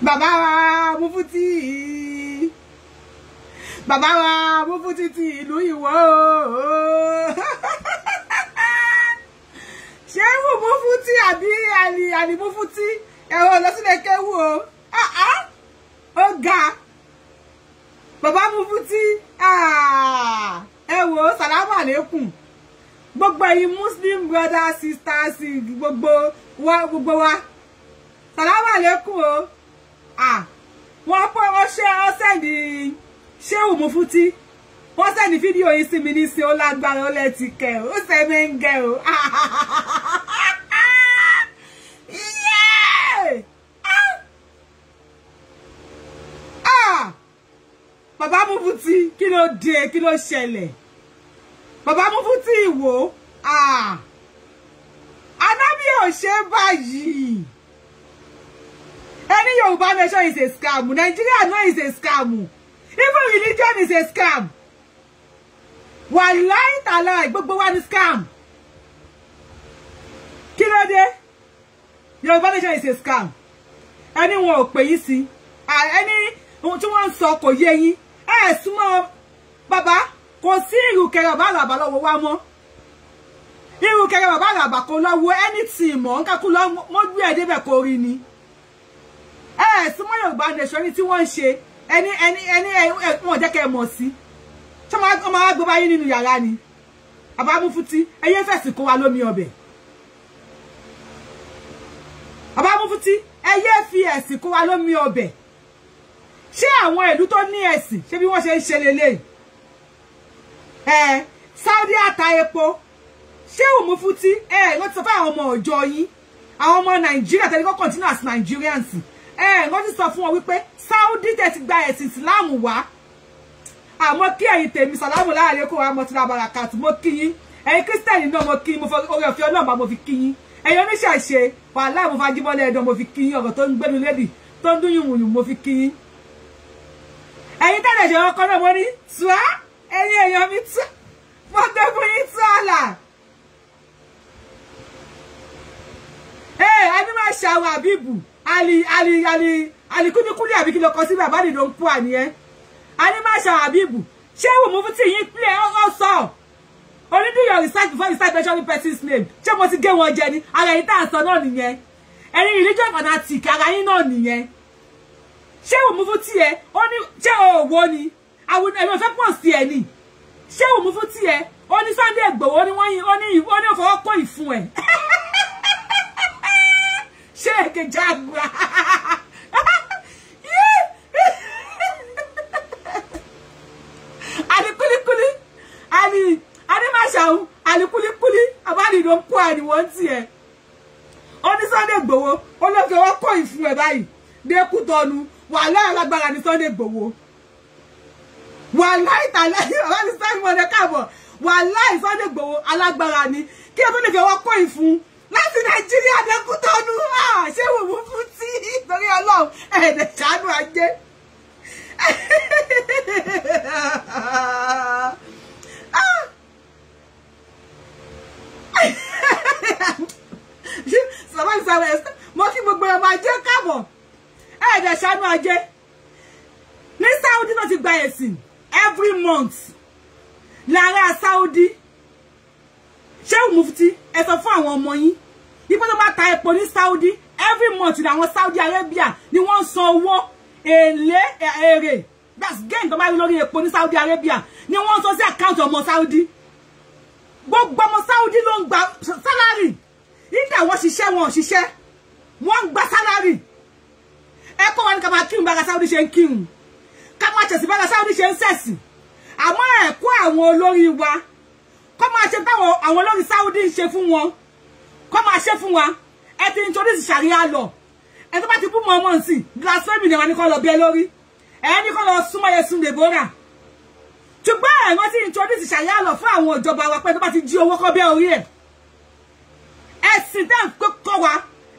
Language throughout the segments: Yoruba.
bàbá wa Mufti bàbá wa Mufti ti ìlú Ìwó ṣéwù Mufti àbí àlì àlì Mufti ẹ̀rọ lọ́sílẹ̀ kéwù o ah, ah. ó ga bàbá Mufti ah. ẹ wò ó sàlámù àlékún gbogbo ẹ̀yin muslim brothers sisters gbogbo wa gbogbo wa sàlámù àlékún o wọ́n pọ̀ wọ́n ṣe ọ́ sẹ́ni ṣéwù mú fútí wọ́n sẹ́ni fídíò yìí sí mi ní sí ó lágbára ó lẹ́ẹ̀tì kẹ̀ ó sẹ́mi ń gẹ̀ o. bàbá Mufuti kí ló dé kí ló ṣẹlẹ̀ bàbá Mufuti ìwò anábì ò ṣe báyìí. Any Yoruba nation is a scam. Nigeria now is a scam. Even religion is a scam. Wàláì tàlà But but ni scam. Kí de? dé? Yoruba nation is a scam. Ẹni wọn ò pè yín Any Ẹni tí wọ́n talk sọ kò yé yín. Baba, consider you kò sí ìrùkẹ̀rẹ̀ bàbá àlàbà lọ́wọ́ wa mọ́ irú kẹrẹ bàbá àràbà kò lọ wo anything mo? nǹkan kula mo mójú ẹ débẹ̀ be rí ni ẹ eh, súnmọ́ Yorùbá nation ní tí wọ́n ń ṣe ẹni ẹni ẹni wọn jẹ́ kẹ́ ẹ mọ̀ sí ṣé wọ́n máa gbé báyìí nínú yàrá ni àbámúfútí ẹyẹ fẹ̀sì kó wa lómi ọbẹ̀ àbámúfútí ẹyẹ fi ẹ̀sìn kó wa lómi ọbẹ̀ ṣé àwọn ìlú tó ní ẹ̀sìn ṣé bí wọ́n ṣe ń ṣe lélẹ́yìí ẹ Saudi ata epo ṣé òmùfútí ẹ ló ti sọ fún àwọn ọmọ ọjọ́ yín àwọn ọmọ Nàìjíríà tẹ́lẹ̀ kọ́ continue as Nigerians ẹ eh, wọ́n ti sọ fún wọn wípé Saudi tẹ̀ ti gba ẹ̀sìn ìsìláàmù wá àmọ́ ah, kí ẹ̀yin tèmi sàlámù láàrin kó wa mọ̀tìrà bàràkàtì mo kí yín ẹ̀yin kírísítẹ̀nì náà mo kí yín mo fọ orí ọ̀fẹ́ ọlọ́ọ̀bà mo fi kí yín ẹ̀yin oníṣàṣe wàhálà mo fagíbọ́lẹ̀ ẹ̀dọ̀ mo fi kí yín ọ̀rọ̀ tó ń gbẹ́nu lédì tó ń dún yùnwùnyùn mo fi kí yín ẹ̀yin tẹ̀lé ṣe ọkọ náà mo ní tuá ẹ̀yin èèyàn mi tú mo gbé fún yín tú àlà ẹ̀ eh, ẹni máa ṣàwọ̀ àbíbù ali ali ali alikulikuli àbí kí ló kọ sí bàbá nìdó ń pọ àníyẹn animasha habibu wo wùmú fún ti yín pílẹ̀ ọ̀rọ̀ sọ only do your research before you start mentioning person's name ṣé mo ti gé wọn jẹ ni ara yìí tá à ń sọ náà nìyẹn ẹni religion fanatic ara yín náà nìyẹn ṣé wùmú fún tiẹ̀ ó ní ṣé òwò ni wo àwọn ẹ̀rọ fẹ́ pọ̀ sí ẹ ni wo ṣé wùmú fún tiẹ̀ ó ní Sunday Igboho ni wọ́n yín ó ní ìfọwọ́kọ̀ ìfun ẹ̀. shake jagwa ani Ali ani ani Ali ani kulikuli abali don ko ani wọ́n tiẹ̀ e. oni Sunday Igboho ó lọ fẹ́ wọ́n kó ìfun ẹ̀ báyìí de ku tonu wàhálà alágbára ni Sunday Igboho wàhálà ìtàlẹ́ ọ̀rọ̀ ni Sunday Igboho káàbọ̀ wàhálà Sunday Igboho alágbára ni kí ẹ tó lè fẹ́ wọ́n kó ìfun láti nàìjíríà dé Kútọ́nù ṣé wòwú fún tí torí ọlọ́run ẹ̀ẹ́dẹ̀ ṣàánú ajé sọ̀rọ̀ ìsọ̀rọ̀ ẹ̀sán mo kí gbogbo ọmọ ajé káàbọ̀ ẹ̀ẹ́dẹ̀ ṣàánú ajé ní Saudi náà ti gba ẹ̀sìn every month lára Saudi. Shehu Mufti ẹ sọ fún àwọn ọmọ yín nípa tó bá ta epo ní Saudi every month làwọn Saudi Arabia ni wọ́n ń san owó èlé that's gain tó bá rí lórí epo ní Saudi Arabia ni wọ́n ń san account àkáǹtì ọmọ Saudi gbogbo ọmọ Saudi ló ń salary. sálárì nígbà wọ́n ṣiṣẹ́ wọn ò ṣiṣẹ́ wọ́n ń gba sálárì ẹ kọ́ wa ní ká máa ba bára Saudi ṣe ń kírun ká máa ṣẹ̀sìn bára Saudi ṣe ń ṣẹ̀sìn àmọ́ ẹ̀kọ́ àwọn olórí wa kọ́ máa ṣe táwọn àwọn olórí Saudi ń ṣe fún wọn kọ́ máa ṣe fún wa ẹ ti introduce sharia law ẹ tó bá ti bú mọ́ ọmọ nsìn blasphemy ni wọn ní kọ́ lọ bí ẹ lórí ẹ ní kọ́ lọ súnmọ́ Yesun Deborah ṣùgbọ́n ẹ̀rọ ti introduce sharia law fún àwọn ìjọba wa pé tó bá ti jí owó kọ́ bẹ́ orí ẹ̀ ẹ̀sìn tẹ́ ń kọ́ wa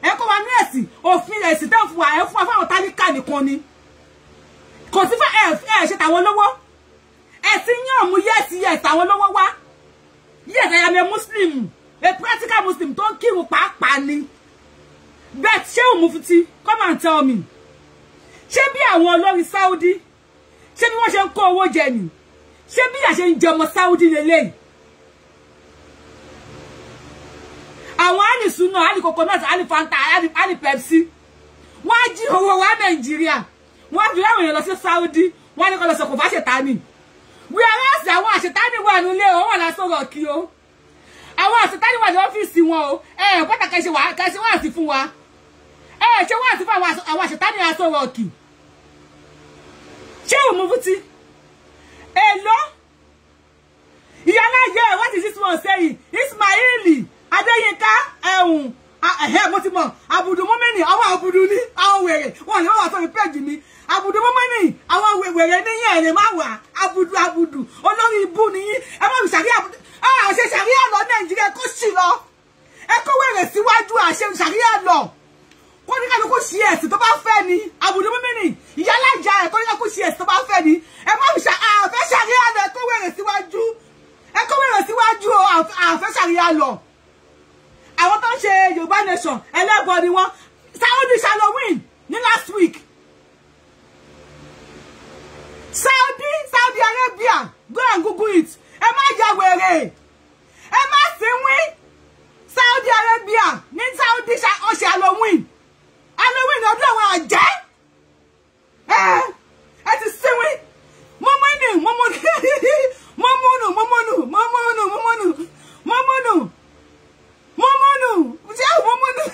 ẹ kọ́ wa ní ẹ̀sìn òfin ẹ̀sìn tẹ́ ń fún wa ẹ fún wa fáwọn tálíkà nìkan ni kò sí fún ẹ ṣe tàwọn lọ́wọ́ ẹ̀sìn yàn mú yẹ́sì yẹ̀ tàwọn lọ́wọ́ wá yes i am a muslim a practical muslim Don't ń kírun pàápàá But bet ṣéun mufti come and tell me be bí àwọn olórí saudi be what call ṣé bí wọ́n ṣe ń kó owó jẹ ni ṣé bí àṣẹ ń jẹmọ saudi lélẹ́yìí I want àlìkòkònọ́tì àlìfanta àlìpẹ́psì wọ́n á jí owó wa Nigeria? Why do fi want to go to saudi Why wọ́n á ní kó lọ sọ̀kò fáṣẹ̀ timing? We whereas àwọn àṣetánì wà nílé o wọ́n lásán rọ̀ kí o àwọn àṣetánì wà ní ọ́fíìsì wọn o ẹ what bọ́tà kẹsẹ̀ wá kẹsẹ̀ wá sí fún wa ẹ ẹ I wá sí fún àwọn àṣetánì lásán rọ̀ kí ṣé òun mú fúti èlò ìyáláyé what is this one saying Ismaili Adéyínká I ẹ̀hẹ́ mo ti mọ̀ àbùdù mọ́mẹ́nì àwọn àbùdù ní àwọn wèrè wọn ni wọ́n wà sórí péjì mi wèrè níyìn ẹ̀rìn má wà abudu abudu olórí ibú nìyí ẹ má fi sàríà àṣẹ sàríà lọ nàìjíríà kó sì lọ ẹ kó wèrè síwájú àṣẹ sàríà lọ kó ní kálukú sí ẹ̀sìn tó bá fẹ́ ni abudu mímìrì ìyálàjà ẹ̀ kó ní kálukú sí ẹ̀sìn tó bá fẹ́ ni ẹ má fi sàríà lọ ẹ kó wèrè síwájú ẹ kó wèrè síwájú àfẹ́ sàríà lọ àwọn tó ń ṣe Saudi Saudi Arabia go and google it ẹ má ya wèrè ẹ má Saudi Arabia ní Saudi ọ̀sẹ̀ halloween halloween ọdún àwọn àjẹ́ ẹ Eh? sí wín mọ́mọ́nù mọ́mọ́nù mọ́mọ́nù mọ́mọ́nù mọ́mọ́nù mọ́mọ́nù mọ́mọ́nù mọ́mọ́nù jẹ́ mọ́mọ́nù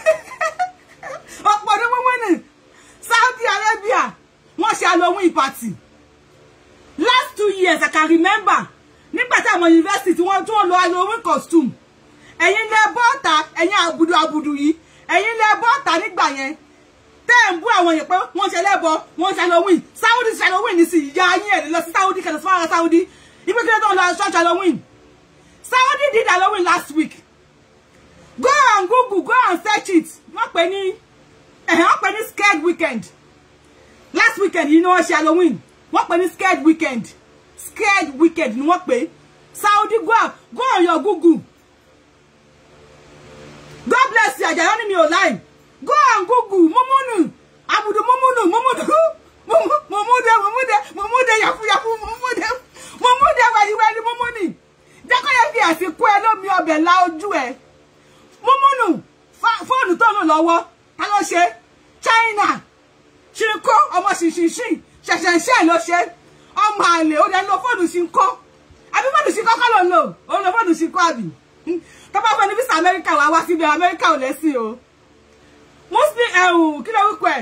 Saudi Arabia wọ́n ṣe halloween party last two years I can remember nígbà tí àwọn university tí wọ́n tún lọ halloween costume ẹ̀yin lẹ bọ́ọ̀tà ẹ̀yin àbùdù àbùdù yìí ẹ̀yin lẹ bọ́ọ̀tà nígbà yẹn tẹ́ ẹ̀ ń bú àwọn yẹn pé wọ́n ṣe lẹ́bọ wọ́n ṣe halloween saudi ṣe halloween sí ìyá ayé ẹ̀ lọ sí saudi kẹlẹ̀ sí fara saudi ibi kí ló tó ń lọ ṣọ́ọ̀ṣì halloween saudi did halloween last week go on google go on search it wọ́n pè ní wọ́n pè ní scared weekend last weekend yìí ni wọ́n ṣe halloween wọ́n pè ní scared weekend scared weekend ni wọ́n pè Saudi go go on your google god bless you àjàyọ́ ni mi ò láì go on google mọ́mọ́nù àbùdó mọ́mọ́nù mọ́mọ́nù mọ́mọ́dé mọ́mọ́dé mọ́mọ́dé yàfúyàfú mọ́mọ́dé mọ́mọ́dé wàyíwá ni mọ́mọ́nì jẹ́kọ́yẹ́ fi àsìkò ẹ lómi ọbẹ̀ la ojú ẹ mọ́mọ́nù fóònù tó lò lọ́wọ́ ta ló ṣe China ṣìkó ọmọ ṣìṣìṣìn ṣẹ̀ṣẹ̀ ń ṣe ẹ̀ ló ṣe ọmọ àlè ó dẹ̀ ń lo fóònù sí kọ́ àbí fóònù sí kọ́ kọ́ ló ń lò ó ń lo fóònù sí kọ́ àbí tó bá fẹ́ ní visa amẹ́ríkà wà wá síbi amẹ́ríkà ò lẹ́sìn o muslim ẹ̀hún kí ló wípé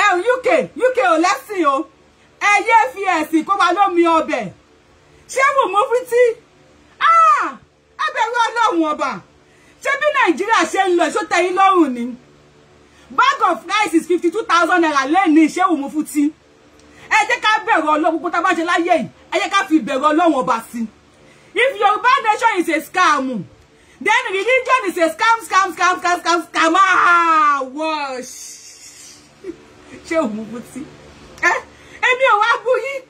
ẹ̀hún uk uk ò lẹ́sìn o ẹ yé fi ẹ̀sìn kó wa lómi ọbẹ̀ ṣé wò mo fi tí ah! ẹbẹ̀rù ọlọ́run ọba ṣé bí nàìjíríà ṣe ń lọ ìṣó tẹ̀yìn lọ́rùn ni. Bank of rice is fifty two thousand naira lẹ́ẹ̀ni ṣé òun fún ti ẹ jẹ́ ká bẹ̀rù ọlọ́run gbogbo tá a bá ṣe láyé yìí ẹ jẹ́ ká fi bẹ̀rù ọlọ́run ọba sí i if Yorùbá nation is a scam then religion is a scam scam scam scam scam scam ah wash ṣé òun fún ti ẹ èmi ò wá bú yín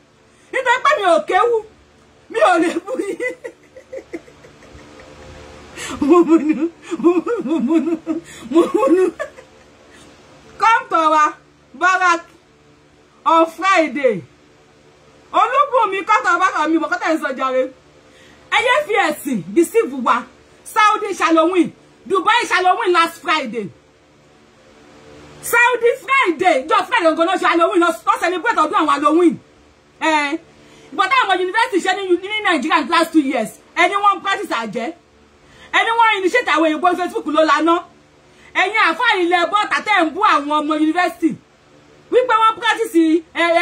nítorí pé mi ò kéwú mi ò lè bú yín mumunu mumunu mumunu mumunu. Tamtora Barak on Friday On Olúbùnmi kọ́tà bákan mi mọ̀ kọ́tà ń sọ jàre ẹyẹ fi ẹ̀sìn deceive wa Saudi ṣàlówìn Dubai ṣàlówìn last Friday Saudi Friday jọ Friday nǹkan ló ṣe Halloween lọ celebrate ọdún àwọn Halloween but àwọn yunifásitì ṣe in Nàìjíríà last two years Anyone practice àjẹ́ ẹni Anyone initiate àwọn èèyàn bọ́ Facebook ló no? ẹ̀yin àfáà ilẹ̀ bọ́ta tẹ́ ń bú àwọn ọmọ yunifásitì wípé wọ́n pírátìsì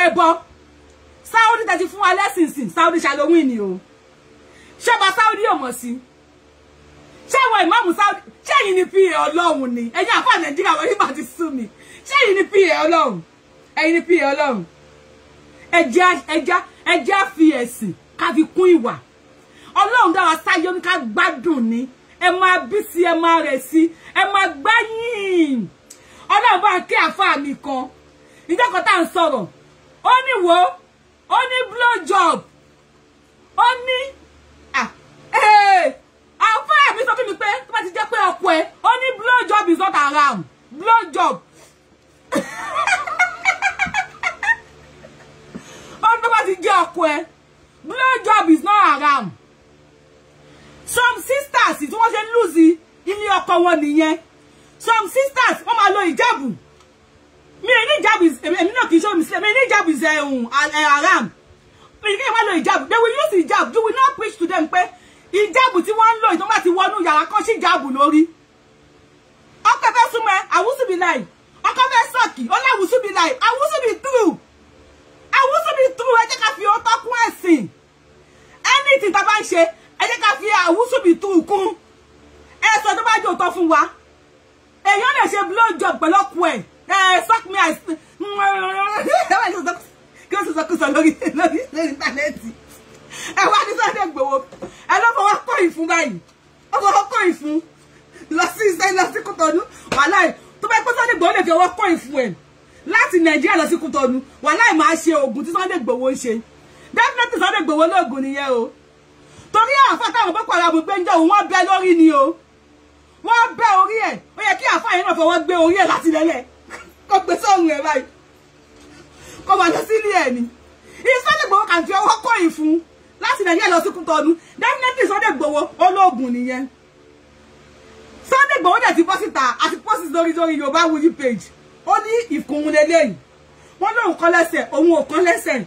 ẹbọ sáúdí tẹ́ ti fún wa lẹ́sìn sìn sáúdí ṣàlówìn ni o ṣọba sáúdí ò mọ̀ sí ṣé àwọn ìmáàmù sáúdí ṣé èyí ni pa ọlọ́run ni ẹ̀yin àfáà nàìjíríà wọ́n nígbà ti sún mi ṣé èyí ni pa ọlọ́run ẹ̀yin ni pa ọlọ́run ẹja ẹja ẹja fi ẹ̀sìn ká fi kún ìwà ọlọ́run dá wa sáyé ó ní ká ẹ máa bí sí ẹ máa rẹ̀ sí ẹ máa gbẹ́yìn ọlọ́run bá kí àfáà mi kan ìjọkọ̀ tá à ń sọ̀rọ̀ ó ní wo ó ní blow job ó ní ah, eh, àfáà mi sọ fún mi pé tó bá ti jẹ́ pé ọkọ ẹ ó ní blow job is not around blow job ó ní tó bá ti jẹ́ ọkọ ẹ blow job is not around some sisters tí wọ́n ṣe ń lùzí ilé ọkọ wọn nìyẹn some sisters wọ́n máa lo ìjáàbù mi ní ìjáàbù èmi náà kì í ṣe omi sílẹ̀ mi ní ìjáàbù ìṣẹ̀ ẹ̀hún haram mi ní ìwọ́n lo ìjáàbù they will use ìjáàbù Do we not preach to them pé ìjáàbù tí wọ́n ń lò ìtọ́ bá ti wọnú yàrá kan sí ìjáàbù lórí ọkọ fẹ́ súnmọ́ àwùsù bí láì ọkọ fẹ́ sọ̀kì ó láwùsù bí láì àwùsù bí true àwùsù bí true ẹ jẹ́ ká fi òótọ́ kún ẹ̀sìn anything tá a bá ń ṣe ẹ jẹ́ ká fi àwùsùbì tún kún ẹ sọ tó bá jẹ́ òótọ́ fún wa èèyàn lè ṣe blow job pẹ̀lú ọkọ ẹ̀ ẹ suck me as kí ló sọ sọ lórí lórí íńtánẹ́ẹ̀tì ẹ wá ní Sunday Igboho ẹ ló fọwọ́ kọ́ ìfún báyìí ó fọwọ́ kọ́ ìfún lọ sí iṣẹ́ lọ sí Kútọ́nù wàhálà ẹ̀ tó bá pẹ́ Sunday Igboho lè fi ọwọ́ kọ́ ìfún ẹ̀ láti Nàìjíríà lọ sí Kútọ́nù wàhálà ẹ̀ máa ṣe oògùn tí Sunday Igboho ń ṣe definitely Sunday Igboho lóògùn nìyẹn o torí àáfà táwọn boko haram gbé ń jẹ́ òun wọ́n bẹ lórí ni o wọ́n bẹ orí ẹ̀ ó yẹ kí àáfà yẹn náà fọwọ́ gbé orí ẹ̀ láti lẹ́lẹ̀ kó gbé sóhun ẹ̀ báyìí kó máa lọ sílé ẹ̀ ni ìsọ́dẹ̀ gbowó kàn fi ọwọ́ kọ́ ìfun láti nàìjíríà lọ sí kútọ́nu definitely sọ́dẹ̀ gbowó olóògùn nìyẹn sọ́dẹ̀ gbowó dẹ̀ ti pọ́sìtà àti pọ́sì lórí lórí yorùbá wuyì page ó ní ìkùn lélẹ́yìn wọ́n lóun kọ́ lẹ́sẹ̀ òun ò kọ́ lẹ́sẹ̀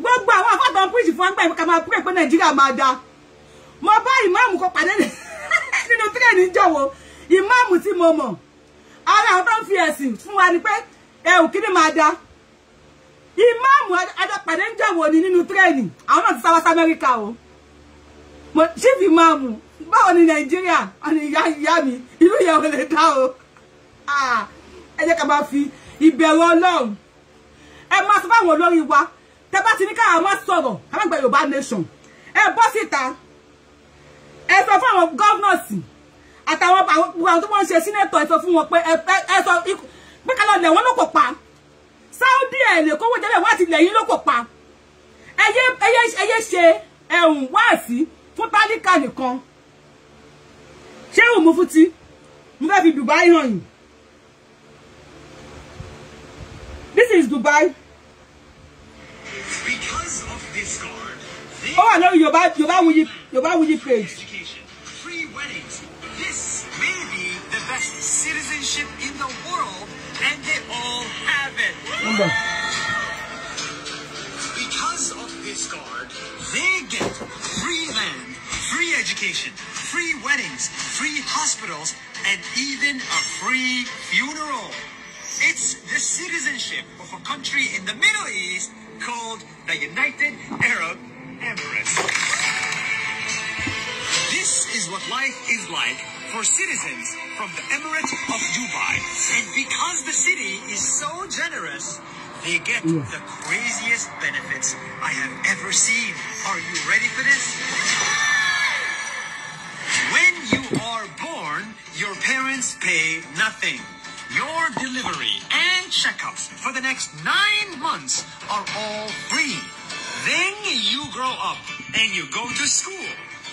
gbogbo àwọn afọ́tàn píríṣì fún agbáyé ká máa pray pé nàìjíríà máa da mo bá ìmáàmù kan pàdé nínú tírẹ̀nì jọ̀wọ́ ìmáàmù tí mo mọ̀ ara àwọn tó ń fi ẹ̀sìn fún wa ni pé ẹ ò kíni máa da ìmáàmù adapàdé ń jọ̀wọ́ ni nínú tírẹ̀nì àwọn náà ti sáwá sí amẹ́ríkà o chief ìmáàmù báwo ni nàìjíríà ọ̀nà ìyá ìyá mi ìlú yẹn ò lè dá o ah, ẹ jẹ́ ká máa fi ìbẹ̀rù ọlọ́run ẹ máa sọ fáwọn olórí wa tẹ bá ti ní káwọn máa sọ̀rọ̀ àmàgbà yorùbá nation ẹ bọ́ síta ẹ sọ fún àwọn gọ́vnọ̀sì àtàwọn àwọn tó wọ́n ń ṣe sínétọ̀ ẹ sọ fún wọn pé ẹ sọ pé kálọ̀ lẹ̀ wọ́n ló kò pa sáúdí ẹ̀ lè kówó jẹ́lẹ̀ wọ́n àti lẹ́yìn ló kò pa ẹyẹ ṣe ẹ̀hùn wáàsí fún tálíkà nìkan ṣé òun mú fún ti mo fẹ́ fi Dubai hàn yìí This is Dubai. Because of Discord, oh, I know Yorùbá Yorùbá Wuyi Yorùbá Wuyi page. Education, free weddings. This may be the best citizenship in the world, and they all have it. Number. Because of this Discord, they get free land, free education, free weddings, free hospitals, and even a free funeral. It's the citizenship of a country in the Middle East called the United Arab Emirates. This is what life is like for citizens from the Emirate of Dubai. And because the city is so generous, they get yeah. the craziest benefits I have ever seen. Are you ready for this? When you are born, your parents pay nothing. Your delivery and checkups for the next nine months are all free. Then you grow up and you go to school.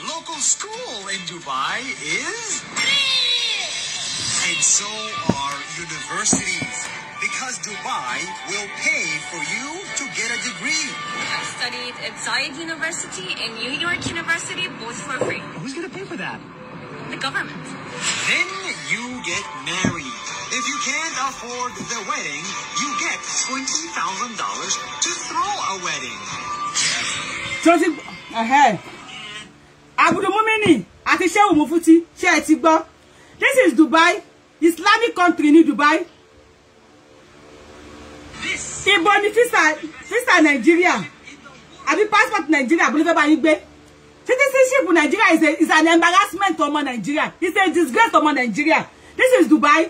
Local school in Dubai is free. And so are universities. Because Dubai will pay for you to get a degree. I studied at Zayed University and New York University, both for free. Who's going to pay for that? The government. Then you get married. If you can't afford the wedding, you get $20,000 to throw a wedding. Twenty. Uh-huh. Abudumumini àti Shehu Mufti ṣé ẹ ti gbọ́. This is Dubai, Islamic country ní Dubai. This. Ibo ni fisa Nàìjíríà àbí passport Nàìjíríà bó ló fẹ́ bá yín gbé. Citizenship in Nigeria is, a, is an embarrassment to my Nigeria. It's a disgrace to my Nigeria. This is Dubai.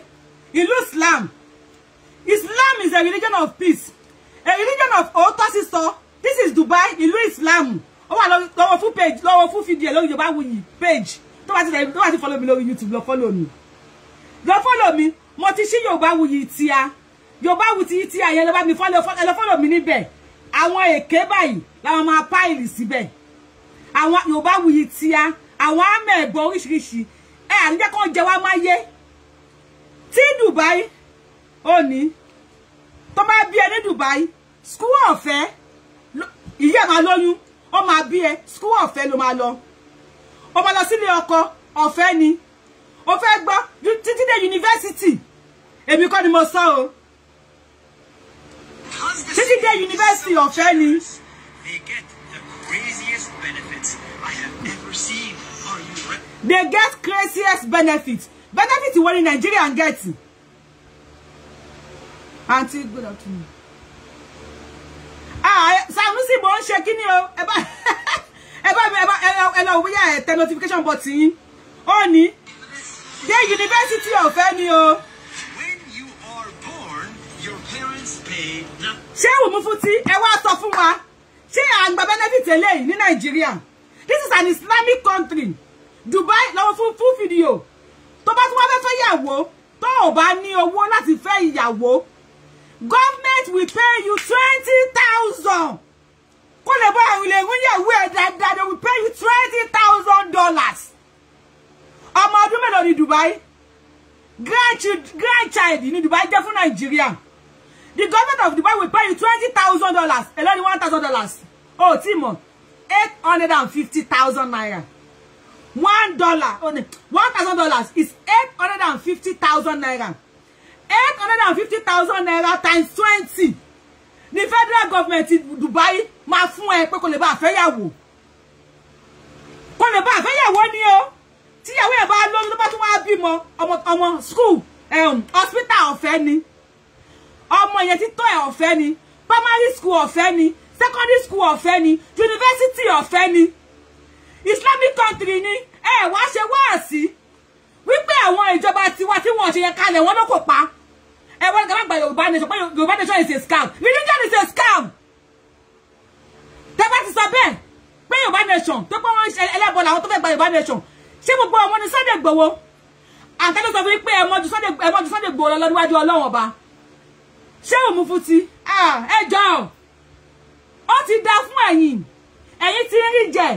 Ìlú Islam. Islam is a religion of peace. A religion of òótọ́ sísọ. This is Dubai. Ìlú Islam. Oh, wà lọ́wọ́ full page. Lọ́wọ́ full video. Lórí Yorùbáwùyí page. Don't bá to dé, tó bá follow me on YouTube. Don't follow me. Don't follow mi. Mo ti ṣí Yorùbáwùyí tíá. Yorùbáwùyí tíá yẹn lọ bá mi follow. follow. lọ follow mi níbẹ̀. Àwọn èké báyìí làwọn máa pile síbẹ̀ àwọn Yorùbá wuyì tíá àwọn àmẹ ẹbọ oríṣiríṣi ẹ àníjẹ kan jẹ wá máyé tí Dubai ò ní tó máa bí ẹ ní Dubai skul ọ̀fẹ́ ìyá máa lóyún ó máa bí ẹ skul ọ̀fẹ́ ló máa lọ ó máa lọ sílé ọkọ ọ̀fẹ́ ni ó fẹ́ gbọ́ títí dé yunifásitì èmi kọ́ ni mo sọ o títí dé yunifásitì ọ̀fẹ́ ni craziest benefits I have ever seen. Are you ready? They get craziest benefits. Benefits you want in Nigeria and get. Auntie, good afternoon. Ah, eh, Sanusi mo ń ṣe kíni o. Ẹ bá ẹ bá ẹ bá ẹ lọ bóyá ẹ eh, the notification button yín. Ó ní dé University of Ẹni o. Ṣé ìwòmú fún ti ẹ wá sọ fún ṣé à ń gba benefit eléyìí ní nàìjíríà this is an islamic country dubai lọ́wọ́ fún fún fídíò tó bá tún wá fẹ́ fẹ́ yàwó tó ò bá ní owó láti fẹ́ ìyàwó government will pay you twenty thousand kó lè bá àwọn ilé ìwúyàwó ẹ̀ dáadáa they will pay you twenty thousand dollars ọmọ ọdún mélòó ní dubai grandchild ní dubai jẹ́ fún nàìjíríà. The government of Dubai will pay you twenty thousand dollars. Elori one thousand dollars. Oh, Timo, eight hundred and fifty thousand naira. One dollar, oh, one thousand dollars is eight hundred and fifty thousand naira. Eight hundred and fifty thousand naira times twenty. The federal government in Dubai máa fún ẹ pé kó lè bá fẹ́yàwó. Kó lè bá fẹ́yàwó ni o. Tíyàwó ẹ̀ bá lóyún ló bá tún wá I'm ọmọ ọmọ school um hospital ọ̀fẹ́ ni ọmọ yẹn ti tọ́ ẹ̀ ọ̀fẹ́ ni primary school ọ̀fẹ́ ni secondary school ọ̀fẹ́ ni university ọ̀fẹ́ ni islamic country ni ẹ wá ṣe wáàsí wípé àwọn ìjọba tiwa tí wọn ṣe yẹ kalẹ̀ wọn ló kò pa ẹ wọ́n gbàgbà gba yorùbá nation pé yorùbá nation is a scam religion is a scam tẹ́gbà ti sọ bẹ́ẹ̀ pé yorùbá nation tó pé wọ́n ṣe ẹlẹ́bọ̀ làwọn tó fẹ́ gba yorùbá nation ṣé gbogbo ọmọ ni Sunday Igboho àtẹ́lẹ́sọ fi pé ẹmọ́jú Sunday Igboho lọ́dún wájú ọlọ́run ọba ṣé òmùfutì ẹjọ́ ó ti dá fún ẹ̀yin ẹ̀yin tí ń rí jẹ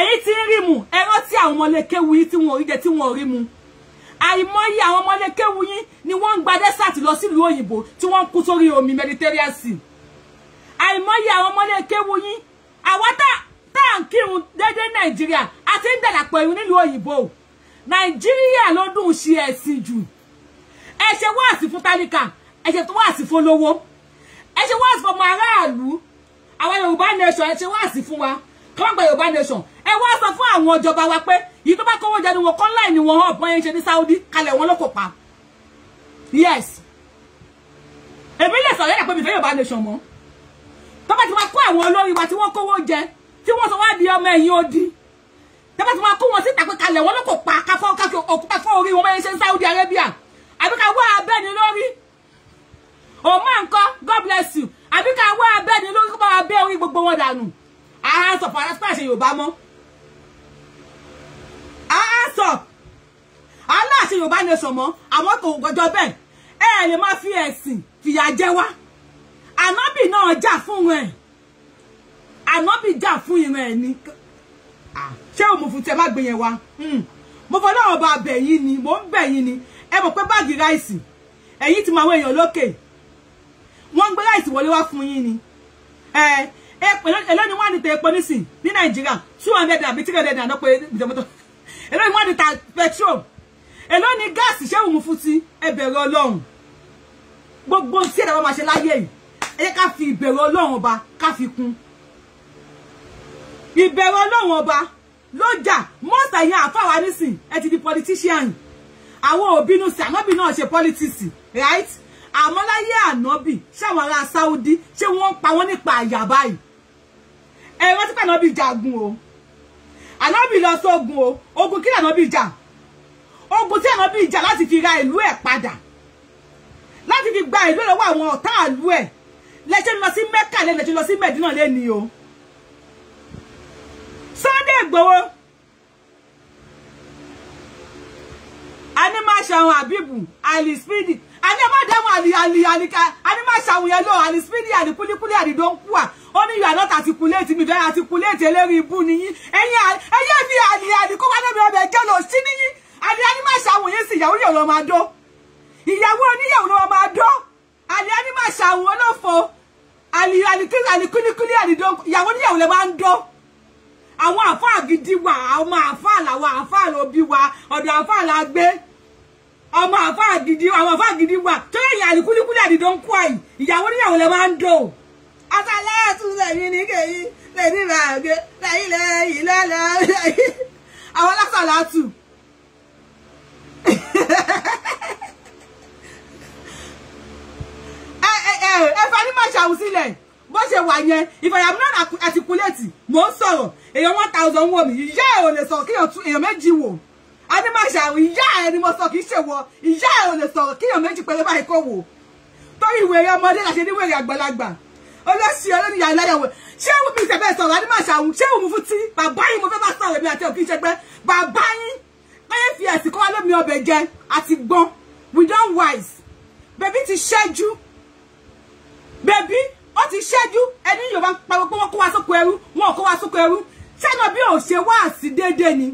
ẹ̀yin tí ń rí mu ẹ̀rọ tí àwọn ọmọlékéwu yín tí wọn ò rí jẹ tí wọn ò rí mu àìmọye àwọn ọmọlékéwu yín ni wọ́n ń gba dẹ́sàtì lọ sílùú òyìnbó tí wọ́n ń kú sórí omi Mediterranean sea àìmọye àwọn ọmọlékéwu yín àwa tá à ń kírun dédé Nàìjíríà àti ń dàdàpọ̀ ìrun nílùú òyìnbó Nàìjíríà ló ṣe ẹ̀sìn jù ẹ ṣe fún tálíkà ẹ ṣe wáàsí fún olówó ẹ ṣe wáàsí fún ọmọ aráàlú àwọn yorùbá nation ẹ ṣe wáàsí fún wa kọ́ńgbà yorùbá nation ẹ wá sọ fún àwọn ìjọba wa pé yìí tó bá kọ́wọ́ jẹ ni wọn kọ́ láì ní wọn hàn bọ́n yẹn ṣe ní Saudi kalẹ̀ wọn lọ́kọ̀ pa yes èmi lè sọ̀rọ̀ yẹ́dà pé mi fẹ́ yorùbá nation mọ́ tó bá ti máa kó àwọn olórí wa tí wọ́n kówó jẹ tí wọ́n sọ wá di ọmọ ẹ̀yìn odi tó bá ti kó wọn síta pé kalẹ̀ wọn lọ́kọ̀ pa káfọ́ káfọ́ orí wọn bẹ́ẹ̀ ṣe ní Saudi Arabia àbíká wá abẹ́ni lórí òun àǹkọ́ god bless you àbí ká wá abẹ́ ni lórí kó bá wa bẹ́ orí gbogbo wọn dànù àhán for aláṣẹ àṣẹ yorùbá mọ́ àhán sọ̀ aláṣẹ yorùbá ni sọ̀ mọ́ àwọn kò gbọjọ bẹ́ẹ̀ ẹ lè máa fi ẹ̀sìn fìyà jẹ wá ànábì náà jà fún wọn ẹ̀ ànábì jà fún ìran ẹ̀ ní ṣé o mo fún tẹ má gbé yẹn wá hmm. mo fọlọ́wọ́ bá bẹ̀ yín ni mo ń bẹ̀ yín ni ẹ mọ̀ pé báàgì ráìsì ẹ̀yìn ti máa wọ èèyàn lókè wọ́n ń gbé láìsí wọlé wá fún yín ni èló ni wọ́n ní tẹ epo nísìn ní nàìjíríà two hundred àbí three hundred àná pé ìjọmọtò èló ni wọ́n ní ta petrol èló ni gáàsì ṣé òun fún ti ẹ bẹ̀rẹ̀ ọlọ́run gbogbo tí ẹ̀dá wa máa ṣe láyé yìí ẹ jẹ́ ká fi ìbẹ̀rù ọlọ́run ọba ká fi kún ìbẹ̀rù ọlọ́run ọba lọ́jà mọ́sà yẹn àfáwà nísìn ẹ ti di politician àwọn òbínú sí àmọ́bí náà ṣe politics right àmọ́ láyé ànábì ṣáwọn ará Saudi ṣé wọ́n ń pa wọ́n nípa àyà báyìí ẹ rántí pé ànábì jagun o ànábì lọ sógun o ogun kí ànábì jà ogun tí ànábì jà láti fi ra ìlú ẹ̀ padà láti fi gba ìlú ẹ̀ lọ́wọ́ àwọn ọ̀tá ìlú ẹ̀ lẹ́jẹ́ lọ sí Mẹ́kà lẹ́jẹ́ lọ sí Mẹ́dínà lẹ́ni o Sunday Igboho a ní máa ṣe àwọn àbíbù alispidi àní ẹ má dẹ́mu àlì àlì àníkà àní má ṣàwọn yẹn speedy, àní spidi àní kúlíkúlí àní dọ́ńkúà ó ní yàrá àtìkúléètì mi fẹ́ àtìkúléètì eléri ibú nìyí ẹ̀yìn ẹ̀yẹ́ fi àlì àní kó wá débi ọbẹ̀ jẹ́ lọ sí nìyí àní àní má ṣàwọn yẹn sì ìyàwó yẹn lọ máa dọ́ ìyàwó oníyàwó lọ máa dọ́ àní àní má ṣàwọn olófo àlì àní kúlíkúlí àní dọ́ńkúà ìyàwó oníyàwó lẹ máa ń dọ́ àwọn àfáà gidi wà àwọn àfáà làwọn àfáà lóbi wà ọ̀dọ̀ àfáà la ọmọ àfáà gidi àwọn àfáà gidi wà tó yẹ ìyá àlìkúlíkúlẹ̀ àdìdó ń kú àyè ìyàwó níyàwó lẹ máa ń dò. asálẹ́ẹ̀tún lẹ́yìn ní kèyí lẹ́yìn bàgbé lẹ́yìn lẹ́yìn lẹ́lẹ́ àwọn lásàlátù. ẹ ẹ ẹ fani máa ṣàwùsílẹ̀ bó ṣe wà yẹn ìfàyàmú náà àtìkúlẹ̀tì mò ń sọ̀rọ̀ èèyàn one thousand wò mí ìyá ẹ̀ ò lè sọ kéèyàn méjì wò adémáṣà ìyá ẹ ni mo sọ kì í ṣe wọ ìyá ẹ ò lè sọ̀rọ̀ kíyàn méjì pẹ̀lú báyìí kò wò torí ìwé eré ọmọdé làṣẹ ní wèrè àgbàlagbà olóṣì olóníyà ìláyàwó ṣé òun mi ṣẹ̀fẹ̀ sọ̀rọ̀ adémáṣà òun ṣé òun fún tí bàbá yín mo fẹ́ bá sọ̀rọ̀ mi àti òkì ṣe pé bàbá yín báyẹn fi ẹ̀sìn kọ́ lómi ọbẹ̀ jẹ àti gbọ́n we don wise bèbí ti ṣẹ́jú bèbí ó ti ṣẹ́jú ẹni Yorùbá pariwo pé wọ́n kó wa sóko ẹrú wọn ò kó wa sóko ẹrú ṣẹ́nà bí ò ṣe wá àsì déédéé ni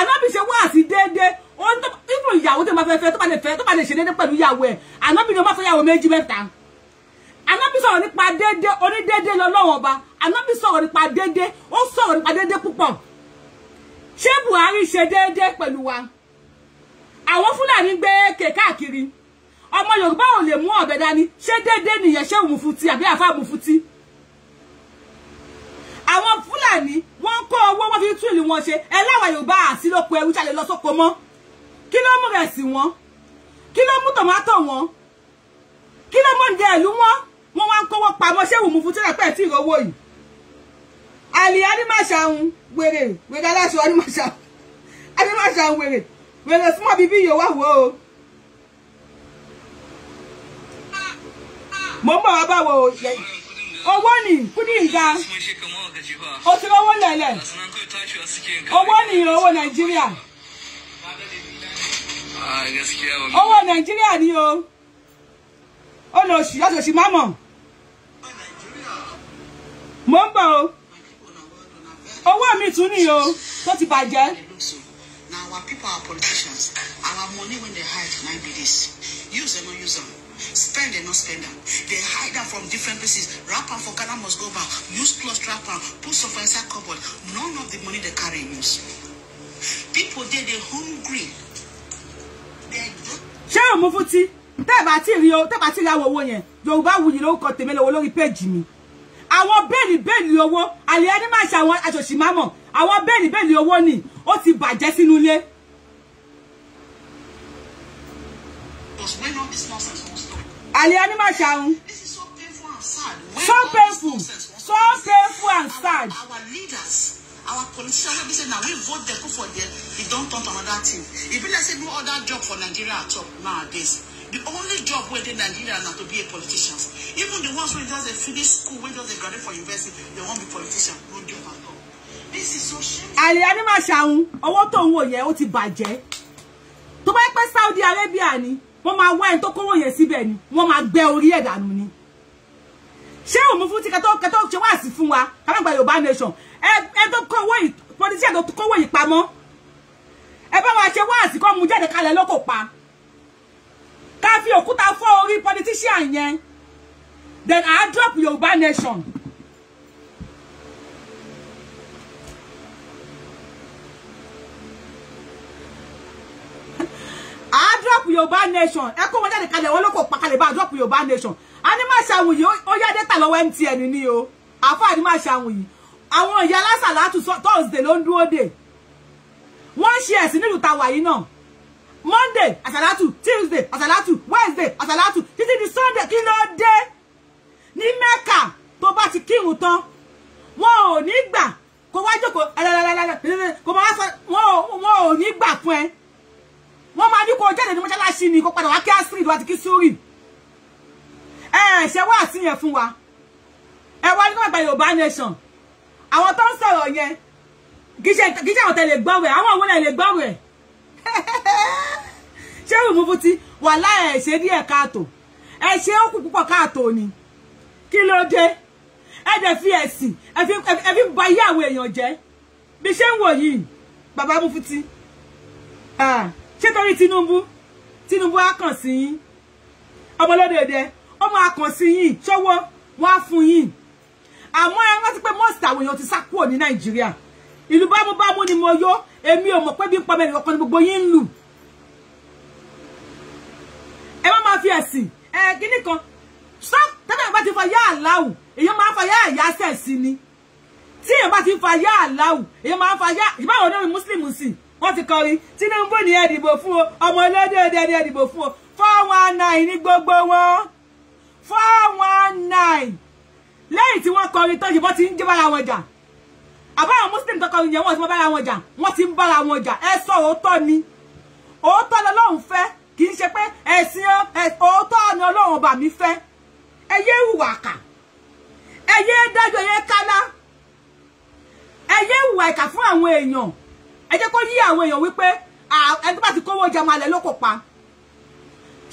ànábì ṣe wá àti déédéé ó ń tó ìyàwó tó máa fẹ́ fẹ́ tó bá lè fẹ́ tó bá lè ṣe déédéé pẹ̀lú ìyàwó ẹ̀ ànábì ni ó máa fẹ́ ìyàwó méjì mẹ́ta ànábì sọ̀rọ̀ nípa déédéé onídéédéé lọ́lọ́wọ́n ọba ànábì sọ̀rọ̀ nípa déédéé ó sọ̀rọ̀ nípa déédéé púpọ̀ ṣé Buhari ṣe déédéé pẹ̀lú wa àwọn Fúlàní gbé kèkáàkiri ọmọ Yorùbá ò lè mú ọ̀bẹ dání ṣé déédéé nìyẹn ṣé òmùfutí àbí àfa òmùfutí àwọn Fúlàní wọ́n kó owó wọ́n fi tú ìlú wọn ṣe ẹ láwọn yorùbá àti lóko ẹrú jáde lọ sóko mọ́ kí ló mú rẹ̀ sí wọn kí ló mú tòmátò wọn kí ló mú ǹjẹ́ ìlú wọn wọ́n wá ń kówó pamọ́ ṣé ìwùmú fún tẹ́lẹ̀ pẹ̀ tí ìrówó yìí àlè anímàṣàhùn wèrè wèrè aláṣọ anímàṣàhùn anímàṣàhùn wèrè wèrè súnmọ́ bíbí yìí wá wò ó. mo ń bọ̀ wá báwo yẹn owó ni kúdí ìga o ti rọwọ́ lẹ̀lẹ̀ owó ni owó nàìjíríà owó nàìjíríà ni o ó lọ sí lọ́sọ̀ọ́sì má mọ̀ mò ń bọ̀ o owó mi tún ni o tó ti bàjẹ́. our people are politicians. Our money when they hide, nine be this. Use them or use them spend and not spend am dey hide am from different places wrap am for ghana must go back use cloth wrap am put some for inside cupboard none of the money dey carry use people dey dey hungry dey. ṣé òun fún ti tẹ́ ẹ̀ bá ti rí o tẹ́ ẹ̀ bá ti rí àwọn owó yẹn yorùbá wuyì lórúkọ tèmi lówó lórí péèjì mi àwọn bẹ́ẹ̀lì bẹ́ẹ̀lì owó àlẹ́ ẹni máa ṣe àwọn àṣòṣì máa mọ̀ àwọn bẹ́ẹ̀lì bẹ́ẹ̀lì owó ni ó ti bàjẹ́ sínú ilé. because when all this nonsense Ali Anima Shaun. This is so painful and sad. When so painful. So painful and sad. Our, leaders, our politicians, they say now we vote them for them. They don't turn to another thing. If you say no other job for Nigeria at all nowadays. The only job where they Nigeria now to be a politician. Even the ones who does a finish school, who does a graduate for university, they won't be politician. No job at all. This is so shameful. Ali Anima Shaun, owó tó ń wò yẹn ó ti bàjẹ́. Tó bá pẹ́ Saudi Arabia ni wọ́n máa wá ẹni tó kówó yẹn síbẹ̀ ni wọ́n máa gbẹ orí ẹ̀ dànù ni ṣé òun fún ti kẹtọ́ kẹtọ́ ṣe wá sí fún wa kálágbà yorùbá nation ẹ ẹ tó kówó yìí pọlísì ẹ̀ tó kówó yìí pamọ́ ẹ bá wa ṣe wá sí kọ́ mu jáde kalẹ̀ lóko pa ká fi òkúta fọ́ orí pọlitíṣíà yẹn then i drop yorùbá nation. a drop Yorùbá nation ẹ kó wọn jáde kalẹ̀ wọn ló kò pa kalẹ̀ bá a drop Yorùbá nation a ní má ṣàwùn yìí ó yá dẹ́ta lọ́wọ́ MTN ni o àfáà ní má ṣàwùn yìí àwọn ìyá lásà látù Thursday ló ń dúró dè wọ́n ń ṣe ẹ̀sìn nílùú tàwa yìí náà Monday àṣàlátù Tuesday àṣàlátù Wednesday àṣàlátù títí di Sunday kí ló dé ní Mẹ́kà tó bá ti kírun tán wọn ò ní gbà kó wá jókòó kó máa sọ wọn ò ní gbà fún ẹ wọ́n máa ní kó jáde ní mọ́ṣáláṣí ni kó padà wá kí astrid wá ti kí sórí ẹ ṣe wá sí yẹn fún wa ẹ wá ní ọgbà yorùbá nation àwọn tó ń sọ̀rọ̀ yẹn kì í ṣe àwọn tẹ̀lé gbọ́rọ̀ ẹ̀ àwọn òun lè gbọ́rọ̀ ẹ̀ ṣé ìmúfú ti wà láyà ẹ̀ ṣe díẹ̀ káàtó ẹ ṣe ó kù púpọ̀ káàtó ni kí ló dé ẹ dẹ̀ fi ẹ̀sìn ẹ fi ba iye àwọn èèyàn jẹ́ bí ṣé ń wò yìí bàbá Mufti ṣé torí Tinubu Tinubu á kàn sí yín ọmọlódéédé ọmọ akàn sí yín ṣọwọ́ wọn á fún yín àmọ́ ẹ rántí pé most àwọn èèyàn ti sá kúrò ní Nàìjíríà ìlú bámúbámú ni mo yó èmi ò mọ̀ pé bí pọmọ ènìyàn kan ní gbogbo yín ń lù ẹ má máa fi ẹ̀sìn ẹ kíní kan tẹ́tẹ̀ bá ti fa yá àláwù èèyàn máa ń fa yá àyásẹ̀ sí ni tí èèyàn bá ti fa yá àláwù èèyàn máa ń fa yá ìbáwọ̀ olórin Muslim sí i. wọ́n ti Tinubu ní edigbo fún o ọmọ olóde òde ní ẹ̀dìbò fún ní gbogbo wọn four one nine lẹ́yìn tí wọ́n kọrin tó yìnbọn ti ń bára wọn jà àbáwọn muslim tó yẹn wọ́n ti mọ wọn ti ń bára wọn jà ẹ sọ ni ni kì í ṣe ọba mi fẹ. fún àwọn ẹ jẹ́ kó yí àwọn èèyàn wípé ẹni tó bá ti kówó jẹ máa ló kò pa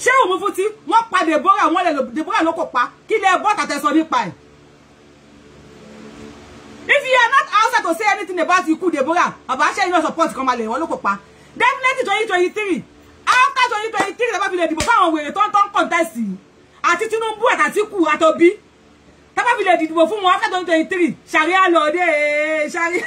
ṣé òun fún ti wọ́n pa Deborah wọ́n lẹ̀ Deborah ló kò pa kí lẹ bọ́ tàtẹ́ nípa ẹ̀ if you are not outside to say anything about ikú Deborah bàbá ṣe iná support kan máa lẹ̀ wọ́n ló kò pa definitely twenty twenty three after twenty twenty three tàbá fi lè dìbò fáwọn wèrè tó ń tó ń contest àti Tinubu àtàtìkù àtòbí tàbá fi lè dìbò fún wọn after twenty twenty three ṣàríà lọ́ọ́dẹ́ ṣàríà.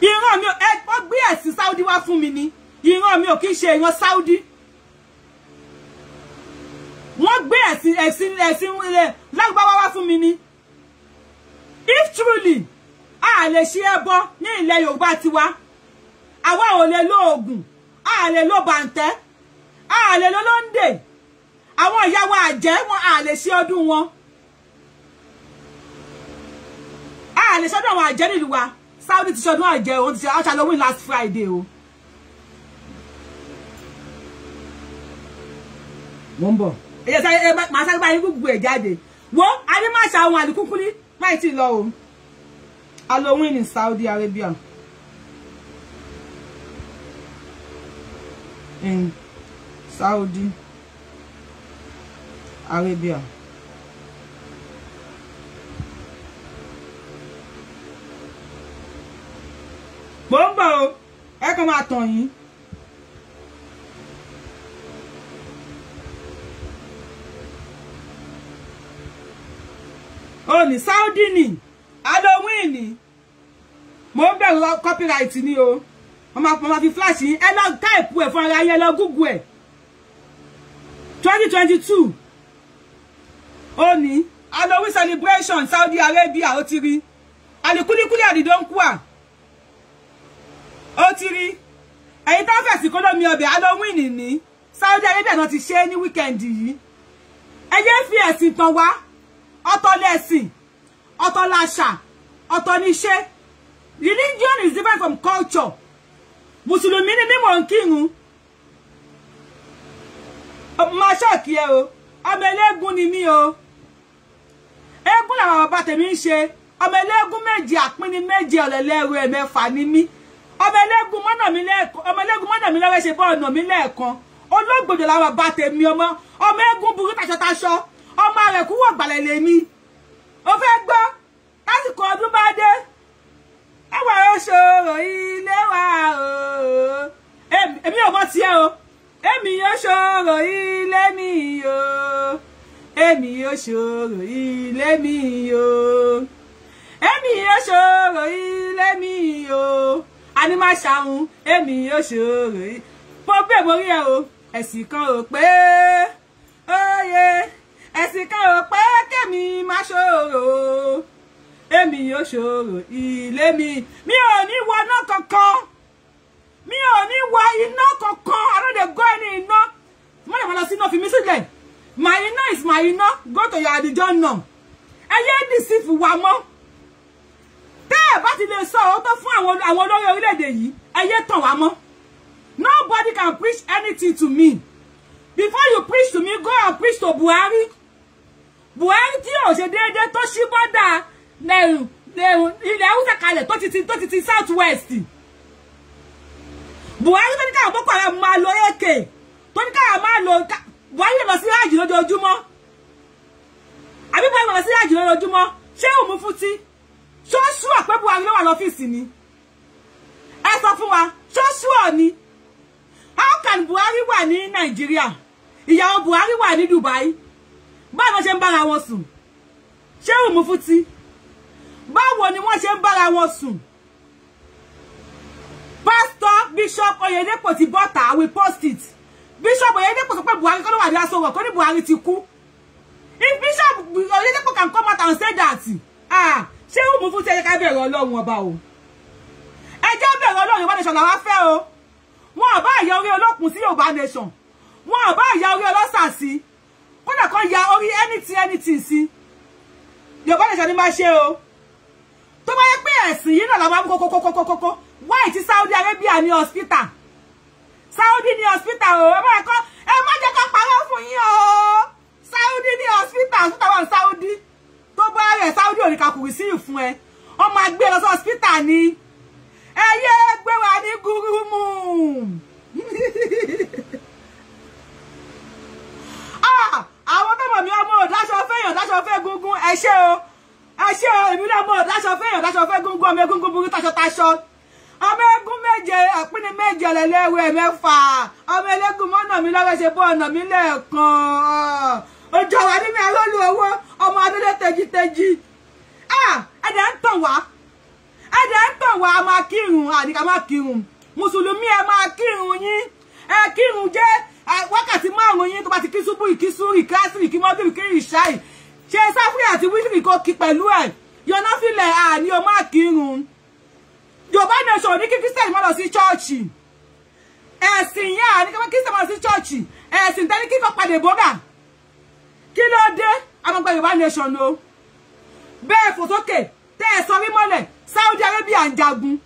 ìran mi ẹ ó gbé ẹ̀sìn Saudi wá fún mi ni ìran mi ò kí ṣe ìran Saudi wọ́n gbé ẹ̀sìn ẹ̀sìn ẹ̀sìn Lárúbáwá wá fún mi ni if truly a lè ṣe ẹbọ ní ilẹ̀ Yorùbá tiwa àwa ò lè lo oògùn a lè lo bàǹtẹ́ a lè lo lóńdè àwọn ìyá wa àjẹ́ wọn a lè ṣe ọdún wọn a lè ṣọdún àwọn àjẹ́ nílùú wa. Saudi ti ṣọdún àjẹ́ o ti ṣe aṣàlówìn last Friday o. wọ́n ń bọ̀. ẹ̀yẹ sáré ẹ máa sáré báyìí gbogbo ẹ̀ jáde wo adé má ṣe àwọn àlùkùkù ní máì tí lọ o Halloween in Saudi Arabia. in Saudi Arabia. Bombo, ń bọ̀ o ẹ kàn máa Saudi ni Halloween ni mò ń bẹ̀rù copyright ni o wọ́n máa wọ́n máa fi flash yín ẹ lọ táìpù ẹ̀ fún ara yín ẹ Google ẹ̀ twenty twenty two ó ní Halloween celebration Saudi Arabia ó ti rí alikulikuli àdìdó ń kú ó ti rí ẹ̀yin tó fẹ̀sì kó lómi ọbẹ̀ halloween ní Saudi Arabia náà ti ṣe é ní wíkẹ́ndì yìí ẹ jẹ́ fi ẹ̀sìn tàn wá ọ̀tọ̀ lẹ́sìn ọ̀tọ̀ làṣà ọ̀tọ̀ níṣẹ́ religion is different from culture mùsùlùmí ni mímọ̀ ń kírun máa ṣọ́ọ̀kì ẹ o ọmọ eléégún ni mí o eégún làwọn bàbá tèmi ń ṣe ọmọ eléégún méje àpínní méje ọ̀lẹ́lẹ́rú ẹ̀mẹ́fà ni mí ọmọ ẹlẹ́gùn mọ́nà mi lẹ́ẹ̀kan ọmọ ẹlẹ́gùn mọ́nà mi lọ́wọ́ ṣe bọ́ ọ̀nà mi lẹ́ẹ̀kan olóògbòdò làwọn bá tèmi ọmọ ọmọ ẹgún burú taṣọtaṣọ ọmọ rẹ̀ kú wọ̀ gbàlẹ̀ lèmi ó fẹ́ gbọ́ lásìkò ọdún bá dé ẹwà oṣooro ilé wa o èmi ò mọ tiẹ̀ o èmi oṣooro ilé mi o èmi oṣooro ilé mi o èmi oṣooro ilé mi o. Ani ma ṣàhùn emi yóò ṣòro yìí mo bẹ̀ mórí ẹ̀ o ẹ̀sìn kan ò pé óye ẹ̀sìn kan ò pé kémi má ṣòro èmi yóò ṣòro ilé mi mi ò ní wọná kankan mi o ni wọ iná kankan I no dey go any iná mo lè wọ́n lọ sí iná fi mí sílẹ̀ my iná is my iná go to your adijọ́ nà ẹ yé dìsí fi wa mọ́ bá ti lè sọ òótọ́ fún àwọn olórí orílẹ̀-èdè yìí ẹ tàn wá mọ́ nobody can preach anything to me before you preach to me go and preach to Buhari Buhari tí ò ṣe déédéé tó ṣí bọ́dà ilẹ̀ haúsá kalẹ̀ tó ti ti tó ti ti south west Buhari tó ní káwọn Boko Haram máa lo AK tó ní káwọn máa lo Buhari lè lọ sí ráàjì lójoojúmọ́ àbí Buhari lè lọ sí ráàjì lójoojúmọ́ ṣé òun mú fún tí ṣọ́ṣùọ̀ pé buhari ló wà lọ́fíìsì ni ẹ sọ fún wa ṣọ́ṣùọ̀ ni how can buhari wà ní nàìjíríà ìyàwó buhari wà ní dubai báwo ṣe ń bára wọn sùn ṣé ìmú fúti báwo ni wọ́n ṣe ń bára wọn sùn pásítọ̀ bishop oyedepo ti bọ́ta we post it bishop oyedepo sọ pé buhari kọ́ ló wà ní aṣọ wọ̀ kó ní buhari ti kú if bishop oyedepo can come out and say that ah ṣé ó mú fún tí ẹ jẹ́ ká bẹ̀rù ọlọ́run ọba o ẹ jẹ́ bẹ̀rù ọlọ́run Yorùbá nation làwa fẹ́ o wọn àbá ìyá orí olókùn sí Yorùbá nation wọn àbá ìyá orí ọlọ́sà sí kódà kan ya orí anything anything sí Yorùbá nation ni máa ṣe o tó bá yẹ pé ẹ̀sìn yìí náà làwọn amú kókókókókókó wáì tí Saudi Arabia ní hospital Saudi ní hospital o ẹ má kọ́ ẹ má jẹ́ ká parọ́ fún yín o Saudi ní hospital tó tàwọn Saudi tó bá rẹ̀ sáúdí ò ní ka kùrì sí ìfún ẹ ọmọ agbé lọ sí ọsípítà ni ẹ yé gbé wa ní gúrúmù ah, àwọn tó mọ̀ mí ọmọ òdáṣọ fẹ́yàn dáṣọ fẹ́ gungun ẹ ṣé o ẹ ṣé o èmi náà mọ̀ òdáṣọ fẹ́yàn dáṣọ fẹ́ gungun ọmọ egungun burú taṣọ taṣọ ọmọ egun méje àpínní méje lẹ́lẹ́wẹ̀ mẹ́fà ọmọ elégun mọ́nà mi lọ́wọ́ ṣe bọ́ ọ̀nà mi lẹ́ẹ̀kan ojú ọ̀wà nínú ẹ̀rọ lu owó tẹjitẹji ah, ẹ̀dẹ̀ ń tàn wá ẹ̀dẹ̀ ń tàn wá a máa kírun àdìgá máa kírun mùsùlùmí ẹ máa kírun yín ẹ kírun jẹ́ wákàtí márùn-ún yín tó bá ti kí súbú ìkí súrì kí ásìrì kí mọ́bìrì kí ìṣáì ṣe sáfúrì àti wíṣìrì kó kí pẹ̀lú ẹ̀ yọná filẹ̀ àní o máa kírun yorùbá nation ní kí christian má lọ sí chọ́ọ̀chì ẹ̀sìn yẹn àní kí christian má lọ sí chọ́ọ̀chì ẹ̀sìn tẹ́ni kíkọ́ padà bọ́gà kí ló dé amọ̀gbẹ́ yorùbá nation ni o bẹ́ẹ̀ fò sókè tẹ́ ẹ̀ sọ wímọ́lẹ̀ saudi arabia ń jagun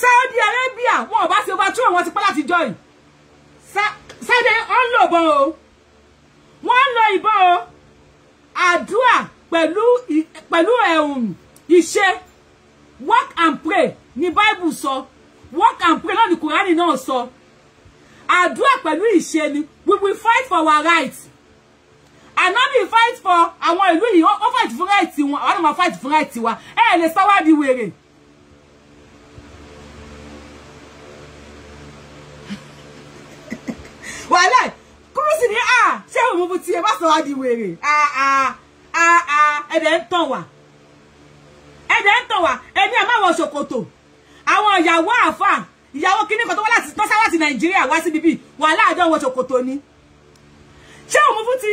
saudi arabia wọn ò bá ṣe overthrow wọn ti pẹ́ láti jọ yìí saudi wọn ń lo ìbọn o wọn ń lo ìbọn o àdúrà pẹ̀lú pẹ̀lú ìṣe work and pray ni bible sọ work and pray náà ni kùránì náà sọ àdúrà pẹ̀lú ìṣe ni we will fight for our rights ànábì fight for àwọn ìlú yìí ó fight fún right wọn àwọn náà fight fún right wa ẹ lè sọ wá di wèrè. wàhálà kúrúsì ní à ah, ṣé òun mú tiẹ̀ bá sọ wá di wèrè ah, ah, ẹ̀dẹ̀ ń tàn wá ẹ̀dẹ̀ ń tàn wá ẹ̀mí ẹ̀ máa wọ ṣòkòtò àwọn ìyàwó àfà ìyàwó kíní kan tó wá láti tọ́sá láti nàìjíríà wá síbi bíi wàhálà àdánwò ṣòkòtò ni ṣé òun mú fún ti.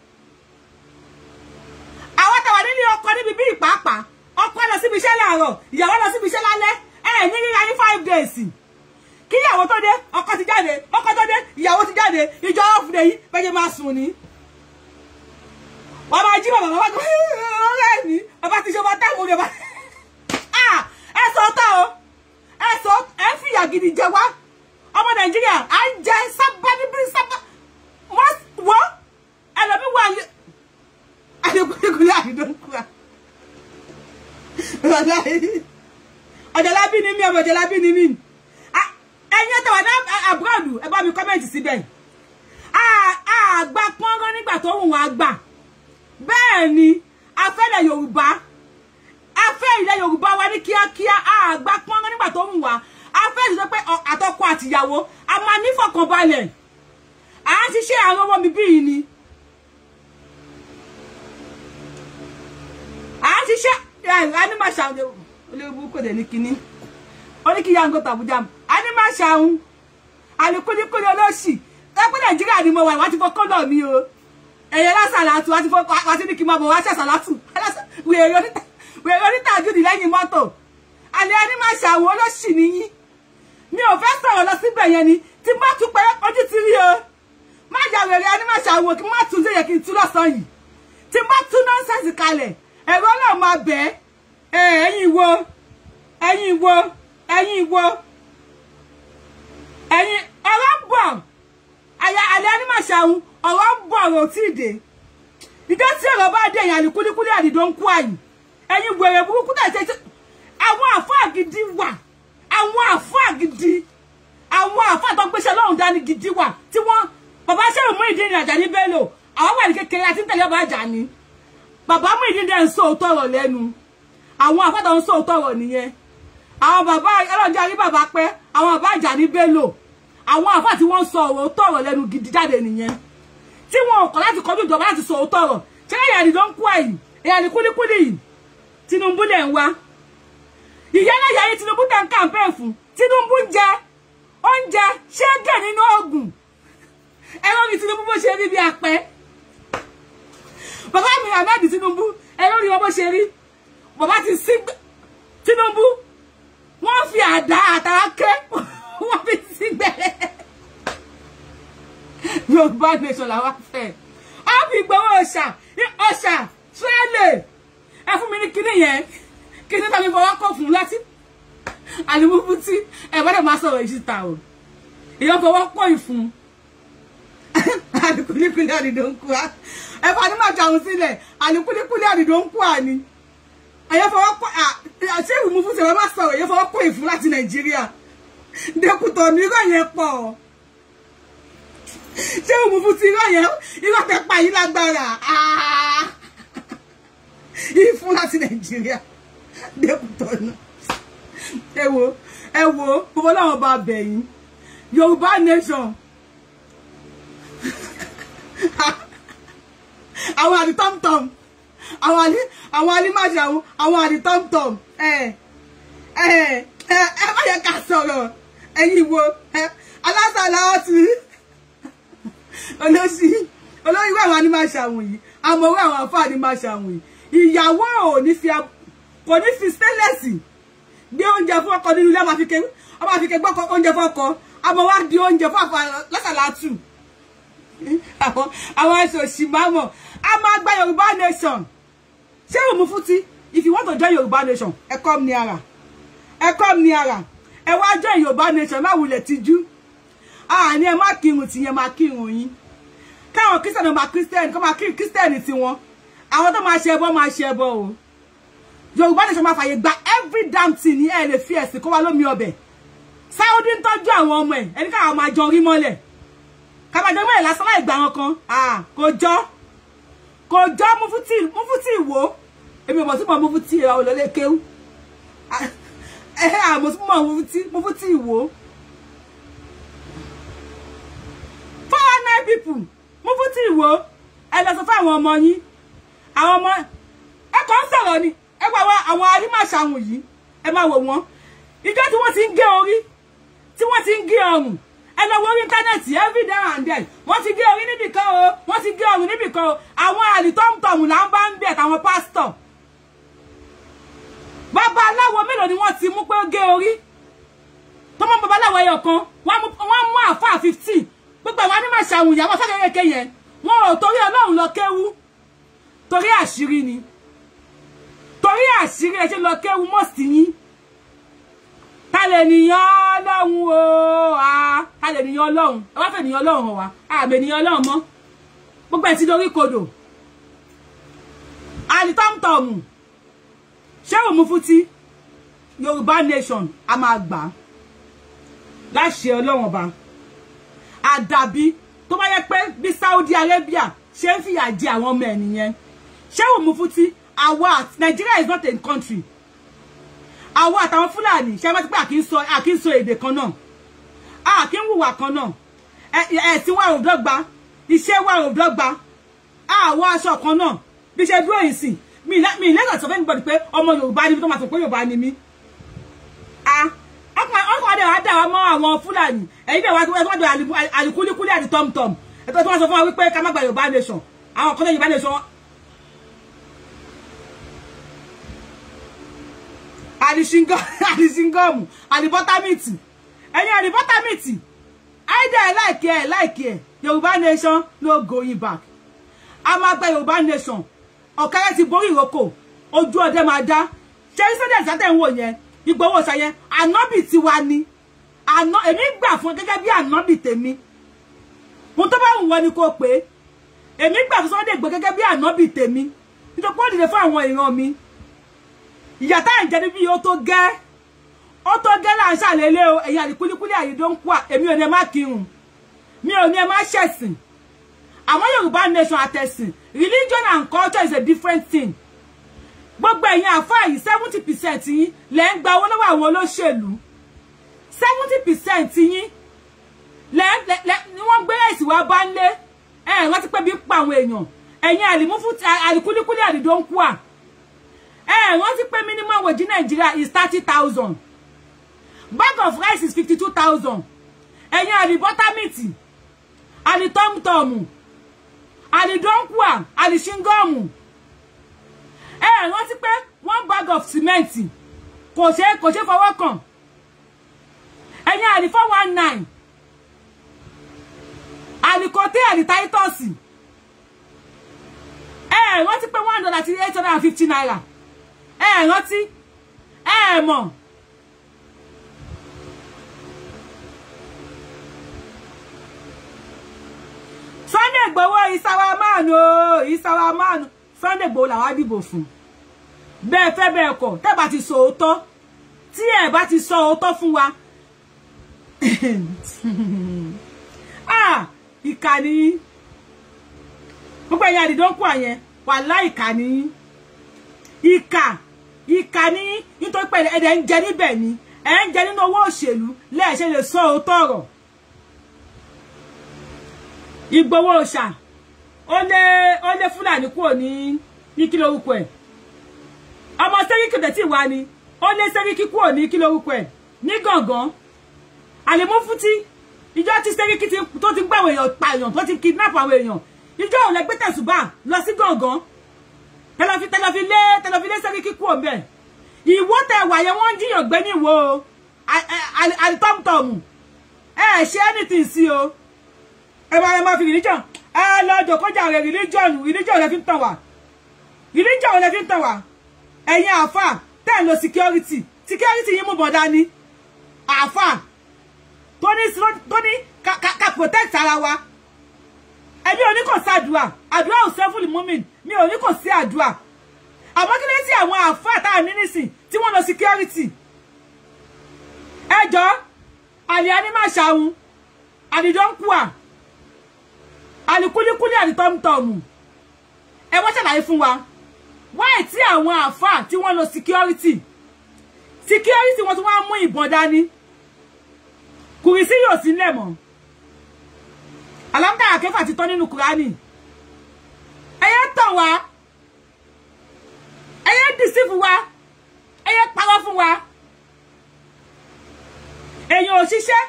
àwọn tàwa nílé ọkọ níbi bí ìpàápàá ọkọ lọ síbi iṣẹ́ láàárọ̀ ìyàwó lọ síbi iṣẹ́ lálẹ́ ẹ ní ríra ní five days kí ìyàwó tó dé ọkọ ti jáde ọkọ tó dé ìyàwó ti jáde ìjọ ọ̀fùdẹ yìí bẹ́ẹ̀ máa sùn ni wọ́n máa jí bàbá bàbá kan ọ̀rẹ́ mi bàbá ti ṣe ọba táwọn ọ̀rẹ́ bá ẹ sọ tọ́ o ẹ sọ ẹ fìyà gidi jẹ wá ọmọ nàìjíríà à ń jẹ sábà níbi sábà wọ́n ẹlòmíwá I don't don't cry, cry. Adekunle Adekunle Wallahi. Ọ̀jọ̀lábí ni mí, Ọ̀jọ̀lábí ni mí. Ah, ẹ̀yin tẹ́ wà ní abroad, ẹ bá mi comment síbẹ̀. Ah, ah, gba pọ́ngán nígbà tó wù wá gbà. Bẹ́ẹ̀ ni, a fẹ́ ilẹ̀ Yorùbá. A fẹ́ ilẹ̀ Yorùbá wa ní kíákíá. Ah, gba pọ́ngán nígbà tó wù wá. A fẹ́ ìṣẹ́ pé àtọkọ àtìyàwó. A máa nífọ̀kànbalẹ̀. À ń ṣiṣẹ́ àwọn ọmọ mi bíi ni. à ń ṣiṣẹ́ animal ṣàwọn olóògbé kò dé ní kínní oníkìyà ń gòtò àbújá animal ṣàwọn alukúnikúni olóṣì ẹgbẹ́ nàìjíríà ni mo wà wá ti fọ kọ́nà mi o ẹ̀yẹ lásàlátù wá ti fọ wá ti ní kí n máa bọ̀ wá ṣàṣàlátù wèrè onítàgídì lẹ́yìn mọ́tò àlẹ́ animal ṣàwọn olóṣì nìyí mi ò fẹ́ sọ̀rọ̀ lọ síbẹ̀ yẹn ni tí bá tún pẹ́ ojú ti rí o má yà wèrè animal ṣàwọn kí n má tún sí yẹ kí n tún lọ́sàn yìí tí bá tún nọ́ńsẹ̀sì kalẹ̀ ẹ̀rọ náà máa bẹ̀ ẹ́ ẹ̀yin wo ẹ̀yin wo ẹ̀yin wo ẹ̀yin ọ̀rọ̀ ń bọ̀ àyà àlẹ́ ẹni máa ṣàwọn ọ̀rọ̀ ń bọ̀ ọ̀rọ̀ tí ì dé ìdá tí ọ̀rọ̀ bá dé èèyàn àdìkúlíkúlí àdìdó ń kú àyìn ẹ̀yin wèrè burúkú náà ṣe àwọn àfáà gidi wà àwọn àfáà gidi àwọn àfáà tó lọ́hùn dání gidi wà tí wọ́n bàbá ṣẹ́rù mú ìdí ìrìn àjà ní bẹ́ẹ̀ lò àwọn wà ní kékeré àti ń tẹ̀lé ọba àjà ni. Baba, Muyideen dẹ̀ ń sọ òótọ́ ọ̀rọ̀ lẹ́nu àwọn àpáta ń sọ òótọ́ ọ̀rọ̀ nìyẹn àwọn bàbá ọlọ́jà rí bàbá pẹ́ àwọn bàbá Àjàní Bello àwọn àfáà tí wọ́n sọ òótọ́ ọ̀rọ̀ lẹ́nu gidi jáde nìyẹn tí wọn ò kọ̀ láti kọjú ìjọba láti sọ òótọ́ ọ̀rọ̀ ṣé èèyàn ni ló ń kú ẹ̀yìn èèyàn ni kúlíkúlí yìí Tinubu lẹ̀ ń wá ìyá lẹ́yà yìí Tinubu tẹ̀ ń kàǹpẹ́ fún Tinubu ń jẹ oúnjẹ ṣẹ́gẹ̀ nínú oògùn ẹ̀rọ mi Tinubu bó ṣe rí bí apẹ́ bàbá mi ahmed tinubu ẹ lórí ọmọ ṣe rí bàbá ti sí tinubu wọ́n fi àdá àtàáké wọ́n fi sí gbẹ̀rẹ̀ yorùbá nation làwọn fẹ́ á fi gbowó ọ̀ṣà ọ̀ṣà tírẹ́lẹ̀ ẹ fún mi ní kinní yẹn kinní tàbí fọwọ́ kọ̀ fún láti àlùmúfú tí ẹ bá dẹ̀ máa sọ̀rọ̀ ìṣìta o èèyàn fọwọ́ kọ̀ ìfún àdìkúnlẹ̀kúnlẹ̀ àdìdó ń kú á ẹ̀fà ni máa jàun sílẹ̀ àní kúlíkúlí àdìdó ń kú àní ẹ̀yẹ fọwọ́ kọ́ ṣé ìwé mú fún ṣe wọ́n má sọ̀rọ̀ ẹ̀yẹ fọwọ́ kó ìfún láti nàìjíríà dẹkùtọ̀ ní irọ́ yẹn pọ̀ ṣé ìwé mú fún ti irọ́ yẹn irọ́ tẹ pa yín lágbára ìfún láti nàìjíríà dẹkùtọ̀ náà ẹ wo ẹ wo gbogbo láwọn bá bẹ̀yìn yorùbá nation. àwọn àdì tọ́mtọ́m àwọn àdì àwọn alimajì àwọn àwọn àdì tọ́mtọ́m ẹ ẹ ẹ ẹ má yẹ ká sọ̀rọ̀ ẹ̀yin wo ẹ alásàlá ọtí olóṣì olóyìnbó àwọn alimajì àwọn yìí amọ̀wé àwọn afọ alimajì àwọn yìí ìyàwó ò ní fi kò ní fi stainless gbé oúnjẹ fún ọkọ nínú ilé ọmọ àfikẹ́ gbọ́kọ oúnjẹ fún ọkọ àmọ́ wá di oúnjẹ fún àfọ lọ́sàlátù àwọn àwọn aṣọ òṣì máa mọ̀ I'm a by your yorùbá nation ṣé Mufuti, if you want to join your nation ẹ come nearer ẹ come nearer ẹ wá join yorùbá nation láwùlẹ̀ tìjú àní ẹ má kírun tìyẹn má kírun yín káwọn kírísítẹ̀nì ọmọ Christian? Come on, kírun Christian, tiwọn àwọn I want my share, máa my share, o Your nation my fàyè but every damn thing ní the lè fi ẹ̀sìn kó wá lómi ọbẹ̀ sáwọ́dí ń tọ́jú and ọmọ ẹ̀ ẹni káwọn máa jọ orí mọ́lẹ̀ ká máa jọ mọ́lẹ̀ lásán láì gbà wọn kan kò jọ́ kò jọ mufuti mufuti wo èmi ò mọ̀ mo mufuti ra ò lọ́lé kéwú ẹ̀hẹ́ àmọ́ tí mo mufuti mufuti wo four nine people mufuti wo ẹ lọ sọ fún àwọn ọmọ yín àwọn ọmọ ẹ kàn ń sọ̀rọ̀ ni ẹ wá wá àwọn arímàṣàwùn yìí ẹ máa wò wọ́n ìjọ tí wọ́n ti ń gé orí tí wọ́n ti ń gé ọrùn ẹ lọ wo orí íńtánẹ́ẹ̀tì every day and then wọ́n ti gé orí níbìkan o wọ́n ti gé orí níbìkan o àwọn àlìtọ́mùtọ̀mù là ń bá ń bẹ̀ táwọn pásítọ̀ bàbá aláwo mélòó ni wọ́n ti mú pé ó gé orí tó mọ́ bàbá aláwo ẹyọ kan wọ́n mú fifty. fifteen gbogbo àwọn anímọ̀ ṣàwùn ìyàwó fẹ́kẹ̀kẹ́ yẹn wọn ò torí ọlọ́run lọ kéwú torí àṣírí ni torí àṣírí ẹ ṣe lọ kéwú mọ́sì yín ta lè nìyàn ọlọ́run o ta lè nìyàn ọlọ́run ẹ wá fẹ́ nìyàn ọlọ́run wa àmì nìyàn ọlọ́run mọ́ gbogbo ẹ̀ ti dorí kodò alitọ́mtọ́mù ṣé òmùfútí yorùbá nation a máa gbà láṣẹ ọlọ́run ọba àdàbí tó bá yẹ pé bí saudi arabia ṣe ń fìyà jẹ àwọn ọmọ ẹ̀ nìyẹn ṣé òmùfútí àwa Nigeria is not a country àwa àtàwọn fúlàní ṣe wọ́n ti pé àkí ń sọ èdè kan náà àkí ń hùwà kan náà ẹ̀sìn wa ò dọ́gba iṣẹ́ wa ò dọ́gba àwọ̀ aṣọ kan náà bí ṣe dúró yìí sìn mi lẹ́gbàá sọ fẹ́ni bọ̀dì pé ọmọ yorùbá ni mi tó máa sọ pé yorùbá ni mi. ọkọ̀ adé wa dà wá mọ́ àwọn fúlàní ẹ̀yin bẹ̀rẹ̀ wá sí wọ́n dọ̀ àlùkúlíkúlí àti tọ́mtọ́m ẹ̀tọ́ tí wọ́n sọ fún wa wípé ká má gba yorùbá nation àwọn kan náà yorùbá nation àní ṣingọ́ọ̀mù àní bọ́támìtì ẹ̀yin àní bọ́támìtì either ẹ̀ láìkí ẹ̀ láìkí ẹ̀ Yorùbá nation no going back a máa gba Yorùbá nation ọ̀kẹ́rẹ́ ti borí ìrókò ojú ọdẹ máa dá ṣé sẹ́dẹ̀ sátẹ̀ ń wò yẹn Ìgbòho ṣayẹ ànábì tiwa ni àná èmi gbà fún gẹ́gẹ́ bí ànábì tèmi mo tó bá wù wọ́n ni kò pé èmi gbà fún Sunday Igboho gẹ́gẹ́ bí ànábì tèmi nítorí pé ó dìde fún àwọn ìran mi ìyà tá à ń jẹ níbi ó tó gẹ́ ó tó gẹ́ là ń ṣàlélé o ẹ̀yà àdìkúlíkúlí àyèdó ń pọ̀ èmi ò ní ẹ má kírun mi ò ní ẹ má ṣẹ̀sìn àmọ́ yorùbá nation àtẹ̀sìn religion and culture is a different thing gbogbo ẹ̀yin àfáà yìí seventy percent yín lẹ́ ń gba owó lọ́wọ́ àwọn olóṣèlú seventy percent yín lẹ́ ni wọ́n gbé èsì wá bá ń lé ẹ̀ rántí pé bí pa àwọn èèyàn ẹ̀yin àlìmúfú àlìkúlíkúlí àdìdó ń kú Eh, what rántí pé minimum wage in Nigeria is thirty thousand bag of rice is fifty two thousand ẹ̀yin àrí bọ́támìtì àrí tọ́mùtọ́mù àrí dọ́ńkùà àrí ṣingọ́ọ̀mù ẹ rántí pé one bag of cement kò ṣe kò ṣe fọwọ́ kàn ẹ̀yin àrí four one nine have the àrí táítọ́ọ̀sì ẹ rántí pé one dollar àti eight hundred and fifty naira ẹ rántí ẹ mọ̀. Sunday Igboho ìsáwá máàlù o ìsáwá máàlù Sunday Igboho làwa dìbò fún bẹ́ẹ̀ fẹ́ bẹ́ẹ̀ kọ̀ tẹ́ bá ti sọ òótọ́ tí ẹ bá ti sọ òótọ́ fún wa ah ìkà ni gbogbo ẹ̀yin àdìdọ́kùn àyẹn wà láìkà ni ìkà ìkà ní nítorí pé ẹ̀dẹ̀ ń jẹ níbẹ̀ ni ẹ̀ ń jẹ nínú owó òṣèlú lẹ́ẹ̀ṣẹ̀ lè sọ òótọ́ ọ̀rọ̀ Ìgbòho ṣà ó lé ó lé Fúlàní kúrò ní ní kí lórúkọ ẹ̀ ọmọ sẹ́ríkì tẹ̀ tí wà ni ó lé sẹ́ríkì kúrò ní kí lórúkọ ẹ̀ ní gàngán àlèmófútí ìjọ tí sẹ́ríkì tó ti gbàwọ̀ èèyàn pààyàn tó ti kidnap àwọn èèyàn ìjọ òun lẹ gbé tẹ̀sùbà lọ sí gàngán tẹlọfi tẹlọfi lé tẹlọfi lé sẹ́ni kíkú ọ̀bẹ ìwọ tẹ wàyẹ wọn jiyàn gbé ní ìwọ àlítọ́mùtọ́mù ẹ ṣe anything sí o ẹ máa ẹ máa fi religion ẹ lọ jòkójà rẹ religion religion rẹ fi ń tàn wá religion rẹ fi ń tàn wá ẹ̀yin àfà tẹ̀ ń lo security security yín mú bọ̀dá ni àfà tó ní tó ní ká protect ara wa ẹbí oní kò sàdúà àdúà ò sẹ́fùlì mọ́mìn mi ò ní kò sí àdúà àbọ́kílẹ̀ tí àwọn àfáà tá a ní nísìn tí wọ́n lọ security ẹjọ́ àlìá ní máa ṣàwọn àdìdọ́nkùà àlìkúlíkúlí àdìtọ́mùtọ́mù ẹ wọ́n ṣàlàyé fún wa wáì tí àwọn àfáà tí wọ́n lọ security security wọ́n tún wá mú ìbọn dání kùrìsí yóò sí nílẹ̀ Alamda kẹfà ti tọ́ nínú kúránì ẹyẹ tàn wá ẹyẹ dìsífù wá ẹyẹ parọ́ fún wa èèyàn ò ṣiṣẹ́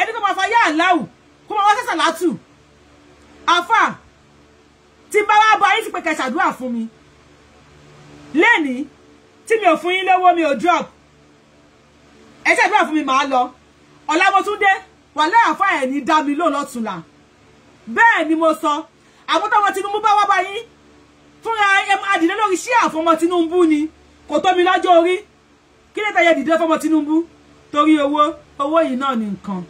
ẹni kó máa fa yá àláwù kó máa wá sẹ́sà látù àfà tí bá wá bá yín ti pé kẹ́ fún mi lẹ́nìí tí mi ò fún yín lówó mi ò drop ẹ ṣàdúrà fún mi màá lọ Ọlámọ́túndé wà láàfà ẹ̀ ní dá mi lóòlọ́tùnlá bẹ́ẹ̀ ni mo sọ àwọn tọmọ Tinubu bá wá bá yín fúnra ẹ máa dìde lórí ṣé àfọmọ Tinubu ni kò tó mi lọ́jọ́ orí kí lè tẹ̀yẹ dìde fọmọ Tinubu torí owó owó yìí náà ni nǹkan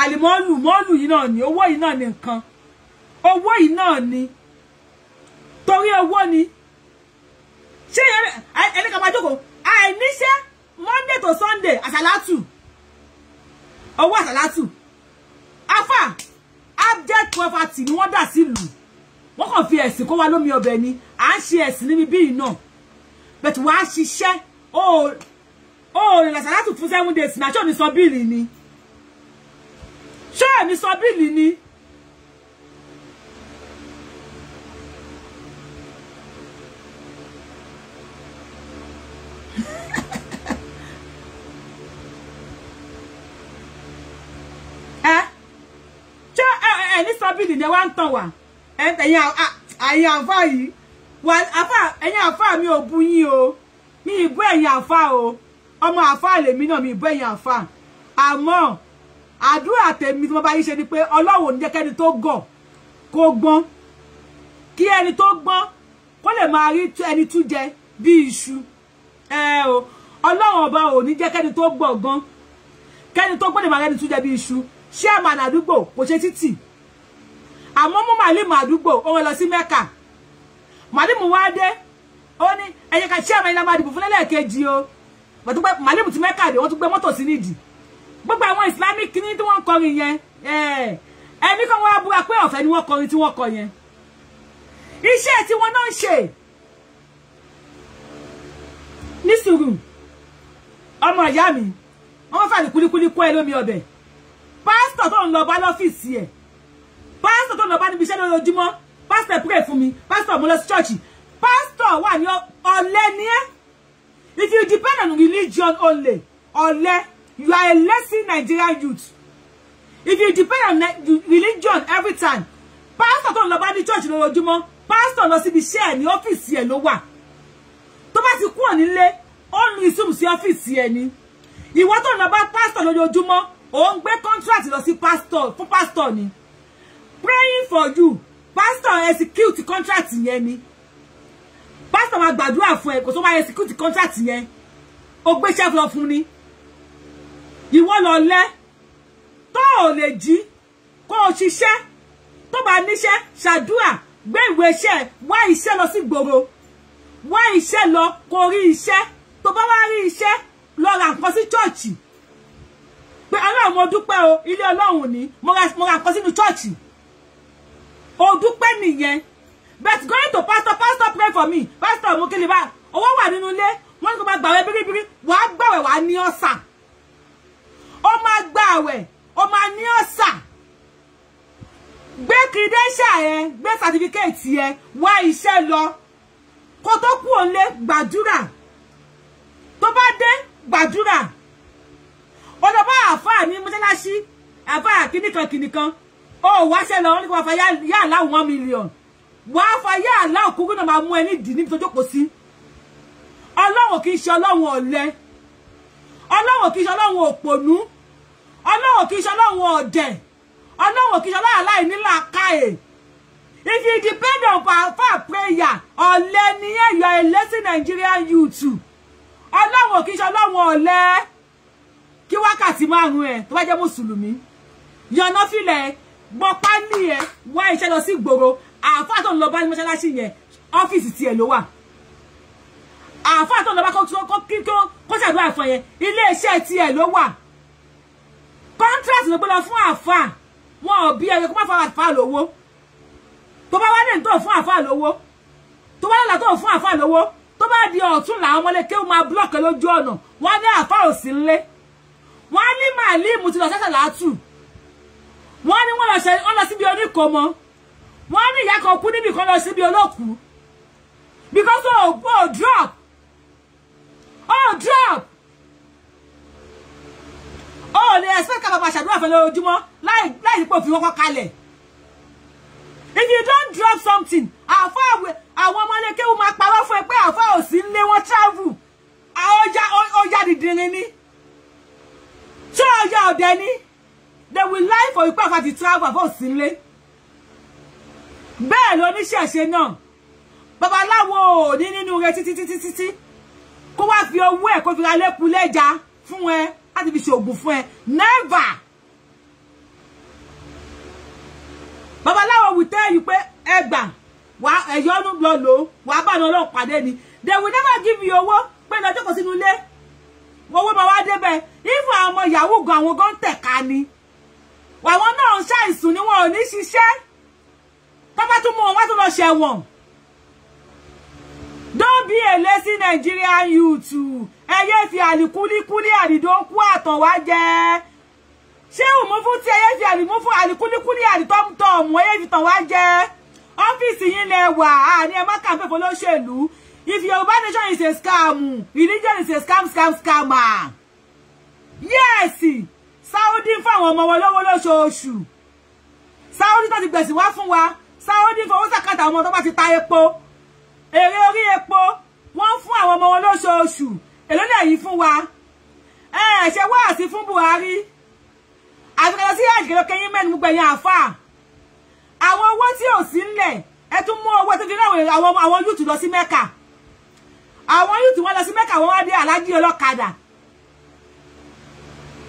àlìmọ́ọ̀lù mọ́ọ̀lù yìí náà ni owó yìí náà ni nǹkan owó yìí náà ni torí owó ni ṣé ẹni kan máa jókòó àìníṣẹ́ Monday to Sunday àṣàlátù owó àṣàlátù afa abject poverty ni wọ́n dà sílùú wọ́n kàn fi ẹ̀sìn kó wa lómi ọbẹ̀ ni à ń ṣe ẹ̀sìn níbi bíi náà but wàá ṣiṣẹ́ ó ó rìnrìn àṣà láti fún seven days náà ṣé ò ní sọ bíìlì ni ṣé ò ní sọ bíìlì ni. bíìlì yẹn wá ń tàn wá ẹ̀yin àǹfà yìí ẹ̀yin àǹfà mi ò bú yín o mi ì bú ẹ̀yin àǹfà o ọmọ àǹfà lèmi náà mi ì bú ẹ̀yin àǹfà àmọ́ àdúrà tèmi tí mo bá yí ṣe ni pé Ọlọ́run ní jẹ́ kẹ́ni tó gọ̀ kó gbọ́n kí ẹni tó gbọ́n kó lè máa rí ẹni tún jẹ bí iṣu ẹ o Ọlọ́run ọba ò ní jẹ́ kẹ́ni to gbọ̀ gan kẹ́ni tó gbọ́n lè máa rí ẹni tún jẹ bí iṣu ṣé àmàlà àdúgbò kò ṣe títì àmọ́ mú màálìmù àdúgbò òun lọ sí mẹ́kà màálìmù wá dé ó ní ẹ̀yẹ ká ṣé àmọ́ iná máa dìbò fún lẹ́lẹ́ẹ̀kejì o màálìmù ti mẹ́kà dé wọ́n tún gbé mọ́tò sí nídìí gbogbo àwọn islamic ní tí wọ́n kọrin yẹn eh, ẹni kan wọ́n abúra pé ọ̀fẹ́ ni wọ́n kọrin tí wọ́n kọ yẹn iṣẹ́ tí wọ́n náà ń ṣe ní sùúrù ọmọ ìyá mi wọ́n fà ní kulikuli kó ẹ lómi ọbẹ̀ pásítọ̀ tó ń lọ bá lọ́fíìsì ẹ̀ Pastor, tó lọ bá níbi iṣẹ́ lójoojúmọ́ Pastor, pray fún mi Pastor, mo lọ sí church pásítọ̀ wà ní ọ̀lẹ ni ẹ́ if you depend on religion only ọ̀lẹ you are a lazy Nigerian youth if you depend on religion every time pastor, tó lọ bá ní church lójoojúmọ́ pásítọ̀ lọ síbi iṣẹ́ ẹ̀ ní ọ́fíìsì ẹ̀ ló wà tó bá ti kúrò nílé ó ń resume sí ọ́fíìsì ẹ̀ ni ìwọ tó lọ bá pásítọ̀ lójoojúmọ́ ò ń gbé contract lọ sí pastor fún pásítọ̀ ni praying for you pastor execute contract yẹn ni pastor máa gbàdúrà fún ẹ kò tó máa execute contract yẹn ó gbé chef lọ fún ni ìwọ lọ lẹ tó ò lè jí kó o ṣiṣẹ́ tó bá níṣẹ́ ṣàdúrà gbé ìwé iṣẹ́ wá iṣẹ́ lọ sí gbòòrò wá iṣẹ́ lọ kó rí iṣẹ́ tó bá wá rí iṣẹ́ lọ ra nǹkan sí chọ́ọ̀chì pé ọlọ́run mo dúpẹ́ o ilé ọlọ́run ni mo ra nǹkan sínú chọ́ọ̀chì o dúpẹ́ nìyẹn but going to pastor pastor pray for me pastor mokiliba owó wà nínú ilé wọ́n ní kó máa gbàwẹ̀ biribiri wàá gbàwẹ̀ wàá ní ọ̀sà ó máa gbàwẹ̀ ó máa ní ọ̀sà gbé kìrìdẹ́ṣà ẹ gbé sàtífíkẹ́ẹ̀tì ẹ wá iṣẹ́ lọ kó tó kú òǹlé gbàdúrà tó bá dé gbàdúrà ọ̀dọ̀ bá àfáà ní mọ́ṣáláṣí àfáà kìnìkan kìnìkan Oh, wa se lọ wọn ní kí ya fa yá aláwọ one million Wa fa yá aláwọ kúkú náà máa mú ẹ nídìí níbi tó jókòó sí ọlọ́run kì í ṣe ọlọ́run ọ̀lẹ ọlọ́run kì í ṣe ọlọ́run òpònú ọlọ́run kì í ṣe ọlọ́run ọ̀dẹ̀ ọlọ́run kì í ṣe ọlọ́run aláìní if you depend on power prayer ọ̀lẹ ni ẹ yọ ẹlẹ́sìn Nigerian youth ọlọ́run kì í ṣe ọlọ́run ọ̀lẹ kí wákàtí márùn-ún ẹ̀ tó bá jẹ́ mùsùlùmí yànnà filẹ̀ gbọ́ pálí ẹ wá iṣẹ́ lọ sí gbòòrò àáfàá tó ń lọ bá ní mọ́ṣáláṣí yẹn ọ́fíìsì tiẹ̀ ló wà àáfàá tó ń lọ bá kó ṣàdúrà fún yẹn iléeṣẹ́ tiẹ̀ ló wà kọ́ńtrátì ló gbé lọ fún àáfàá wọn ò bí ẹyẹ kó má fún àáfàá lówó tó bá wá dé tó fún àáfàá lówó tó bá lọ́la tó fún àáfàá lówó tó bá di ọ̀tún làwọn ọmọlé kéwù máa búlọ̀kì lójú ọ̀nà wọn ní àáfàá ò sí ńlé wọn ní màálímù ti lọ sẹ́sẹ̀ látù wọ́n ní wọ́n lọ ṣe wọ́n lọ síbi oníkòmọ́ wọ́n ní ìyá kan kú níbi kan lọ síbi olóòkú because o oh, oh, drop o oh, drop o oh, lè expect ká bàbá ṣàdúrà fẹ́ lójoojúmọ́ láì láì pò fi wọ́pọ̀ kalẹ̀ if you don't drop something àfọ àwọn ọmọlékéwu máa parọ́ fún ẹ pé àfọ òsì ń lé wọn travel ọjà ọjà dìdìrín ni tí ọjà ọ̀dẹ ni they will lie for you pé àfàtì travel for àfọ̀ sílé bẹ́ẹ̀ ló ní ṣẹ̀ṣẹ̀ náà babaláwo ò ní nínú rẹ títí títí títí kó wá fi owó ẹ̀ kó fi ra lẹ́kùn lẹ́ja fún ẹ láti fi ṣoògùn fún ẹ never Baba babaláwo we tell you pé ẹgbà wà ẹ̀yọ́nú lọ lò ó wà á bá ní ni they will never give you owó pé ní ọjọ́ kò sínú ilé owó máa wá débẹ̀ if àwọn ìyàwó gan àwọn gan tẹ̀ka ni àwọn náà ń ṣàìsùn ni wọn ò ní ṣiṣẹ́ pápá tún mú wọn wá tó lọ ṣẹ̀wọ̀n don't be a lazy Nigerian youth ẹ yéé fi àlìkúlíkúlí àdìdókú àtọ̀wá jẹ ṣé òmùfú tí ẹ yéé fi àlìmúfú àlìkúlíkúlí àdìtọ́mùtọ̀mù ẹ yéé fi tàn wá jẹ ọ́fíìsì yín lẹ wà àní ẹ má kàǹpẹ̀ fọlọ́ṣèlú if Yorùbá nation is a scam religion is a scam scam scammer yes. Saudi ń fáwọn ọmọ wọn lówó lóṣooṣù Saudi tó ti gbẹ̀sìn wá fún wa Saudi ń fowó sàkátà ọmọ tó bá ti ta epo èrè orí epo wọ́n fún àwọn ọmọ wọn lóṣooṣù èló lẹ́yìn fún wa ẹ ṣe wáàsí fún Buhari àtìkẹ́lẹ́ sí àjẹkẹ́lẹ́ yín mẹ́nu gbogbo ẹ̀yìn àfà àwọn owó tí ò sí ńlẹ̀ ẹ tún mú owó tó fi náà àwọn yúùtù lọ sí Mẹ́kà àwọn yúùtù wọn lọ sí Mẹ́kà wọn wá dé alájí ọlọ́kadà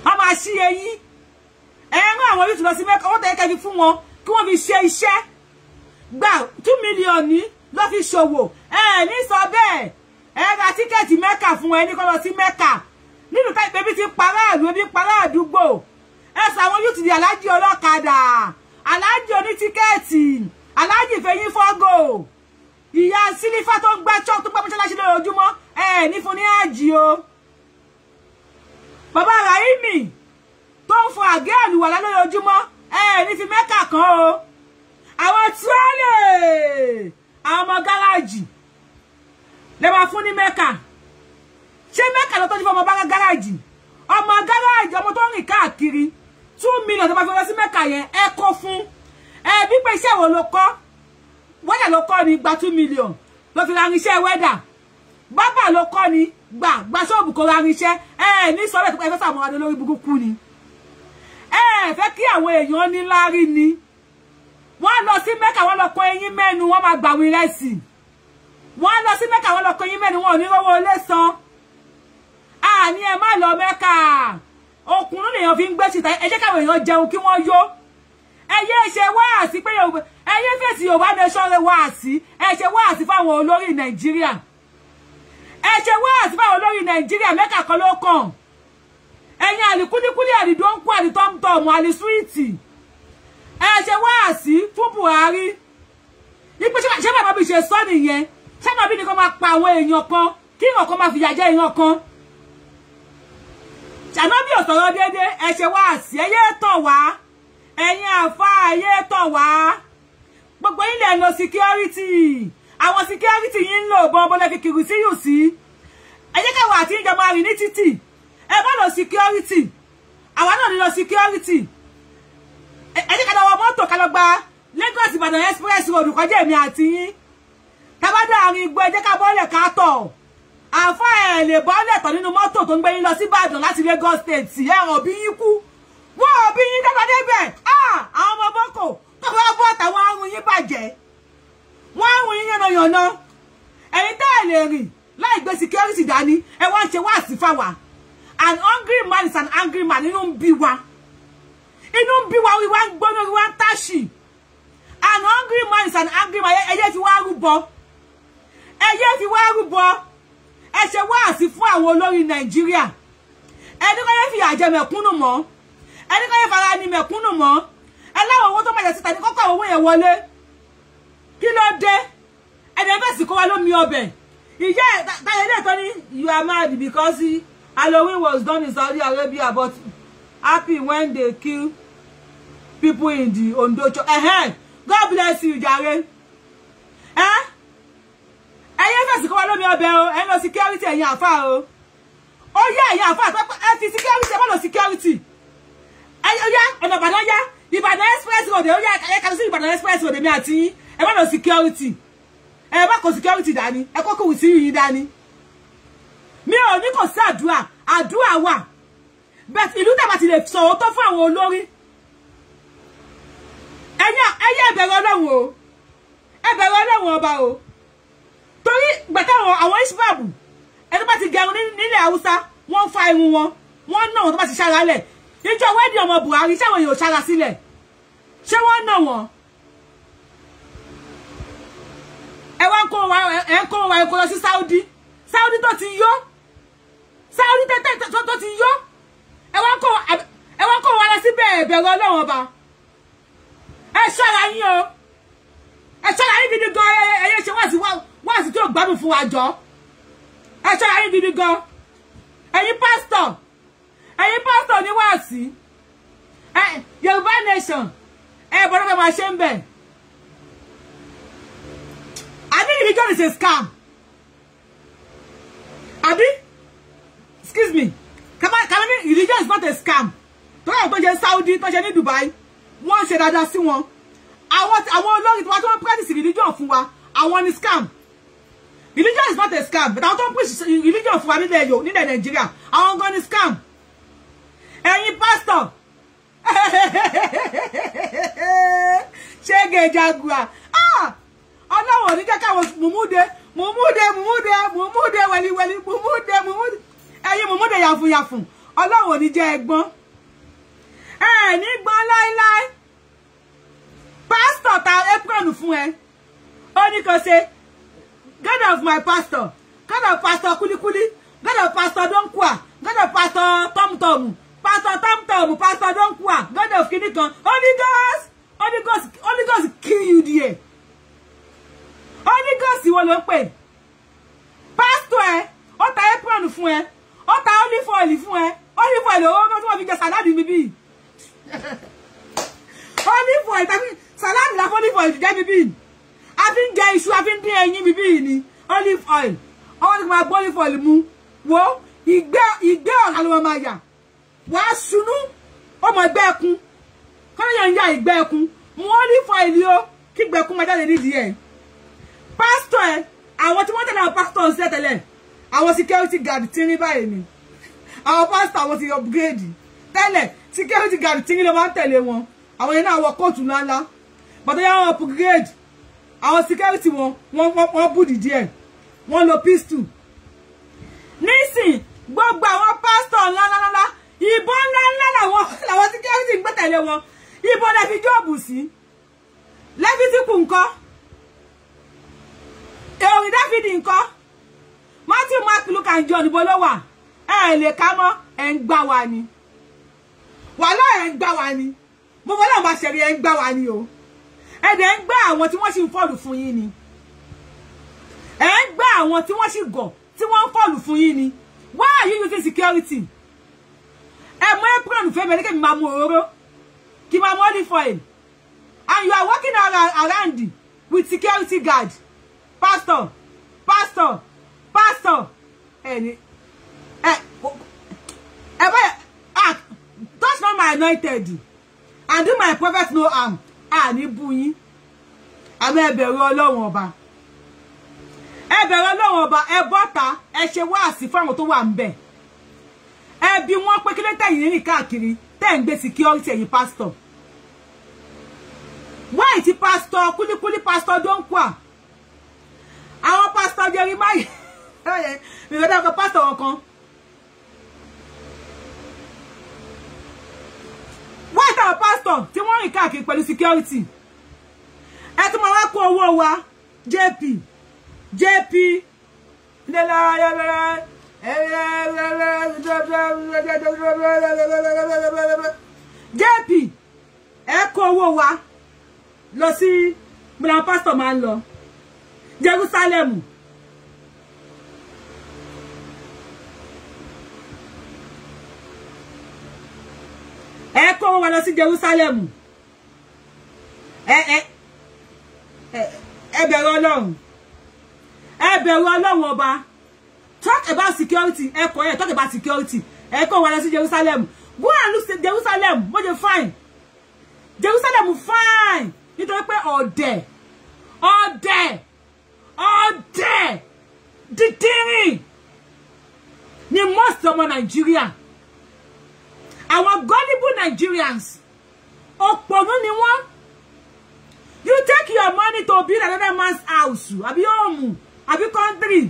a máa ṣí eyín ẹ rán àwọn yóò lọ sí mẹ́kọ̀ wọ́n tẹ̀ kẹ́ fi fún wọn kí wọ́n fi ṣe iṣẹ́ gbà two million ní ló fi ṣòwò ẹ ní sọ bẹ́ẹ̀ ẹ ra tíkẹ́ẹ̀tì mẹ́kà fún ẹ ní kó lọ sí mẹ́kà nínú ká ìpèbí ti pará ìlú ebi pará àdúgbò ẹ sọ àwọn yóò ti di aláàjì ọlọ́kadà aláàjì oní tíkẹ́ẹ̀tì fogo, fẹ̀yìn fọ́gò ìyá sílífà tó ń gbá chọ́ọ̀kì tó gbá mọ́ṣáláṣí lójoojúmọ́ ẹ ní fún ní àjì o bàbá Ráímì tó ń fọ àgé àlùwàlá lójoojúmọ́ ẹ ní fi mẹ́kà kan o àwọn túrẹ́lẹ̀ àwọn ọmọ gáràjì lè máa fún ní mẹ́kà ṣé mẹ́kà ló tọ́jú fún ọmọ bá gáràjì ọmọ gáràjì ọmọ tó ń rìn káàkiri two million tó bá fi lọ sí mẹ́kà yẹn ẹ kó fún ẹ bí pé iṣẹ́ wo ló kọ́ wẹ́dà ló kọ́ ni gba two million ló fi ra irinṣẹ́ wẹ́dà bábà ló kọ́ ni gbà gbà ṣọ́ọ̀bù kó ra irinṣẹ́ ẹ ní sọ́ọ̀bù tó fẹ́ sàmọ́ adé lórí burúkú ni ẹ fẹ́ kí àwọn èèyàn ní láárí ni wọ́n lọ sí mẹ́kà wọ́n lọ kó eyín mẹ́nu wọ́n máa gbàwé rẹ́sì wọ́n lọ sí mẹ́kà wọ́n lọ kó eyín mẹ́nu wọn ò ní rówó ilé san àní ẹ má lọ mẹ́kà òkùnrin lèèyàn fi ń gbé síta ẹ jẹ́ káwọn èèyàn jẹun kí wọ́n yó ẹyẹ e ṣe wáàsí pé ẹyẹ fèsì Yorùbá nation wáàsí ẹ ṣe wáàsí fáwọn olórí Nàìjíríà ẹ ṣe wá àtibáwò lórí nàìjíríà mẹ́ta kan ló kàn ẹ̀yin àlìkúlíkúlí àlìdóńkù àlìtọ́mtọ́mù àlìsúwìtì ẹ ṣe wá àsí fún buhari nípa ṣé bàbá mi ṣe sọ nìyẹn ṣé bàbá mi nìkan máa pa àwọn èèyàn kan kí ìwọ̀n kan máa fìyà jẹ èèyàn kan ṣànábì ò sọ̀rọ̀ déédéé ẹ ṣe wá àsí ẹ yé tọ̀ wá ẹ̀yin àfa ẹ yé tọ̀ wá gbogbo ilẹ̀ lọ security àwọn security yín ń lò bọ́n bọ́lẹ̀ kékeré sí yóò sí ẹ jẹ́ káwọn àti ìjọba rìn ní títì ẹ bá lọ security àwa náà ní security ẹ jẹ́ ká lọ wọ mọ́tò ká lọ gba Lagos Ìbàdàn express road kọjá èmi àti yín tábádà àrùn igbó ẹ jẹ́ ká bọ́lẹ̀ ká tọ̀ àfa ẹ̀ lè bọ́lẹ̀ tọ̀ nínú mọ́tò tó ń gbé yín lọ sí Ìbàdàn láti Lagos state ẹ̀rọ bí yín kú wọ́n bí yín dábàá débẹ̀ ah! àwọn ọmọ boko tó bá bọ́ àtàwọn àrùn yín bàjẹ́ wọ́n ń rìn yànnàyànnà ẹ̀yin tá ẹ̀ lè rìn láì gbé security dání ẹ wá ń ṣe wá sí fáwa an angry man is an angry man inú ń bí wa inú ń bí wa wíwá ń gbóná wíwá ń táṣì an angry man is an angry man ẹ yé fi wá rúbọ ẹ yé fi wá rúbọ ẹ ṣe wá sí fún àwọn olórí nàìjíríà ẹni kọ́ yẹ fi àjẹ mẹ̀kúnnù mọ́ ẹni kọ́ yẹ fara ni mẹ̀kúnnù mọ́ ẹ láwọn owó tó bàjẹ́ síta ní kọ́kọ́ owó yẹn wọlé kí ló dé ẹ̀dẹ̀ bẹ́ẹ̀ sì kó wa lómi ọbẹ̀ ìyá ẹ̀ táyé lè tọ́ ní you are mad because Halloween was done in Saudi Arabia but happy when they kill people in the Ondo church eh God bless you jàre eh ẹ̀yin fẹ́ sì kó wa lómi ọbẹ̀ o ẹ̀yin lọ security ẹ̀yin àfáà o ó yá ẹ̀yin àfáà ẹ fi security ẹ bọ́ lọ security ẹ̀yin ó yá ọ̀nà Ìbàdàn yá Ìbàdàn express road ó yá ẹ̀ka sí Ìbàdàn express road èmi àti yín ẹ má lọ security ẹ bá kó security dání ẹ kó kòwì sí yìí dání mi ò ní kò sí àdúrà àdúrà wà bẹ́ẹ̀ ìlú tàbá ti lè sọ òótọ́ fún àwọn olórí ẹ̀yà ẹ̀yà ẹ̀bẹ̀rẹ̀ ọlọ́run o ẹ̀bẹ̀rẹ̀ ọlọ́run ọba o torí gbàtà àwọn isbab ẹni bá ti gẹrun nílẹ̀ haúsá wọ́n fa irun wọn wọ́n nà wọn tó bá ti ṣára lẹ̀ níjọ́ wẹ́ẹ̀dì ọmọ Buhari ṣáwọn èèyàn ṣára sílẹ̀ ṣé wọ́n nà wọn. ẹ wá ń kó wa ẹ ń kó wa ẹ kó lọ sí Saudi Saudi tó ti yó Saudi tẹ́tẹ́ tó ti yó ẹ wá ń kó ẹ wá ń kó wa lọ sí bẹ́ẹ̀ bẹ̀rù Ọlọ́run ọba ẹ ṣọ́ra yín o ẹ ṣọ́ra yín gidi gan ẹ yẹ ṣe wáàsí wáàsí tí ò gbádùn fún wa jọ ẹ ṣọ́ra yín gidi gan ẹ̀yin pásítọ̀ ẹ̀yin pásítọ̀ ní wáàsí Yorùbá nation ẹ bọ́dọ̀ fẹ́ máa ṣe ń bẹ̀. Abi religion is a scam. Abi, excuse me. Come on, come on, religion is not a scam. Don't yẹ pé Saudi, Don't ṣe ní Dubai, One said that wọ́n one. I want, I want. àwọn olórin tí wọ́n tó ń practice religion fún I want a scam. Religion is not a scam, but I don't preach religion fún wa nílẹ̀ Yorùbá, nílẹ̀ Nàìjíríà, àwọn gan ni scam. Any pastor, ṣé gẹ̀ jaguar? Ah! ọlọ́wọ̀n ní kẹ́kẹ́ àwọn mùmúde mùmúde mùmúde mùmúde wẹ̀liwẹ̀li mùmúde mùmúde ẹ̀yin mùmúde yàfùnyàfùn ọlọ́wọ̀n ní jẹ́ ẹgbọ́n ẹ̀ ní gbọ́n láíláí pásítọ̀ ta apron fún ẹ ó ní kan ṣe God of my pastor God of pastor kulikuli God of pastor donkua God of pastor tomtom pastor tomtom pastor donkua God of kinikan Holy Ghost Holy Ghost Holy Ghost kill you there. Holy Ghost wo ló pè pásítọ̀ ẹ ó ta apron fún ẹ ó ta olive oil fún ẹ olive oil owó kan tí wọ́n fi jẹ sàláàdì mi bíi olive oil tàbí sàláàdì la olive oil jẹ́ mi bíi a fi ń jẹ iṣu a fi ń dín ẹyin mi bíi ni olive oil ọwọ́ ni kò máa gbọ́ olive oil mu wo ìgbẹ́ ìgbẹ́ ọ̀la ló máa yà wàá sunú ó mọ ẹgbẹ́ ẹkún kọ́nìyàn ń ya ìgbẹ́ ẹkún mu olive oil o kí ìgbẹ́ ma máa jáde nídìí ẹ̀. Pastor, ẹ àwọn tí wọ́n tẹ̀lé àwọn pásítọ̀ ń ṣẹ́ tẹ́lẹ̀ àwọn security guard tí ní báyìí ni àwọn pásítọ̀ àwọn ti upgrade tẹ́lẹ̀ security guard tí ní ló máa ń tẹ̀lé wọn àwọn yẹn náà wọ kóòtù ńláńlá bàtà yà wọn upgrade àwọn security wọn wọ́n bùdì díẹ̀ wọ́n lo pistol nísìn gbogbo àwọn pásítọ̀ ńláńláńlá ìbọn ńláńlá làwọn làwọn security gbẹ́tẹ̀lé wọn ìbọn lẹ́fi jọ́ọ̀bù sí lẹ́fi síkù nǹkan orin dáfídì ńkọ́ matthew mark luke and john bolo ló ẹ lè ká mọ́ ẹ ń gbá wa ni wàhálà ẹ ń gbá wa ni mo wọlé àwọn àṣẹrí ẹ ń gbá wa ni o ẹ dẹ̀ ń gbá àwọn tí wọ́n sì ń fọ́ọ̀lù fún yín ni ẹ ń gbá àwọn tí wọ́n sì gọ̀ tí wọ́n ń fọ́ọ̀lù fún yín ni why are you using security ẹ mú apron fẹ́mi ẹni kẹ́mi máa mú òróró kí máa mú olive and you are walking around with security guard pastor, pásítọ̀ pásítọ̀ ẹni ẹ ẹ bá ah touch not my anointed and do my prophet no harm a ní bú yín àmọ́ ẹ bẹ̀rù Ọlọ́run ọba ẹ bẹ̀rù Ọlọ́run ọba ẹ bọ́ta ẹ ṣe wáàsí fáwọn tó wà ń bẹ̀ ẹ bi wọ́n pé kí ló tẹ̀yìn rìn káàkiri tẹ̀ ń gbé security ẹ̀yìn pásítọ̀ wáyé ti pásítọ̀ kúlíkúlí pásítọ̀ dóńkùà rí báyìí mi ò dáko pásítọ̀ ọ̀kan. wọ́n ìtàwọn pásítọ̀ tí wọ́n rìn káàkiri pẹ̀lú security ẹ tún máa wá kó owó wa jp jp jp ẹ kó owó wa lọ sí gbọdọ̀ pásítọ̀ máa ń lọ Jerusalem. ẹ kó wọn wá lọ Jerusalem ẹ ẹ ẹ bẹ̀rù oba talk about security ẹ kọ talk about security ẹ kó wọn wá lọ Jerusalem go and look at Jerusalem wọ́n jẹ́ fine Jerusalem fine nitori pe ode ode Ode, Didiri, ni most ọmọ Nigeria. àwọn gullible Nigerians òpònú you take your money to build another man's house àbí home àbí country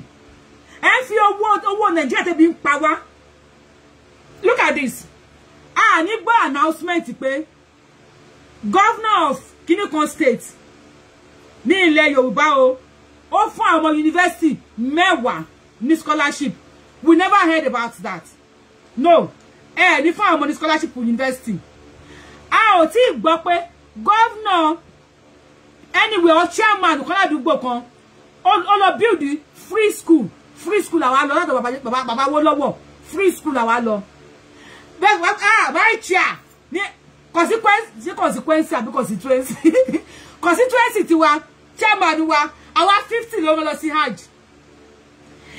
ẹ your owó owó Nàìjíríà tẹ́bi ń pa wá look at this a ní gbọ́ announcement pé governor of kinikan state ní ilẹ̀ Yorùbá o ó fún àwọn yunifásitì mẹ́wàá ní scholarship we never heard about that no Eh, ní fún àwọn ọmọ scholarship university a ò tí ì gbọ́ Governor, anyway or chairman kan ládùúgbò kan ó lọ build free school free school àwa lọ lọ́dọ̀ bàbá wó lọ́wọ́ free school àwa ah, my chair ní consequence consequence àbí constituency constituency tiwa chairman wa àwa fifty ló lọ sí hajj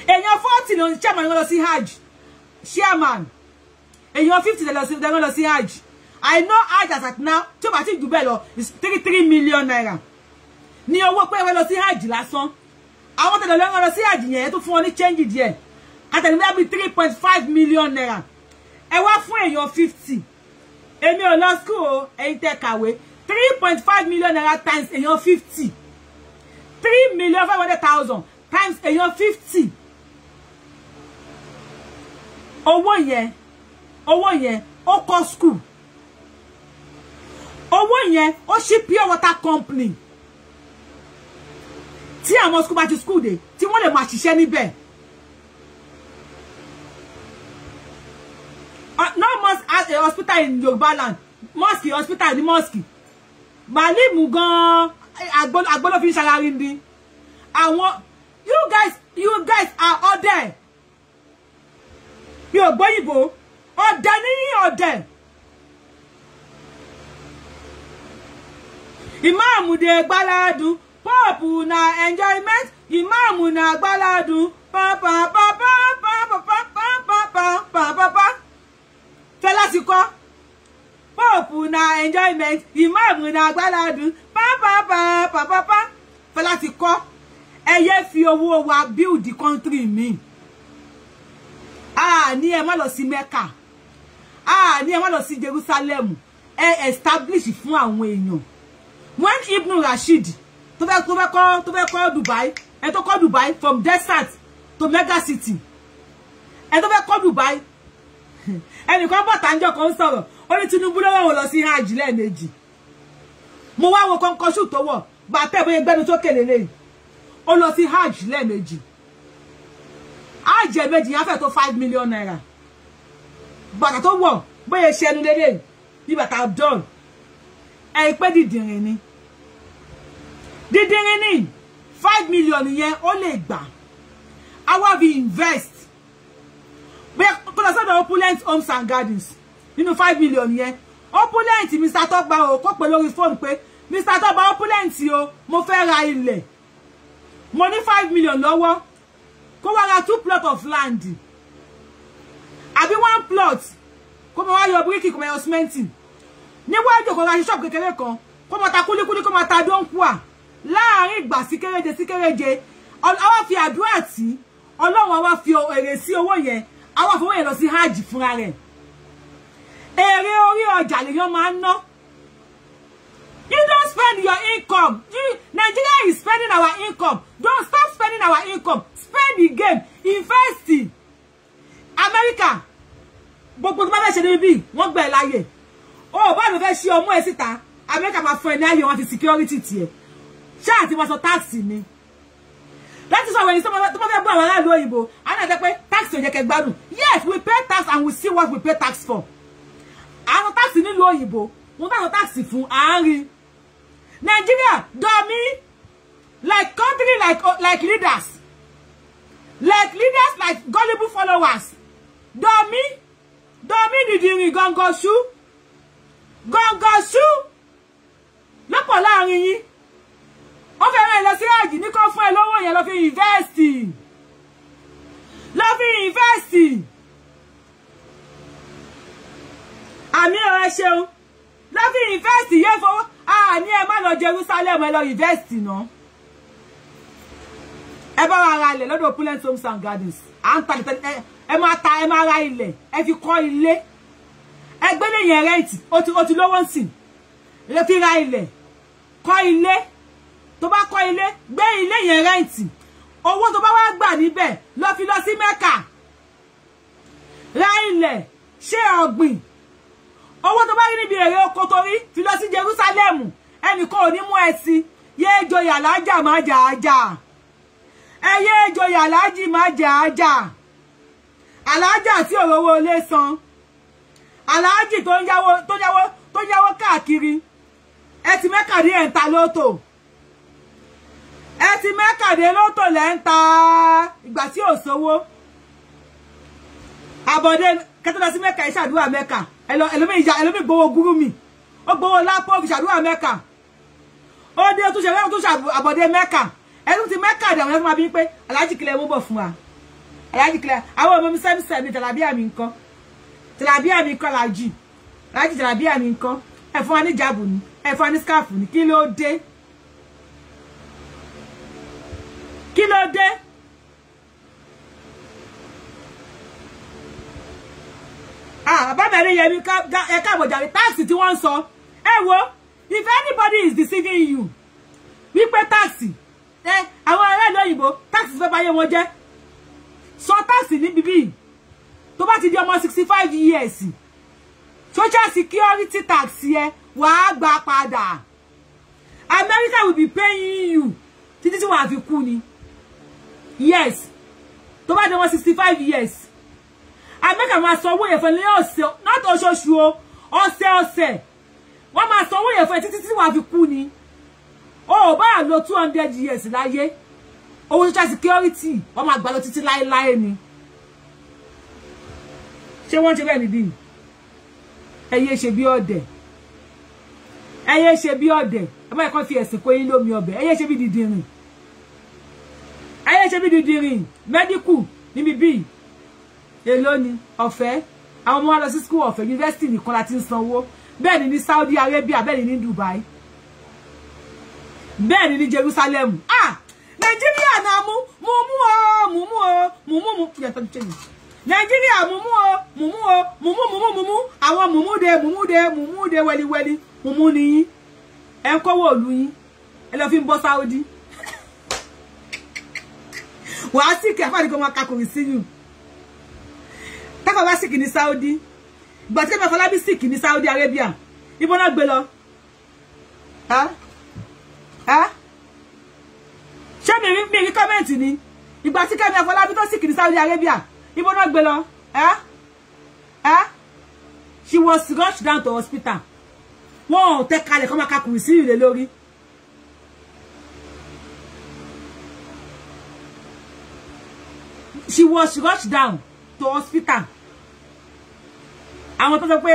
èèyàn forty ló chairman ló lọ sí hajj chairman èèyàn fifty lè lọ sí lè lọ sí hajj i know hajj as at now Two o bá ti jù bẹ́ẹ̀ is three three million naira ní owó pé wọ́n lọ sí hajj lásán àwọn tẹ̀lé lọ́wọ́ lọ sí hajj yẹn tó fún To ní change díẹ̀ àtẹ̀lẹ́gbẹ́ bíi three point five million naira And what for your fifty And ò lọ school and take away kàwé three point five million naira times in your fifty three million five hundred thousand times èèyàn fifty one year owó yẹn ó kọ́ school owó yẹn ó ṣí pure water company tí àwọn school bá ti school dé tí wọ́n lè máa ṣiṣẹ́ níbẹ̀. no must as a hospital in Yorùbá land mosque hospital ni mosque malimu gan agbolo fi salary ndi àwọn you guys you guys are all there mi ò gbọ́ ọ̀dẹ̀ níyìn ọ̀dẹ̀ ìmáàmù dey gbaladu pọ́ọ̀pù na enjoyment ìmáàmù na gbaladu pàpàpàpàpàpàpàpàpàpàpàpàpà ah ní ẹ wá lọ sí Jerusalem ẹ establish fún àwọn èèyàn when Ibn Rashid tó fẹ́ to fẹ́ kọ́ tó fẹ́ kọ́ Dubai ẹ tó kọ́ Dubai from desert to mega city ẹ tó fẹ́ kọ́ Dubai ẹnìkan bọ̀ tàǹjọ́ kan ń sọ̀rọ̀ ó ní Tinubu lọ́wọ́ wọn lọ sí hajj lẹ́ẹ̀mejì mo wa wo kọ́ńkọ́ṣù tó wọ̀ bàtẹ́ bóyá gbẹ́nu tó kèlè lẹ́yìn ó lọ sí hajj lẹ́ẹ̀mejì hajj ẹ̀mejì yẹn á fẹ́ tó five million naira bàtà tó wọ̀ bóyá ṣe ẹnu lédè bí bàtà dán ẹ̀yìn pé dídìrín ni dídìrín ni five million yẹn ó lè gbà àwa fi invest bóyá kó lọ sọ́dọ̀ opulent homes and gardens nínú five million yẹn opulent mr tọ́gbà o kó pè lórí fóònù pé mr tọ́gbà opulent o mo fẹ́ ra ilẹ̀ mo ní five million lọ́wọ́ kó wá ra two plots of land àbí one plot kó máa wá yọ bíríkì kó máa yọ sìmẹ́ǹtì níwájú kan láti ṣọ́ọ̀bù kékeré kan kó máa ta kúlíkúlí kó máa ta dọ́ńkúà láàárín ìgbà sí kereje, sí kéréje àwa fi àdúrà tí ọlọ́run àwa fi èrè sí owó yẹn àwa fowó yẹn lọ sí hajj fúnra rẹ̀ èrè orí ọjà lèèyàn máa ń ná you don't spend your income Nigeria is spending our income don't stop spending our income spend the game invest in America gbogbo tó bá fẹ́ ṣe níbi bíi wọ́n gbà ẹ́ láyè o bá mi fẹ́ ṣí ọmọ ẹ síta amẹ́ríkà máa fún ẹ ní ayé wọn ti security tiẹ̀ ṣáà ti wọ́n sọ táàsì ni láti sọ wẹ̀yìn tó bá fẹ́ bọ́ àwọn aráàlú òyìnbó àwọn àgbẹ̀ pé tax ò yẹ kẹ́ gbádùn yes we pay tax and we see what we pay tax for àwọn tax nílùú òyìnbó wọn bá àwọn tax fún àárín Nigeria domi like country like like leaders like leaders like gullible followers domi domididiri gọngọṣú gọngọṣú lọ́pọ̀ láàrin yín ó fẹ́ rán ẹ lọ sí àjì ní kó fún ẹ lówó yẹn lọ fi ìnvẹ́sìtì lọ fi ìnvẹ́sìtì àmì ọ̀rẹ́ ṣeun lọ fi ìnvẹ́sìtì yẹ fowó àní ẹ má lọ Jerusalem ẹ lọ ìnvẹ́sìtì náà ẹ bá wa ra ilẹ̀ lọ́dọ̀ opulent homes and gardens à ń tàdé tàdé ẹ máa ta ẹ máa ra ilẹ̀ ẹ fi kọ́ ilé ẹgbẹ́ lèyìn rẹ́ǹtì ó ti lówó ń sìn lè fi ra ilẹ̀ kọ́ ilé tó bá kọ́ ilé gbé ilé yẹn rẹ́ǹtì owó tó bá wá gbà níbẹ̀ lọ fi lọ sí mẹ́kà ra ilẹ̀ ṣe ọ̀gbìn owó tó bá rí níbi èrè oko torí fi lọ sí Jerúsálẹ́mù ẹnìkan ò ní mú ẹ sí yéé joyà lájà má jà á jà ẹyẹ ìjòyè aláàjì má jẹ ajá aláàjà tí òróró ilé san aláàjì tó ń yáwó tó ń yáwó tó ń yáwó káàkiri ẹ ti mẹ́kàdé ẹ̀ ń ta lóto ẹ ti mẹ́kàdé lóto lẹ́ ń ta ìgbà tí ò sówó àbọ̀dé kẹtọ́lá sí mẹ́ka ẹ ṣàdúrà mẹ́ka ẹlòmí ìyá ẹlòmí gbowó gúrú mi ó gbowó lápò fi ṣàdúrà mẹ́ka ó dé ó tún ṣe lẹ́nu tún ṣàbọ̀dé mẹ́ka ẹnu ti mẹ́kà àdàwọn ẹ̀fọn àbí pé aláàjì kílẹ̀ owó bọ̀ fún wa aláàjì kílẹ̀ àwọn ọmọ mi sẹ́mísẹ́ mi tàlàbí àmì nǹkan tàlàbí àmì nǹkan aláàjì aláàjì tàlàbí àmì nǹkan ẹ̀fọn wa ní ìjáàbù ni ẹ̀fọn wa ní skáàfù ni kí ló dé kí ló dé. àbámẹ́rin yẹmi ẹ̀ka àbọ̀jàre táàsì tí wọ́n ń sọ ẹ wo if anybody is deceiving you wípé táàsì àwọn aráàlú òyìnbó táàsì fẹ́ báyé wọn jẹ́ sọ táàsì níbi bíi tó bá ti di ọmọ sixty five years social security tax yẹ wàá gbà padà America will be paying you títí tí wàá fi kú ni yes tó bá di ọmọ sixty five years America máa sọ owó yẹn fún ẹ ọ̀sẹ̀ not oṣooṣù o ọ̀sẹ̀ ọ̀sẹ̀ wọ́n máa sọ owó yẹn fún ẹ títí tí wàá fi kú ni o bá lò two hundred years láyé owó social security wọ́n máa gbà lọ títí láéláé ni ṣé wọ́n ti rẹ̀ níbí ẹ̀yẹ ṣe bí ọ̀dẹ̀ ẹ̀yẹ ṣe bí ọ̀dẹ̀ ẹ má kàn fi ẹ̀sìn kó yín lómi ọbẹ̀ ẹ̀yẹ ṣe bí dìdìrìn ẹ̀yẹ ṣe bí dìdìrìn mẹ́díkù níbi bíi èló ni ọ̀fẹ́ àwọn ọmọ wa lọ sí school ọ̀fẹ́ yunifásitì nìkan la ti ń sanwó bẹ́ẹ̀ ni ní Saudi Arabia bẹ́ẹ̀ ni ní Dubai bẹ́ẹ̀ ni ní Jerusalem ah Nàìjíríà náà mú mú mú o mú mú o mú mú mú yàtọ̀ tó yìí Nàìjíríà mú mú o mú mú o mú mú mú mú mú mú àwọn mú mú de mú mú de mú mú de wẹliwẹli mú mú ni yín ẹ ń kówó òlu yín ẹ lọ fi ń bọ́ Sáúdí wàá sì kí afáàdìgbò wọn kakùnrin sí yìí tákà wá sìkì ní Sáúdí gbàtí kẹfà Fọlábí sìkì ní Sáúdí Arabia ibo náà gbé lọ ṣé mi rí mi rí kọ́mẹ̀ntì ni ìgbà tí Kẹ́mi Àfọlábí tó sìkì ní Saudi Arabia ibo náà gbé lọ she was rushed down to hospital wọn ò tẹ kalẹ̀ kọ́ máa ka kùrì sí ìrè lórí. she was rushed down to hospital àwọn tó sọ pé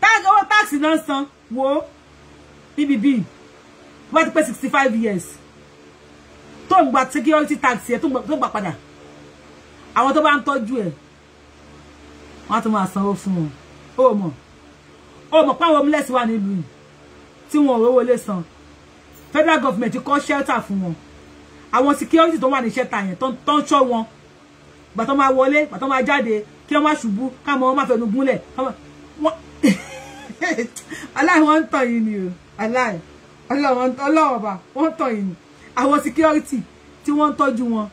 táàgì owó táàkì náà san wo bbb wọ́n ti pé sixty five years tó ń gba security tax ẹ̀ tó ń gba padà àwọn tó bá ń tọ́jú ẹ̀ wọ́n á tún máa sanwó fún wọn ó mọ̀ ó mọ̀ páwọn homeless wà nílùú yìí tí wọn ò rówó lè san federal government kọ́ shelter fún wọn àwọn security tó wà ní shelter yẹn tó ń ṣọ́ wọn gbàtọ́ máa wọlé gbàtọ́ máa jáde kí wọ́n má ṣubú káàmọ́ wọn má fẹnu gúnlẹ̀ aláì wọ́n ń tàn yín ni o aláì ọlọ́run ọba wọ́n tàn yìí àwọn security tí wọ́n ń tọ́jú wọn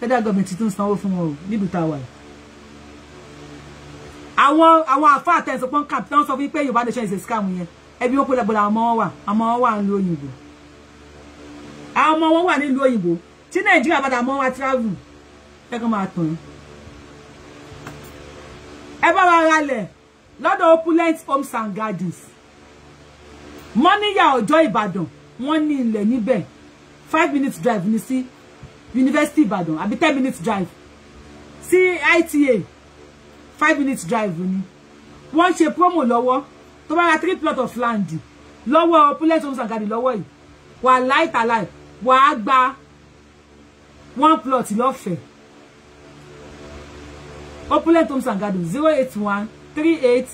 federal government tún sanwó fún wọn o nílùú tá a wà yìí àwọn àwọn àfáà tẹ̀sán pọ́n kàp tán sọ fún pé yorùbá nation is a scam yẹn ẹbí wọn pẹ̀lẹ́ bọlá àmọ́ wọn wà àmọ́ wọn wà nílùú òyìnbó àwọn ọmọ wọn wà nílùú òyìnbó tí nàìjíríà padà mọ́ wa travel ẹ kàn máa tàn ẹ bá wa ralẹ̀ lọ́dọ̀ opulent homes and gardens mọ́níyà ọjọ́ ìbàdàn wọ́n ní ilẹ̀ níbẹ̀ five minutes drive ni sí university ìbàdàn àbí ten minutes drive sí ita five minutes drive ni wọ́n ṣe promo lọ́wọ́ tó bá ra three plot of land lọ́wọ́ opulent homes and garden lọ́wọ́ yìí wà alive. wà á gba one plot lọ́fẹ̀ẹ́ opulent homes and garden zero eight one three eight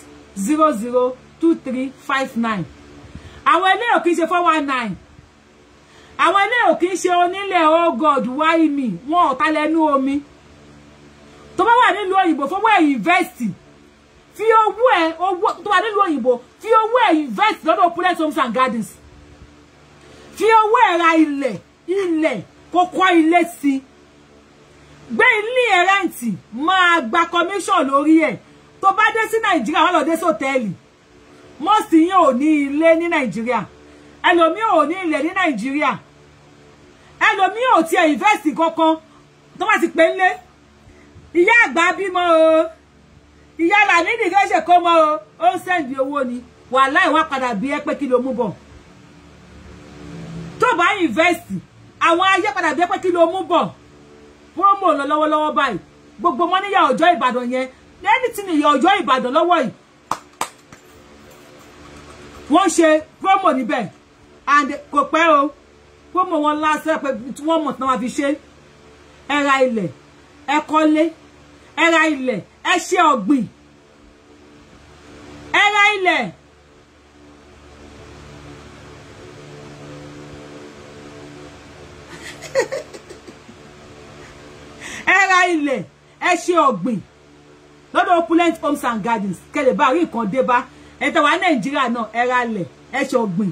zero zero two three five nine àwọn eléyò kì í ṣe four one nine àwọn eléyò kì í ṣe onílẹ̀ oh god why me wọn ò ta lẹ́nu omi tó bá wà nílùú òyìnbó fowó ẹ̀ invest fi owó ẹ̀ owó tó wà nílùú òyìnbó fi owó ẹ̀ invest lọ́dọ̀ Prudence homes and gardens fi owó ẹ̀ ra ilẹ̀ ilẹ̀ kó kọ́ ilé sí i gbé ilé ẹ̀ rẹ́ǹtì máa gba commission lórí ẹ̀ tó bá dé sí nàìjíríà wọ́n lọ dé sọ́tẹ́ẹ̀lì mọ́ọ̀sì yín ò ní ilé ní nàìjíríà ẹlòmíì ò ní ilẹ̀ ní nàìjíríà ẹlòmíì ò tiẹ̀ invest kankan tó bá ti pè ń lé ìyá àgbà bímọ o ìyá làmídìí fẹ́ ṣe kó mọ o ó ń sẹ́ǹdì owó ni wàhálà ìwà padà bí ẹ pé kí ló mú bọ̀ tó bá invest àwọn ayé padà bí ẹ pé kí ló mú bọ̀ promo lọ lọ́wọ́lọ́wọ́ báyìí gbogbo mọ́níyà ọjọ́ ìbàdàn yẹn anything ìyà ọjọ́ ìbàdàn lọ́wọ́ yìí wọ́n ṣe promo níbẹ̀ and kò pẹ́ o promo wọn lásán pé wọ́n mọ̀ tán máa fi ṣe ẹ ra ilẹ̀ ẹ kọ́lé ẹ ra ilẹ̀ ẹ ṣe ọ̀gbìn ẹ ra ilẹ̀. ẹ ra ilẹ̀ opulent homes and gardens kẹlẹ̀ bá rí nǹkan dé bá ẹ̀tọ́ wa nàìjíríà náà ẹ ra lẹ̀ ẹ ṣọ̀gbìn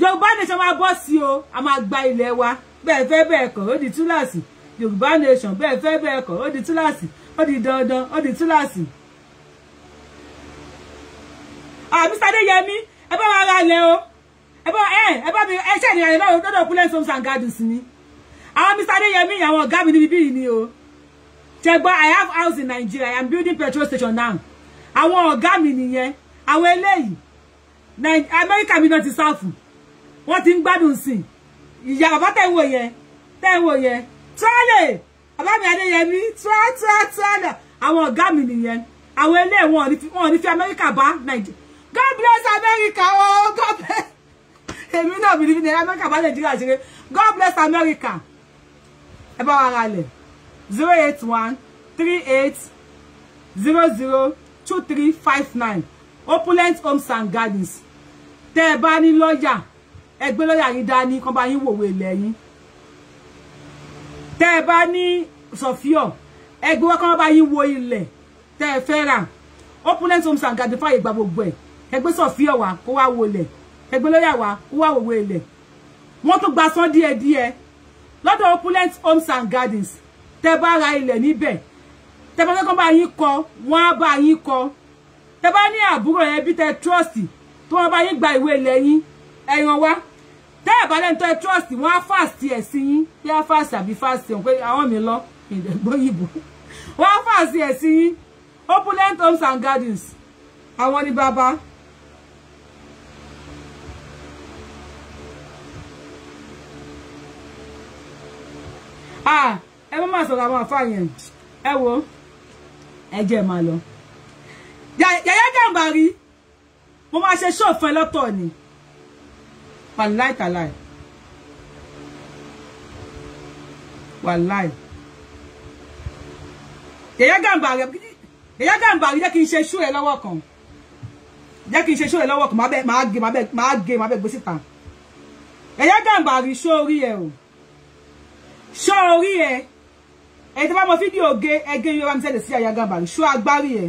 yorùbá nation máa bọ́ sí o a máa gba ilẹ̀ wa bẹ́ẹ̀ fẹ́ bẹ́ẹ̀ kọ̀ ó di túláàsì yorùbá nation bẹ́ẹ̀ fẹ́ bẹ́ẹ̀ kọ̀ ó di túláàsì ó di dandan ó di túláàsì. Mr. Adéyẹmí ẹ bá wa ra lẹ̀ o ẹ bá ẹ ẹ bá mi ẹ ṣe ìrìn àyẹ̀wò lọ́dọ̀ Opulence Homes and Gardens ni àwọn Mr. Adéyẹmí àwọn ọ̀gá mi níbi bíi ni o ṣẹgbọ́n I have house in Nigeria I am building petrol station now àwọn ọ̀gá mi nìyẹn àwọn eléyìí amẹ́ríkà mi náà ti sáàfù wọ́n ti ń gbádùn sí ìyá bàbá tẹ̀wọ̀ yẹn tẹ̀wọ̀ yẹn tíwálè bàbá mi adéyẹmí tíwá tíwá tíwá àwọn ọ̀gá mi nìyẹn àwọn eléyìí wọn ò ní fi amẹ́ríkà bá nàìjíríà God bless America oh God bless èmi náà bìrì bí nàìjíríà amẹ́ríkà bá nàìjíríà ṣeré God bless America ẹ bá wa ra lẹ̀ zero eight one three eight zero zero two three five nine opulent homes and gardens tẹ́ ẹ bá ní lọ́ọ̀yà ẹ gbé lọ́ọ̀yà yín dání kán bá yín wòwe ilẹ̀ yín tẹ́ ẹ bá ní sọ̀fíọ̀ ẹ gbé wá wo ilẹ̀ tẹ́ ẹ opulent homes and gardens Fa gba gbogbo ẹ̀ ẹ gbé sọ̀fíọ̀ wá kó wá wo ilẹ̀ ẹ gbé lọ́ọ̀yà wá kó wá wòwe ilẹ̀ wọ́n tún gba sán díẹ̀díẹ̀ lọ́dọ̀ opulent homes and gardens tẹ́ bá ra ilẹ̀ níbẹ̀ tẹ́ bá fẹ́ kán bá yín ko. wọ́n á bá yín tẹ́ bá ní àbúrò yẹn bí tẹ́ trust tó wọ́n bá yín gba ìwé ilẹ̀ yín ẹ̀yàn wá tẹ́ ẹ̀ bá lẹ́nu tẹ́ trust wọ́n á fast ẹ̀ sí yín bí á fast àbí fast ẹ̀ pé àwọn mi lọ ìdẹ̀gbóyìnbó wọ́n á fast ẹ̀ sí yín opulent homes and gardens àwọn ni Baba. Ah, má má so àwọn àfáà yẹn ẹ wo ẹ jẹ́ máa lo. Yàyà Gàmbàrí mo máa ṣe show fún ẹ lọ́tọ̀ ni wàláì tàláì wàláì Yàyà Gàmbàrí Yàyà Gàmbàrí jẹ́ kí n ṣe show ẹ lọ́wọ́ kan jẹ́ kí n ṣe show ẹ lọ́wọ́ kan máa gé máa gé máa bẹ̀ gbé síta Yàyà Gàmbàrí show orí ẹ o show orí ẹ ẹ̀yìn tó bá mọ fídíò oge ẹgẹ́ yóò bá mi sẹ́lẹ̀ sí Yàyà Gàmbàrí show agbárí ẹ.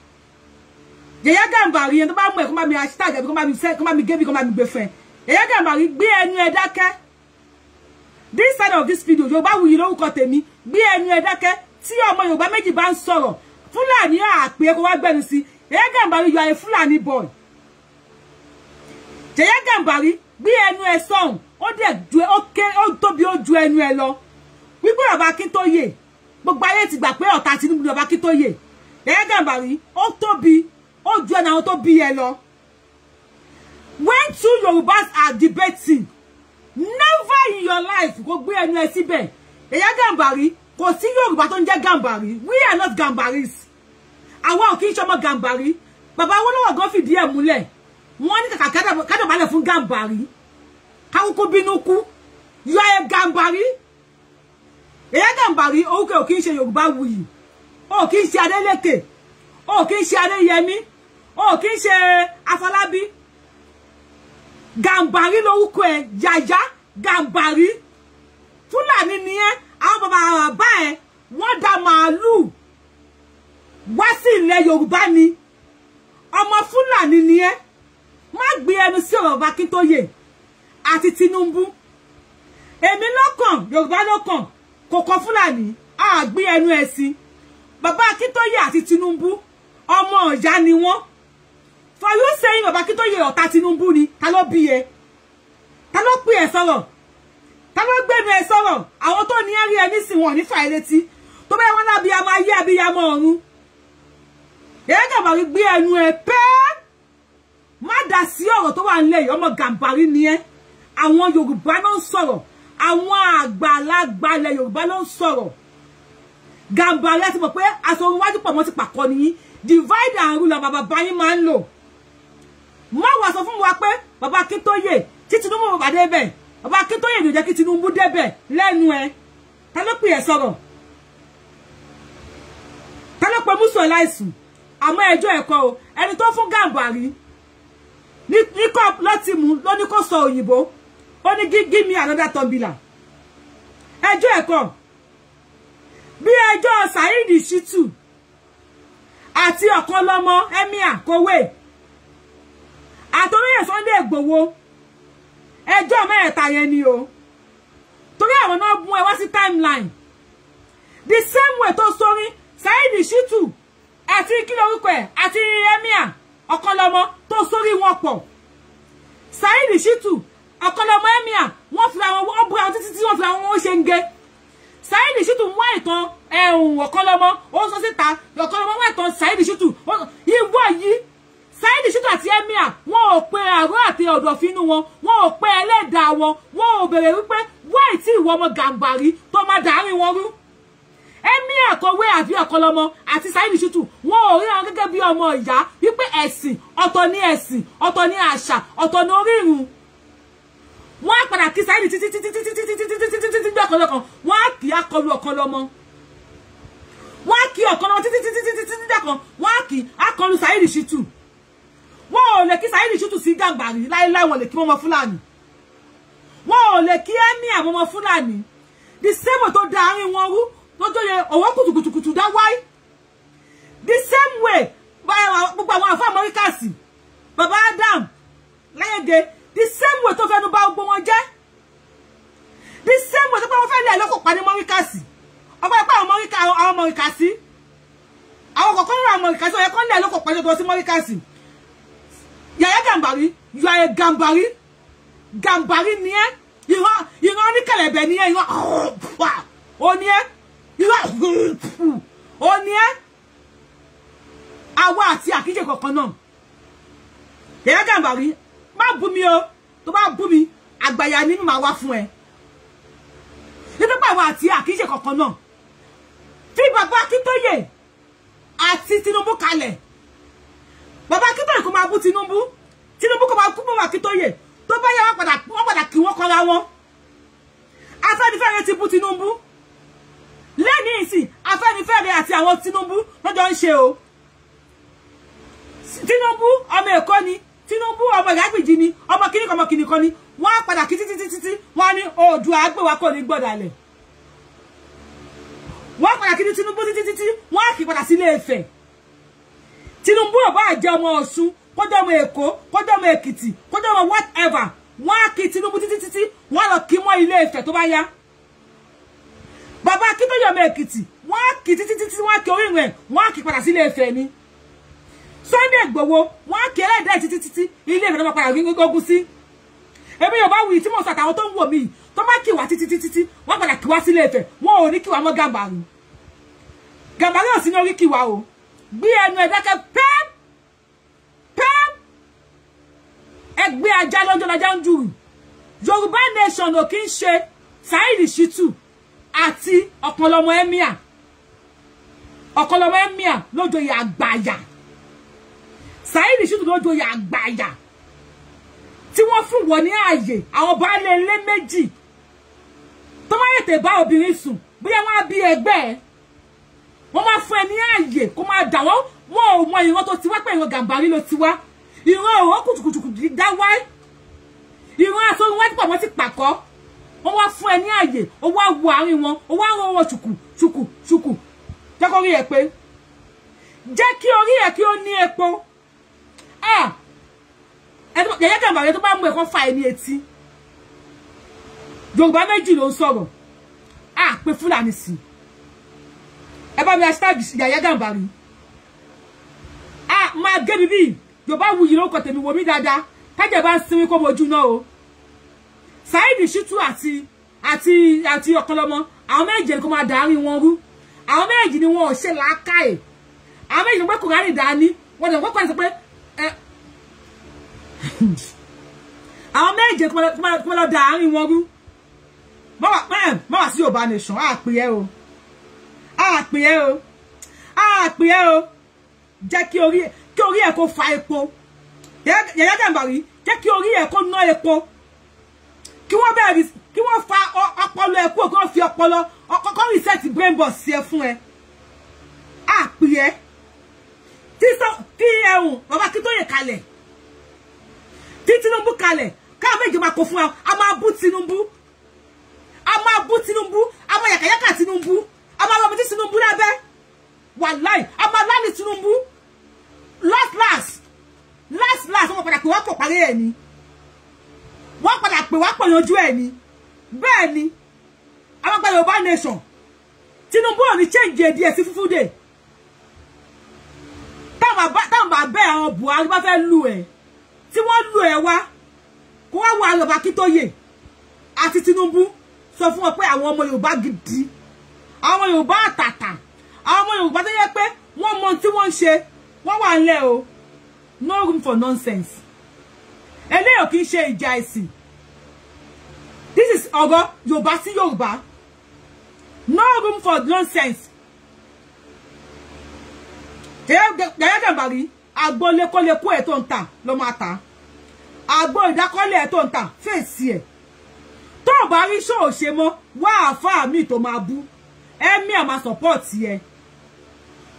Yèyé Gàmbàrí yẹn tó bá mọ̀ ẹ́ kó má mi hashtag àbí kó má mi sẹ́ kó má mi gébí kó má mi gbé fẹ́ Yèyé Gàmbàrí gbé ẹnu ẹ dákẹ́ this side of this video Yorùbáwùyí lórúkọ tèmi gbé ẹnu ẹ dákẹ́ tí ọmọ Yorùbá méjì bá ń sọ̀rọ̀ Fúlàní àpè kó wá gbẹ́nu sí Yèyé Gàmbàrí you are a Fulani boy Yèyé Gàmbàrí gbé ẹnu ẹ sọ̀hún ó dẹ̀ ju ó ké ó tóbi ó ju ẹnu ẹ lọ wípé Bàbá Akíntóyè gbogbo ayé ti gbà pé ọ̀tá Tinubu ni Bàbá Akíntóyè Yèyé Gàmbàrí ó tóbi ó ju ẹnu àwọn tó bí ẹ lọ when two yorubas are debating never in your life go gbé ẹnu ẹ síbẹ̀ èyá gàmbàrí kò sí yorùbá tó ń jẹ́ gàmbàrí we are not gambaris àwa ò kì í ṣọmọ gàmbàrí bàbá Awólọ́wọ̀ gan fìdí ẹ̀ múlẹ̀ wọ́n ní kàkà kádàbálẹ̀ fún gàmbàrí kákókó bínú kú yọ ẹ gàmbàrí èyá gàmbàrí orúkọ ò kì í ṣe yorùbá wuyì ò kì í ṣe Adélékè ò kì í ṣe Adéyẹmí o kì í ṣe Afọlábí Gàǹbàrí lórúkọ ẹ yàyà Gàǹbàrí Fúlàní ni ẹ àwọn bàbá bàbá ẹ wọ́n dá màálùú wá sí ilẹ̀ Yorùbá ni ọmọ Fúlàní ni ẹ má gbé ẹnu sí ọ̀rọ̀ bá kí tó yè àti Tinubu èmi lọ́kàn Yorùbá lọ́kàn kò kọ Fúlàní àgbé ẹnu ẹ̀sìn bàbá Akíntóyè àti Tinubu ọmọ ọ̀yá ni wọ́n for you saying Baba Akintoye ọ̀tá Tinubu ni ta ló bí e ta ló pè ẹ́ sọ̀rọ̀ ta ló gbẹnu ẹ sọ̀rọ̀ àwọn tó ní ẹrí ẹ nísìnyí wọn ní fà létí tó bẹ́ẹ̀ wọn lábi àmọ́ ayé abiyamọ ọ̀run èyí Gàmbàrí gbé ẹnu ẹ pẹ́ má dá sí ọ̀rọ̀ tó wà nílẹ̀ yìí ọmọ Gàmbàrí ni ẹ àwọn Yorùbá ló ń sọ̀rọ̀ àwọn àgbàlagbà ilẹ̀ Yorùbá ló ń sọ̀rọ̀ Gàmbàrí ẹ ti mọ̀ pé aṣọ orin wájú pọ̀ mọ́ ti pàkọ́ nìyí divide and rule bàbá báyìí máa ń lò wọ́n wá sọ fún wa pé bàbá kitoye tí Tinubu bàbá débẹ̀ bàbá Akíntóyè ló jẹ́ kí Tinubu débẹ̀ lẹ́nu ẹ̀ ta ló pè ẹ́ sọ̀rọ̀ ta ló pe musu láìsùn àmọ́ ẹjọ́ ẹ̀kọ́ o ẹni tó fún Gàmbàrí ní kọ́ ló ti mú ló ní kó sọ òyìnbó ó ní give me another tumbler ẹjọ́ ẹ̀kọ́ bí ẹjọ́ Saheed Shittu àti ọ̀kan lọ́mọ emir Kowe àtọ́lóyè Sunday Igboho ẹjọ́ mẹ́ẹ̀ta yẹn ni o torí àwọn náà bú ẹ wá sí timeline the same way tó sórí Saheed Shittu àti kí lorúkọ ẹ àti emir Ọ̀kanlọ́mọ tó sórí wọn pọ̀ Saheed Shittu Ọ̀kanlọ́mọ emir wọ́n fira wọn wọ́n búra wọn títí tí wọ́n fira wọn wọ́n ṣe ń gé Saheed Shittu wá ìtàn ẹ̀hún Ọ̀kanlọ́mọ ó sọ síta Ọ̀kanlọ́mọ wá ìtàn Saheed Shittu ìwọ yìí. Saheed Shittu àti emir wọn ò pe àrò àti ọ̀dọ̀fínú wọn wọn ò pe ẹlẹ́dàá wọn wọn ò béèrè wípé wáì tí ìwọ ọmọ gàǹbàrí tó máa dàárín wọn rú emir kọwé àbí ọkọlọmọ àti Saheed Shittu wọn ò ríran gẹ́gẹ́ bí ọmọ ìyá wípé ẹ̀sìn ọ̀tọ̀ ni ẹ̀sìn ọ̀tọ̀ ni àṣà ọ̀tọ̀ ni orírun wọn á padà kí Saheed títí títí títí títí títí títí títí títí ọkọlọkan wọn á kì í akọlu ọkọlọmọ wọn á kí ọkọlọmọ títí títí títí títí dẹkan wọn á kì í akọlu Saheed Shittu wọn ò lè kí Saheed Shittu sí gàgbàrí láéláé wọn lè kí mọ́mọ́ Fúlàní wọn ò lè kí Emir mọ́mọ́ Fúlàní the same way tó da àárín wọn rú lọ́jọ́ yẹn ọ̀wọ́ kùtùkùtùkùtù dá wáyé the same way gbogbo àwọn àfọ amọ́ríkàsì baba Adam Láyége the same way tó fẹnu bà gbogbo wọn jẹ́ the same way tó pé wọ́n fẹ́ lé àlọ́kọ̀ pa ní mọ́ríkàsì ọba ìpá àwọn mọ́ríkàsì àwọn kọ̀ọ̀kan rẹ̀ àwọn mọ́ríkàsì ọ̀yẹ́kọ́ lé àlọ́kọ̀ pa ní Yaya Gambari, you are a Gambari. Gambari ni ẹ́. Ìran ìran ní kẹ̀lẹ̀bẹ̀ ni ẹ́. Ìran ó ní ẹ́. Ìran ó ní ẹ́. Àwa àti àkíjẹ kankan náà. Yaya Gambari, ma bú mi o. Tó bá bú mi, àgbàyà nínú màá wá fún ẹ. Nítorí pé àwa àti àkíjẹ kankan náà. Fi bàbá Akíntóyè àti Tinubu kalẹ̀ bàbá Akíntóyè kó máa bú Tinubu Tinubu kó máa kú bàbá Akíntóyè tó bá yẹ wọ́n padà kí wọ́n kọ́ra wọn Afẹ́nifẹ́re ti bú Tinubu lẹ́ni ìsìn Afẹ́nifẹ́re àti àwọn Tinubu lọ́jọ́ ń ṣe o Tinubu ọmọ Èkó ni Tinubu ọmọ Ìrágbìjí ni ọmọ kìnnìkan ọmọ kìnnìkan ni wọ́n á padà kí títí títí wọ́n á ní Oòduà àgbèwà kò ní gbọ́dàlẹ̀ wọ́n á padà kí ní Tinubu títí títí wọ́n á kì padà sílé Ifẹ̀. Tinubu ọba àjẹ ọmọ Ọ̀ṣun kójọ́ ọmọ Èkó kójọ́ ọmọ Èkìtì kójọ́ ọmọ whatever wọ́n á kí Tinubu títí títí wọ́n lọ kí mọ́ Ilé Ifẹ̀ tó bá yá bàbá Akíntóyè ọmọ Èkìtì wọ́n á kí títí títí wọ́n á kí orí rẹ̀ wọ́n á kí padà sí Ilé Ifẹ̀ ni Sunday Igboho wọ́n á kí ẹlẹ́dẹ̀ títí títí Ilé Ifẹ̀ tó bá padà gígógún sí èmi yóò bá wù tí mo sọ àtàwọn tó ń wò mí tó bá kí wá títí títí wọ́n padà kí wá sí Ilé Ifẹ̀ wọ́n ò ní kí wá mọ́ gàmbàrú gàmbàrú ò sí ní orí kí wá o gbé ẹnu ẹ̀ dákẹ́ pẹ́m pẹ́m ẹ gbé ajá lọ́jọ́ lọ́jà ń jù yorùbá nation ò kí ń ṣe Saheed Shittu àti ọ̀kanlọ́mọ emir ọ̀kanlọ́mọ emir lójoyè àgbàyà Saheed Shittu lójoyè àgbàyà tí wọ́n fún wọn ní ààyè àwọn baálé ilé méjì tó má yètè bá obìnrin sùn bóyá wọ́n á bí ẹgbẹ́ ẹ̀ wọ́n máa fún ẹ ní ààyè kó máa dàwọ́ wọn ò mọ ìran tó ti wá pé ìran gàmbàrí ló ti wá ìran òwò kùtùkùtù dá wá ìran àtọ́run wá nípa wọn ti pàkọ́ wọ́n wá fún ẹ ní ààyè ó wá wo àárín wọn ó wá rán wọn ṣùkù ṣùkù ṣùkù jẹ́ kó rí ẹ pé jẹ́ kí orí ẹ kí ó ní epo yẹ̀yẹ́ gàmbàrí tó bá mú ẹ̀kọ́ fa ẹni etí Yorùbá méjì ló ń sọ̀rọ̀ àpè Fúlàní sí i ẹ bá mi hashtag Yàyà Gàmbàrí ah máa gé mi bíi yorùbá wuyì ló kọ tèmi wò mí dáadáa kájẹ bá ń sinmi kó mojú náà o Saheed Shittu àti àti àti Ọ̀kanlọ́mọ àwọn méje ni kó máa darí wọn rú àwọn méje ni wọn ò ṣe làákàyè àwọn méje ni pé kòránì dání wọn dẹ̀ wọ́n kọ́ ẹ̀ sọ pé ẹ àwọn méje kó máa lọ darí wọn rú mọ́wà sí yorùbá nation á pè é o àpè ẹ o àpè ẹ o jẹ́ kí orí kí orí ẹ kó fa epo yẹ̀yẹ́ dàmbàrí jẹ́ kí orí ẹ kó ná epo kí wọ́n bẹ̀rẹ̀ kí wọ́n fa ọpọlọ ẹ kúrò kí wọ́n fi ọpọlọ ọkọ̀ọ̀kan reset brain box sí ẹ fún ẹ àpè ẹ tí ẹ̀hùn bàbá kí tó yẹ kalẹ̀ tí Tinubu kalẹ̀ káà méje máa kó fún wa a máa bú Tinubu a máa bú Tinubu a máa yàkàyàkà Tinubu a máa lọ́mọ tí Tinubu lábẹ́ wàláì a máa láni last last last last wọ́n padà pè wá pọ̀ parí ẹ̀ ni wọ́n padà pè wá pọ̀ yanjú ẹ̀ ni bẹ́ẹ̀ ni àwọn àgbà Yorùbá nation Tinubu ò ní change èdè ẹ̀ sí fúfú dè táwọn bá bẹ́ àwọn Buhari bá fẹ́ lu ẹ̀ tí wọ́n lu ẹ̀ wá kó wá wọ àlọ́bà kí tó yè àti Tinubu sọ fún wọn pé àwọn ọmọ Yorùbá gidi àwọn Yorùbá àtàtà àwọn Yorùbá tó yẹ pé wọ́n mọ tí wọ́n ń ṣe wọ́n wà ńlẹ̀ o no room for nonsense eléyò kì í ṣe ìjà ẹ̀sìn this is ọ̀rọ̀ Yorùbá sí Yorùbá no room for nonsense yàyà dàbàrí àgbo lékólékó ẹ̀ tó ń tà ló máa tà àgbo ìdákọ́lẹ̀ ẹ̀ tó ń tà fèsì ẹ̀ tó bá rí ṣòṣe mọ́ wá àáfàá mi tó máa bú emir ma support ye.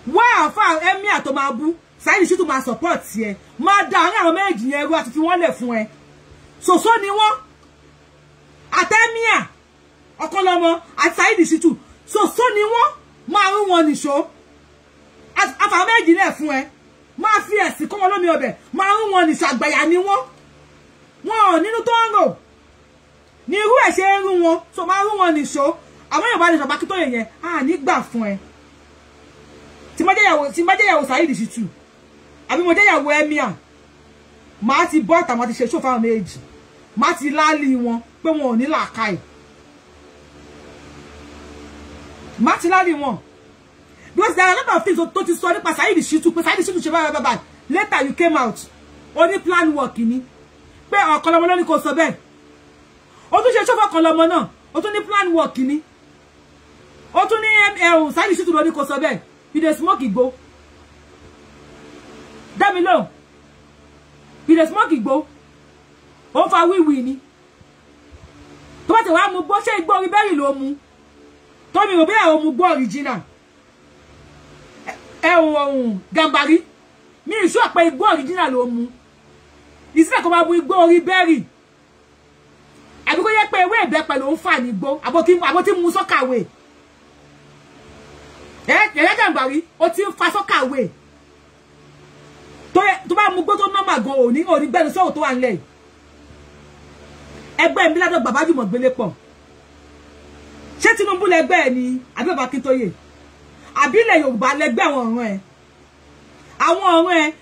Wa àfa emir to máa bú sáyẹn ṣí tó máa support yẹ máa da àárín àwọn méjì yẹn ẹrú àti fi le fun fún ẹ ṣòṣó ni wọ́n àtẹ́míà ọ̀kọ́lọ́mọ àti sáyẹn ṣítù ṣòṣó ni wọ́n máa rún wọn nìṣó àfàwọn méjì lẹ̀ fún ẹ máa fi ẹ̀sìn kọ́ wọn lómi ọbẹ̀ máa rún wọn nìṣó àgbàyà ni wọ́n ni ò nínú tó ń rò ní irú ẹ̀ ṣe ń rún wọn tó máa rún wọn àwọn Yorùbá nation bá kí tó yẹ yẹn a ní gbà fún ẹ tí mo jẹ́yàwó tí mo jẹ́yàwó Saheed Shittu àbí mo jẹ́yàwó emir màá ti bọ́ ìtàwọn ti ṣe ṣòfò àwọn méjì màá ti láálí wọn pé wọn ò ní làákàyè màá ti láálí wọn because there are a lot of things tó ti sọ nípa Saheed Shittu pé Saheed Shittu ṣe báyìí báyìí later you came out ó ní plan work ni pé ọ̀kan lọmọ lónìí kò sọ bẹ́ẹ̀ ó tún ṣe ṣòfò ọ̀kan lọmọ náà ó tún ní plan work ni. O ó tún ní ẹ̀hùn sáyẹ̀lì ṣìtù lórí kò sọ bẹ́ẹ̀ He dey smoke igbó dẹ́mi lóhùn He dey smoke igbó ó ń fa wíwì ni tó bá ti wá mu gbó ṣé igbó orí bẹ́ẹ̀rì ló mu tómi rò bẹ́ẹ̀ ó mu gbó original ẹ̀hùn ọ̀hún gàmbàrí mi ìṣú ọ̀pẹ igbó original lo mu ìsílẹ̀ kó máa mu igbó orí bẹ́ẹ̀rì àbí kó yẹ pé ewé ìbẹ́pẹ ló ń fà nígbó àbótí mu sọ́kàwé. So yẹ̀yẹ́dẹ̀ ìgbàwí o ti ń fa sọ́kà wé tó bá mú gbó tó nọ́mà gan òní òní gbẹ́nu sọ́wọ́ tó wà nílẹ̀ ẹgbẹ́ mi ládọ̀ bàbá jùmọ̀ gbélé pọ̀ ṣé Tinubu lẹgbẹ́ ẹ ni àbí bàbá Akíntóyè àbí ilẹ̀ Yorùbá lẹgbẹ́ àwọn ọ̀ràn ẹ àwọn ọ̀ràn ẹ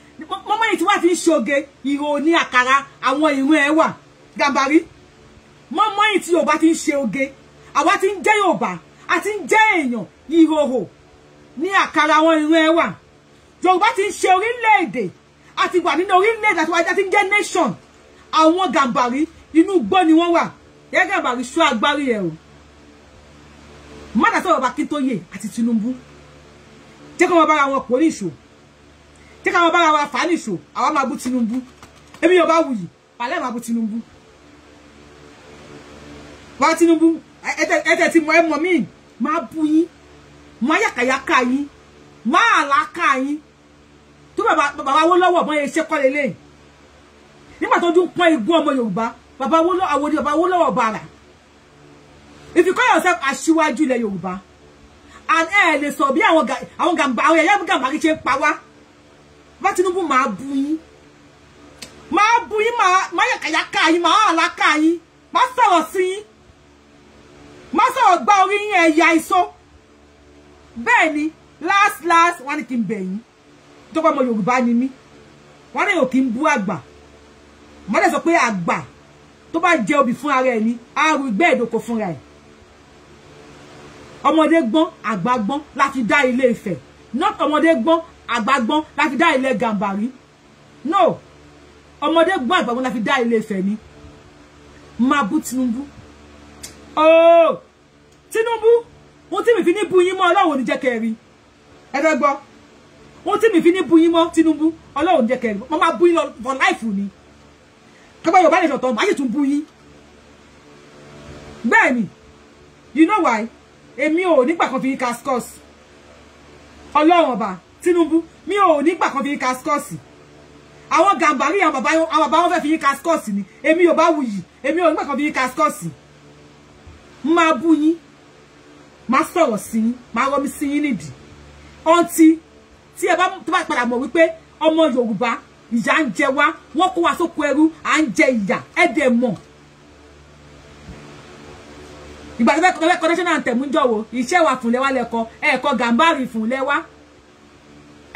mọ́mọ́ yìí tí wàá fi ń ṣoge ìhò ní àkàrà àwọn ìran ẹ wà Gàmbàrí mọ́mọ́ yìí tí Yorùbá ti ń ṣe oge àwa ti ń jẹ́ Yorùbá a ti ń jẹ́ èèyàn ìhòhò ní àkàrà àwọn ìran ẹwà yorùbá ti ń ṣe orílẹ̀-èdè àti wà nínú orílẹ̀-èdè àti wájá ti ń jẹ́ nation àwọn gàmbàrí inú igbó ni wọ́n wà yẹ gàmbàrí ṣọ́ agbárí ẹ̀ o mádàsọ́ bàbá Akíntóyè àti Tinubu jẹ́ kí wọ́n bára wọn pò ní ìṣó jẹ́ kí wọ́n bára wa fà á ní ìṣó àwa máa bú Tinubu èmi yóò bá wuyì pàlẹ́ máa bú Tinubu wá Tinubu ẹ tẹ̀ ti mọ ẹ mọ míì máa bú yín máa yàkàyàkà yín máa àlàkà yín tó bàbá wó lọ́wọ́ ọmọ yẹn ṣe kọ́ lélẹ́yìn nígbà tó dún pọ́n igun ọmọ Yorùbá bàbá wó lọ́wọ́ àwọn bàbá wó lọ́wọ́ bàrà if you call yourself aṣíwájú ilẹ̀ Yorùbá and ẹ lè sọ bí àwọn gàmbá àwọn ẹ̀yà gàmbá kì í ṣe ń pa wá bá Tinubu máa bu yín máa bu yín máa yàkàyàkà yín máa àlàkà yín máa sọ̀rọ̀ sí yín máa sọ̀rọ̀ gbá orí yín ẹ̀yà iṣó bẹ́ẹ̀ ni last last wọ́n ní kí n bẹ̀yìn tó pọ̀ mọ́ Yorùbá ni mí wọ́n ní òkì ń bú àgbà wọ́n dẹ̀ sọ pé àgbà tó bá jẹ obì fún ara ẹ̀ ni àrùn ìgbẹ́ ìdòkò fúnra ẹ̀ ọmọdé gbọ́n àgbà gbọ́n láti dá ilé Ifẹ̀ not ọmọdé gbọ́n àgbà gbọ́n láti dá ilé Gàmbàrí no ọmọdé gbọ́n àgbà gbọ́n láti dá ilé Ifẹ̀ ni máa bú Tinubu ooo oh, Tinubu ohun tí mi fi ní bu yín mọ́ ọlọ́run ò ní jẹ́ kẹ́ ẹ rí ẹ fẹ́ gbọ́ ohun tí mi fi ní bu yín mọ́ Tinubu ọlọ́run ò ní jẹ́ mo máa bu yín for life ni kọ́pẹ́ Yorùbá lè sọ̀tọ̀ máa sì tún bu yín bẹ́ẹ̀ ni you know why Emi o nígbà kan fi yín kaskọ́s ọlọ́run ọba Tinubu mi o nígbà kan fi yín kaskọ́sì àwọn gàmbàrí àwọn bàbá àwọn bàbá wọn fẹ́ fi yín kaskọ́sì ni èmi ò bá wuyì èmi ò nígbà fi yín kaskọ́sì máa bu yín máa sọ̀rọ̀ sí máa rọ mi sí yín nídìí ọtí tí ẹ bá tó bá padà mọ̀ wípé ọmọ Yorùbá ìyà ń jẹ wá wọ́n kó wa sóko ẹrú à ń jẹ ìyà ẹ dẹ̀ mọ̀ ìgbà tó fẹ́ kọ́ national anthem ń jọ̀wọ́ iṣẹ́ wa fúnlẹ̀ wa lẹ́kọ́ gambari gàmbárì fúnlẹ̀ wa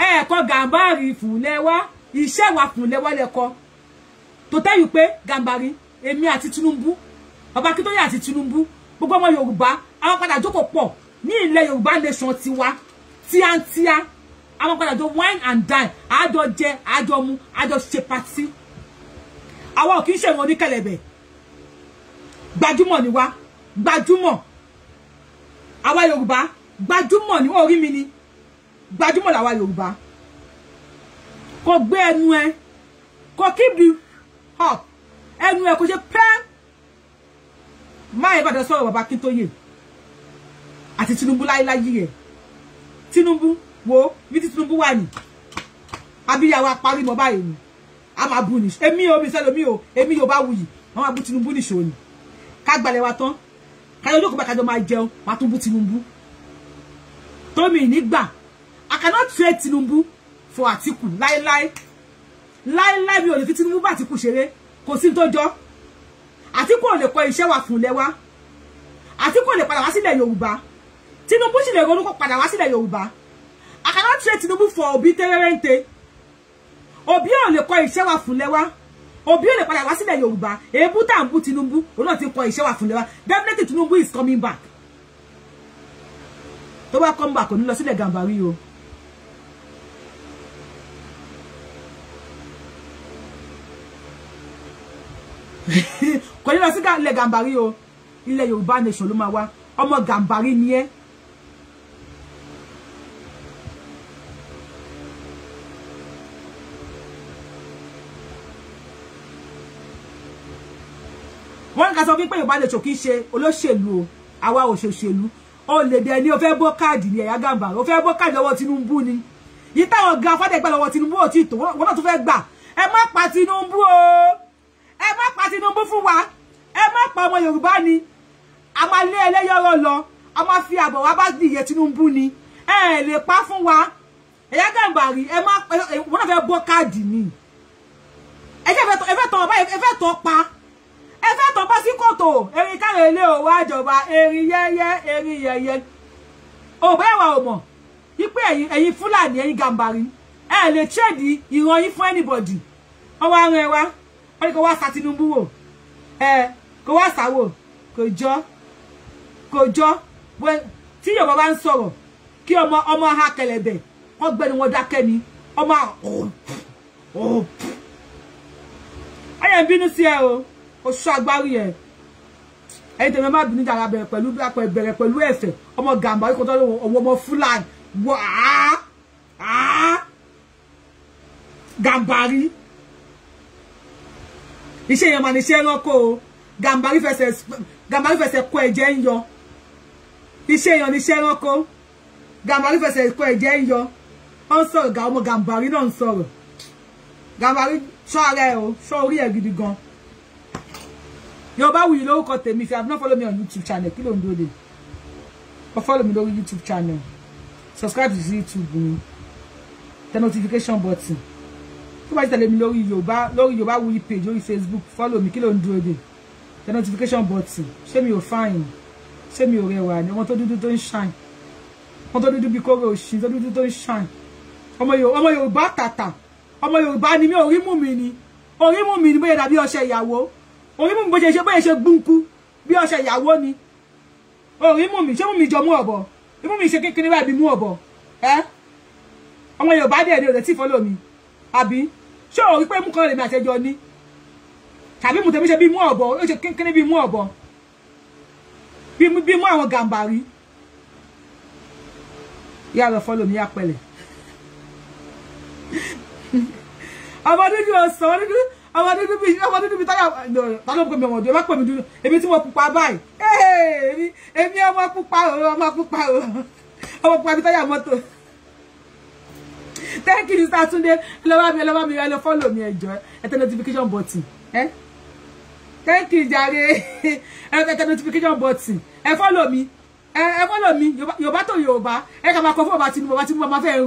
ẹ̀ẹ̀kọ́ gàmbárì fúnlẹ̀ wa iṣẹ́ wa fúnlẹ̀ wa lẹ́kọ́ tó tẹ́yìn pé gàmbárì èmi àti Tinubu Ọba Akíntóyè àti Tinubu gbogbo ọmọ Yorùbá àwọn padà jókòó pọ̀ ní ilẹ̀ yorùbá nation tiwa tíátíá àwọn padà jọ wine and dine àjọ jẹ àjọ mu àjọ ṣe patí àwa ò kì í ṣe wọn oníkẹlẹbẹ gbajúmọ̀ ni wá gbajúmọ̀ àwa yorùbá gbajúmọ̀ ni wọn orí mi ni gbajúmọ̀ làwa yorùbá kò gbé ẹnu ẹ kò kíbi ẹnu ẹ kò ṣe pẹ́ máa ìbàdàn sọ̀rọ̀ bàbá kí tó yè àti Tinubu láyéláyé rẹ̀ Tinubu wo bí ti Tinubu wà ní abíyàwó apárí mọ́ báyìí ni a máa bu nìṣó èmi ò mi sẹ́lẹ̀ mi ò èmi yóò bá wuyì wọ́n máa bu Tinubu nìṣó ni ká gbalẹ̀ wa tán kájọ ojókòó bá kájọ máa jẹun máa tún bu Tinubu tómi nígbà I cannot trade Tinubu for Atiku láéláé láíláí mi ò lè fi Tinubu bá Àtíkù ṣeré kò sí tó jọ Àtíkù ò lè kọ iṣẹ́ wa fún lẹ́wà Àtíkù ò lè padà wá sílẹ̀ Yorùbá Tinubu si lè ronú kó padà wá sílẹ̀ I cannot say Tinubu for Obi tẹ́rẹ́rẹ́ǹte Obi ò lè kọ iṣẹ́ wa fún lẹ́wà Obi ò lè padà wá sílẹ̀ Yorùbá èébú tá à ń bú Tinubu òun ti kọ iṣẹ́ wa fún lẹ́wà definitely Tinubu is coming back tó bá come back kò ní lọ sílẹ̀ Gàmbàrí o. kò ní lọ sí ilẹ̀ Gàmbàrí o ilẹ̀ Yorùbá nation ló máa wá ọmọ Gàmbàrí ni ẹ́ wọ́n kà sọ wípé Yorùbá Nation kì í ṣe olóṣèlú o àwa òṣèṣèlú o lè dẹ ni o fẹ́ bó káàdì ní ẹ̀yà gàmbà o fẹ́ bó káàdì lọ́wọ́ Tinubu ni yìí táwọn ga fọ́tẹ̀ gbà lọ́wọ́ Tinubu ò tí ì tó wọ́n náà tún fẹ́ gbà ẹ má pa Tinubu o ẹ má pa Tinubu fún wa ẹ má pa ọmọ Yorùbá ni a máa lé ẹlẹ́yọ̀rọ̀ lọ a máa fi àbọ̀ wá bá dìyẹ Tinubu ni ẹ lè pa fún wa ẹ̀yà gàmbà rí ẹ má wọ́n náà fẹ́ bó káàdì ni ẹ fẹ́ tọ́ pa ẹ fẹ́ tọ́pọ́ sí kòtò erin káre ilé òwò àjọba erin yẹ́yẹ́ erin yẹ̀yẹ́ òbẹ́ ìwà ò mọ̀ wípé ẹ̀yin fúlàní ẹ̀yin gàmbàrí ẹ lè tẹ́ẹ̀dì ìran yín fún anybody ọwọ́ ara ẹ wá wọ́n ní kó wá sa Tinubu wò ẹ kó wá sáwò kò jọ kò jọ tí Yorùbá bá ń sọ̀rọ̀ kí ọmọ ọmọ ha kẹlẹ̀bẹ̀ wọ́n gbẹ́ni wọn dákẹ́ ni ọmọ ọ̀ọ́ ọ̀ọ́ ọ̀yẹ̀ ń bínú sí ẹ o oṣù agbárí ẹ̀ ẹ̀yin tẹ̀mẹ́ má bínú jàrá bẹ̀rẹ̀ pẹ̀lú bẹ̀rẹ̀ pẹ̀lú ẹ̀fẹ̀ ọmọ gàmbá yìí kò tọ́ ọwọ́ ọmọ fúlàní wọ àá àá gàmbárí iṣẹ́ yẹn mà ní iṣẹ́ ẹranko o gàmbárí fẹsẹ̀ gàmbárí fẹsẹ̀ kọ ẹ̀jẹ̀ ń yọ iṣẹ́ yẹn ní iṣẹ́ ẹranko gàmbárí fẹsẹ̀ kọ ẹ̀jẹ̀ ń yọ ó sọ̀rọ̀ gà ọmọ gàmbárí náà ń sọ̀rọ̀ gàmbárí ṣọ́ ara ẹ̀ o ṣọ́ orí ẹ̀ gidi gan-an. Yorubawuyi lórúkọ tèmi if you have not followed me on YouTube channel kí ló do dúró de follow me on YouTube channel subscribe to YouTube mi tẹ notification button tó ba ti tẹ̀lé mi lórí Yorùbá lórí Yorubawuyi page lórí Facebook follow me. kí ló do dúró The notification button ṣé me your fine ṣé me your rẹwà ni ọmọ tó do tó shine ọmọ tó do bí kóró òṣì tó dúdú do ń shine ọmọ Yorùbá tàtà ọmọ Yorùbá ni mi ò rí mú mi ni orí mú mi ni bóyá dàbí ose ìyàwó orí mú mi bó ṣe ṣe bóyá ṣe gbúnkú bí ọṣẹ ìyàwó ni orí mú mi ṣé mú mi jọ mú ọ̀bọ imú mi ṣe kékeré báyìí bí mú ọ̀bọ ẹ ọmọ Yorùbá dẹ̀ ni òde tí fọlọ́ mi àbí ṣé o rí pé mú kan lèmi àtẹjọ ni tàbí mú tẹ̀mí ṣe bí mú ọ̀bọ ó ṣe kékeré bí mú ọ̀bọ bí mú àwọn gàǹbàrí yà lọ fọlọ́ mi yà pẹ̀lẹ́ ọmọ dúdú ọsàn ọmọ dúdú ọmọ dúdú bíi ọmọ táyà táló pè mí ọmọ má pè mí dúdú tí mo pupa báyìí èmi èmi ọmọ pupa o ọmọ pupa o ọmọ pupa bíi táyà mọ́tò thank you Mr. Tunde ẹ lọ bá mi ẹ mi ẹ lọ follow mi ẹ jọ̀ọ́ notification button ẹ thank you jàre ẹ notification button ẹ follow mi ẹ follow mi yorùbá tó yorùbá ẹ kà máa kọ fún ọba Tinubu ọba Tinubu ọba fẹẹ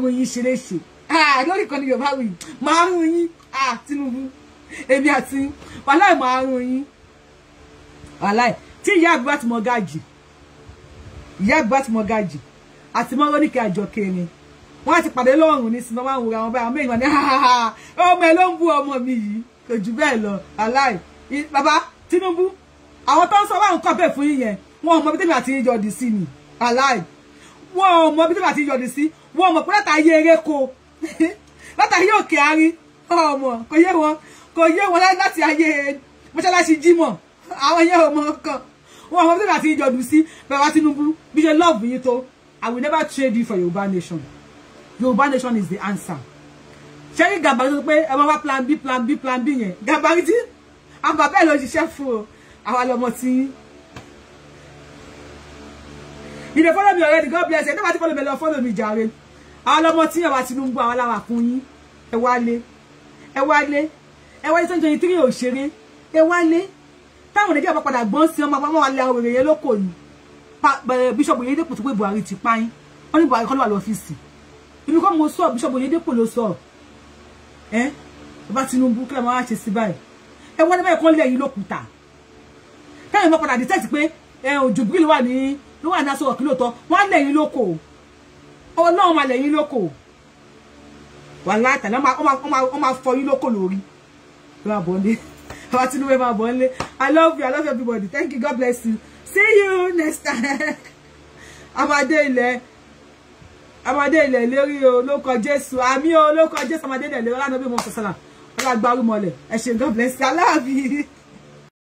èmi àti wàláì mọ àrùn yín wàláì tí ìyá àgbà ti mọ gáàjì ìyá àgbà ti mọ gáàjì àti mọ́rọ́nìkì àjọkẹ́ ni wọ́n á ti pàdé lọ́rùn ní sinimá àwọn òwúrọ̀ àwọn báyìí àwọn méjì wọn ní ọmọ ẹ ló ń bú ọmọ mi yìí kò jù bẹ́ẹ̀ lọ wàláì bàbá Tinubu àwọn tó ń sọ báwọn kọ́ bẹ́ẹ̀ fún yín yẹn wọn ò mọ bí tèmi àti yín jọdì sí ni wàláì wọn ò mọ bí tèmi àti yín jọdì sí wọn ò mọ pé ko látàyé òkè arí ọmọ kò yé wọn kò yé wọn láti ayé mọ́ṣáláṣí jímọ̀ àwọn yẹn ò mọ wọn àwọn bíbélì àti ìjọdún sí bàbá Tinubu bí ṣe love yín tó I will never trade you for Yorùbá nation Yorùbá nation is the answer ṣẹ́yìn Gàmbàrí sọ pé ẹ máa wá plan b plan b plan b yẹn Gàmbàrí tí àwọn bàbá ẹ̀ ló ṣiṣẹ́ fún o àwa lọmọ tí You dey follow me already. God bless you. Nobody follow me. Lord, follow me, jàre. Àwọn ọmọ tí yẹn wà Tinubu àwọn aláwà fún yín. Ẹ wálé. Ẹ wálé ẹ wá ní twenty twenty three òṣèré ẹ wá lé táwọn nàìjíríà bá padà gbọ́n sí ọmọ àwọn alẹ́ àwọn èrè yẹn lóko ni bíṣọ̀bù Oyèdèpọ̀ tó pé Buhari ti páyín wọ́n ní Buhari kọ́ ló wà lọ́fíìsì ibi kọ́ mo sọ bíṣọ̀bù Oyèdèpọ̀ ló sọ ẹ bàbá Tinubu kí làwọn á ṣe sí báyìí ẹ wọ́n lẹ́bẹ̀ẹ́ kọ́ lẹ́yìn lókùtà káyọ̀ mọ́ padà detect pé ẹ òjò bíl wà ní ló wà ní aṣọ ọ̀kí lóòótọ́ wọ́n lẹ́yìn lóko ọlọ́run máa lẹ́yìn lóko wàhálà àtàlẹ́ wọ́n máa fọ yín lóko lórí máa bọ̀ i love you i love everybody thank you god bless you see you next time amade ilẹ̀ amade ilẹ̀ lérí o lóko jésù àmì o lóko jésù amade ilẹ̀ lérí ọlànà bí mo sọ̀sọ̀là ọlá gbárùmọ̀lẹ̀ ẹ ṣé god bless you i love you.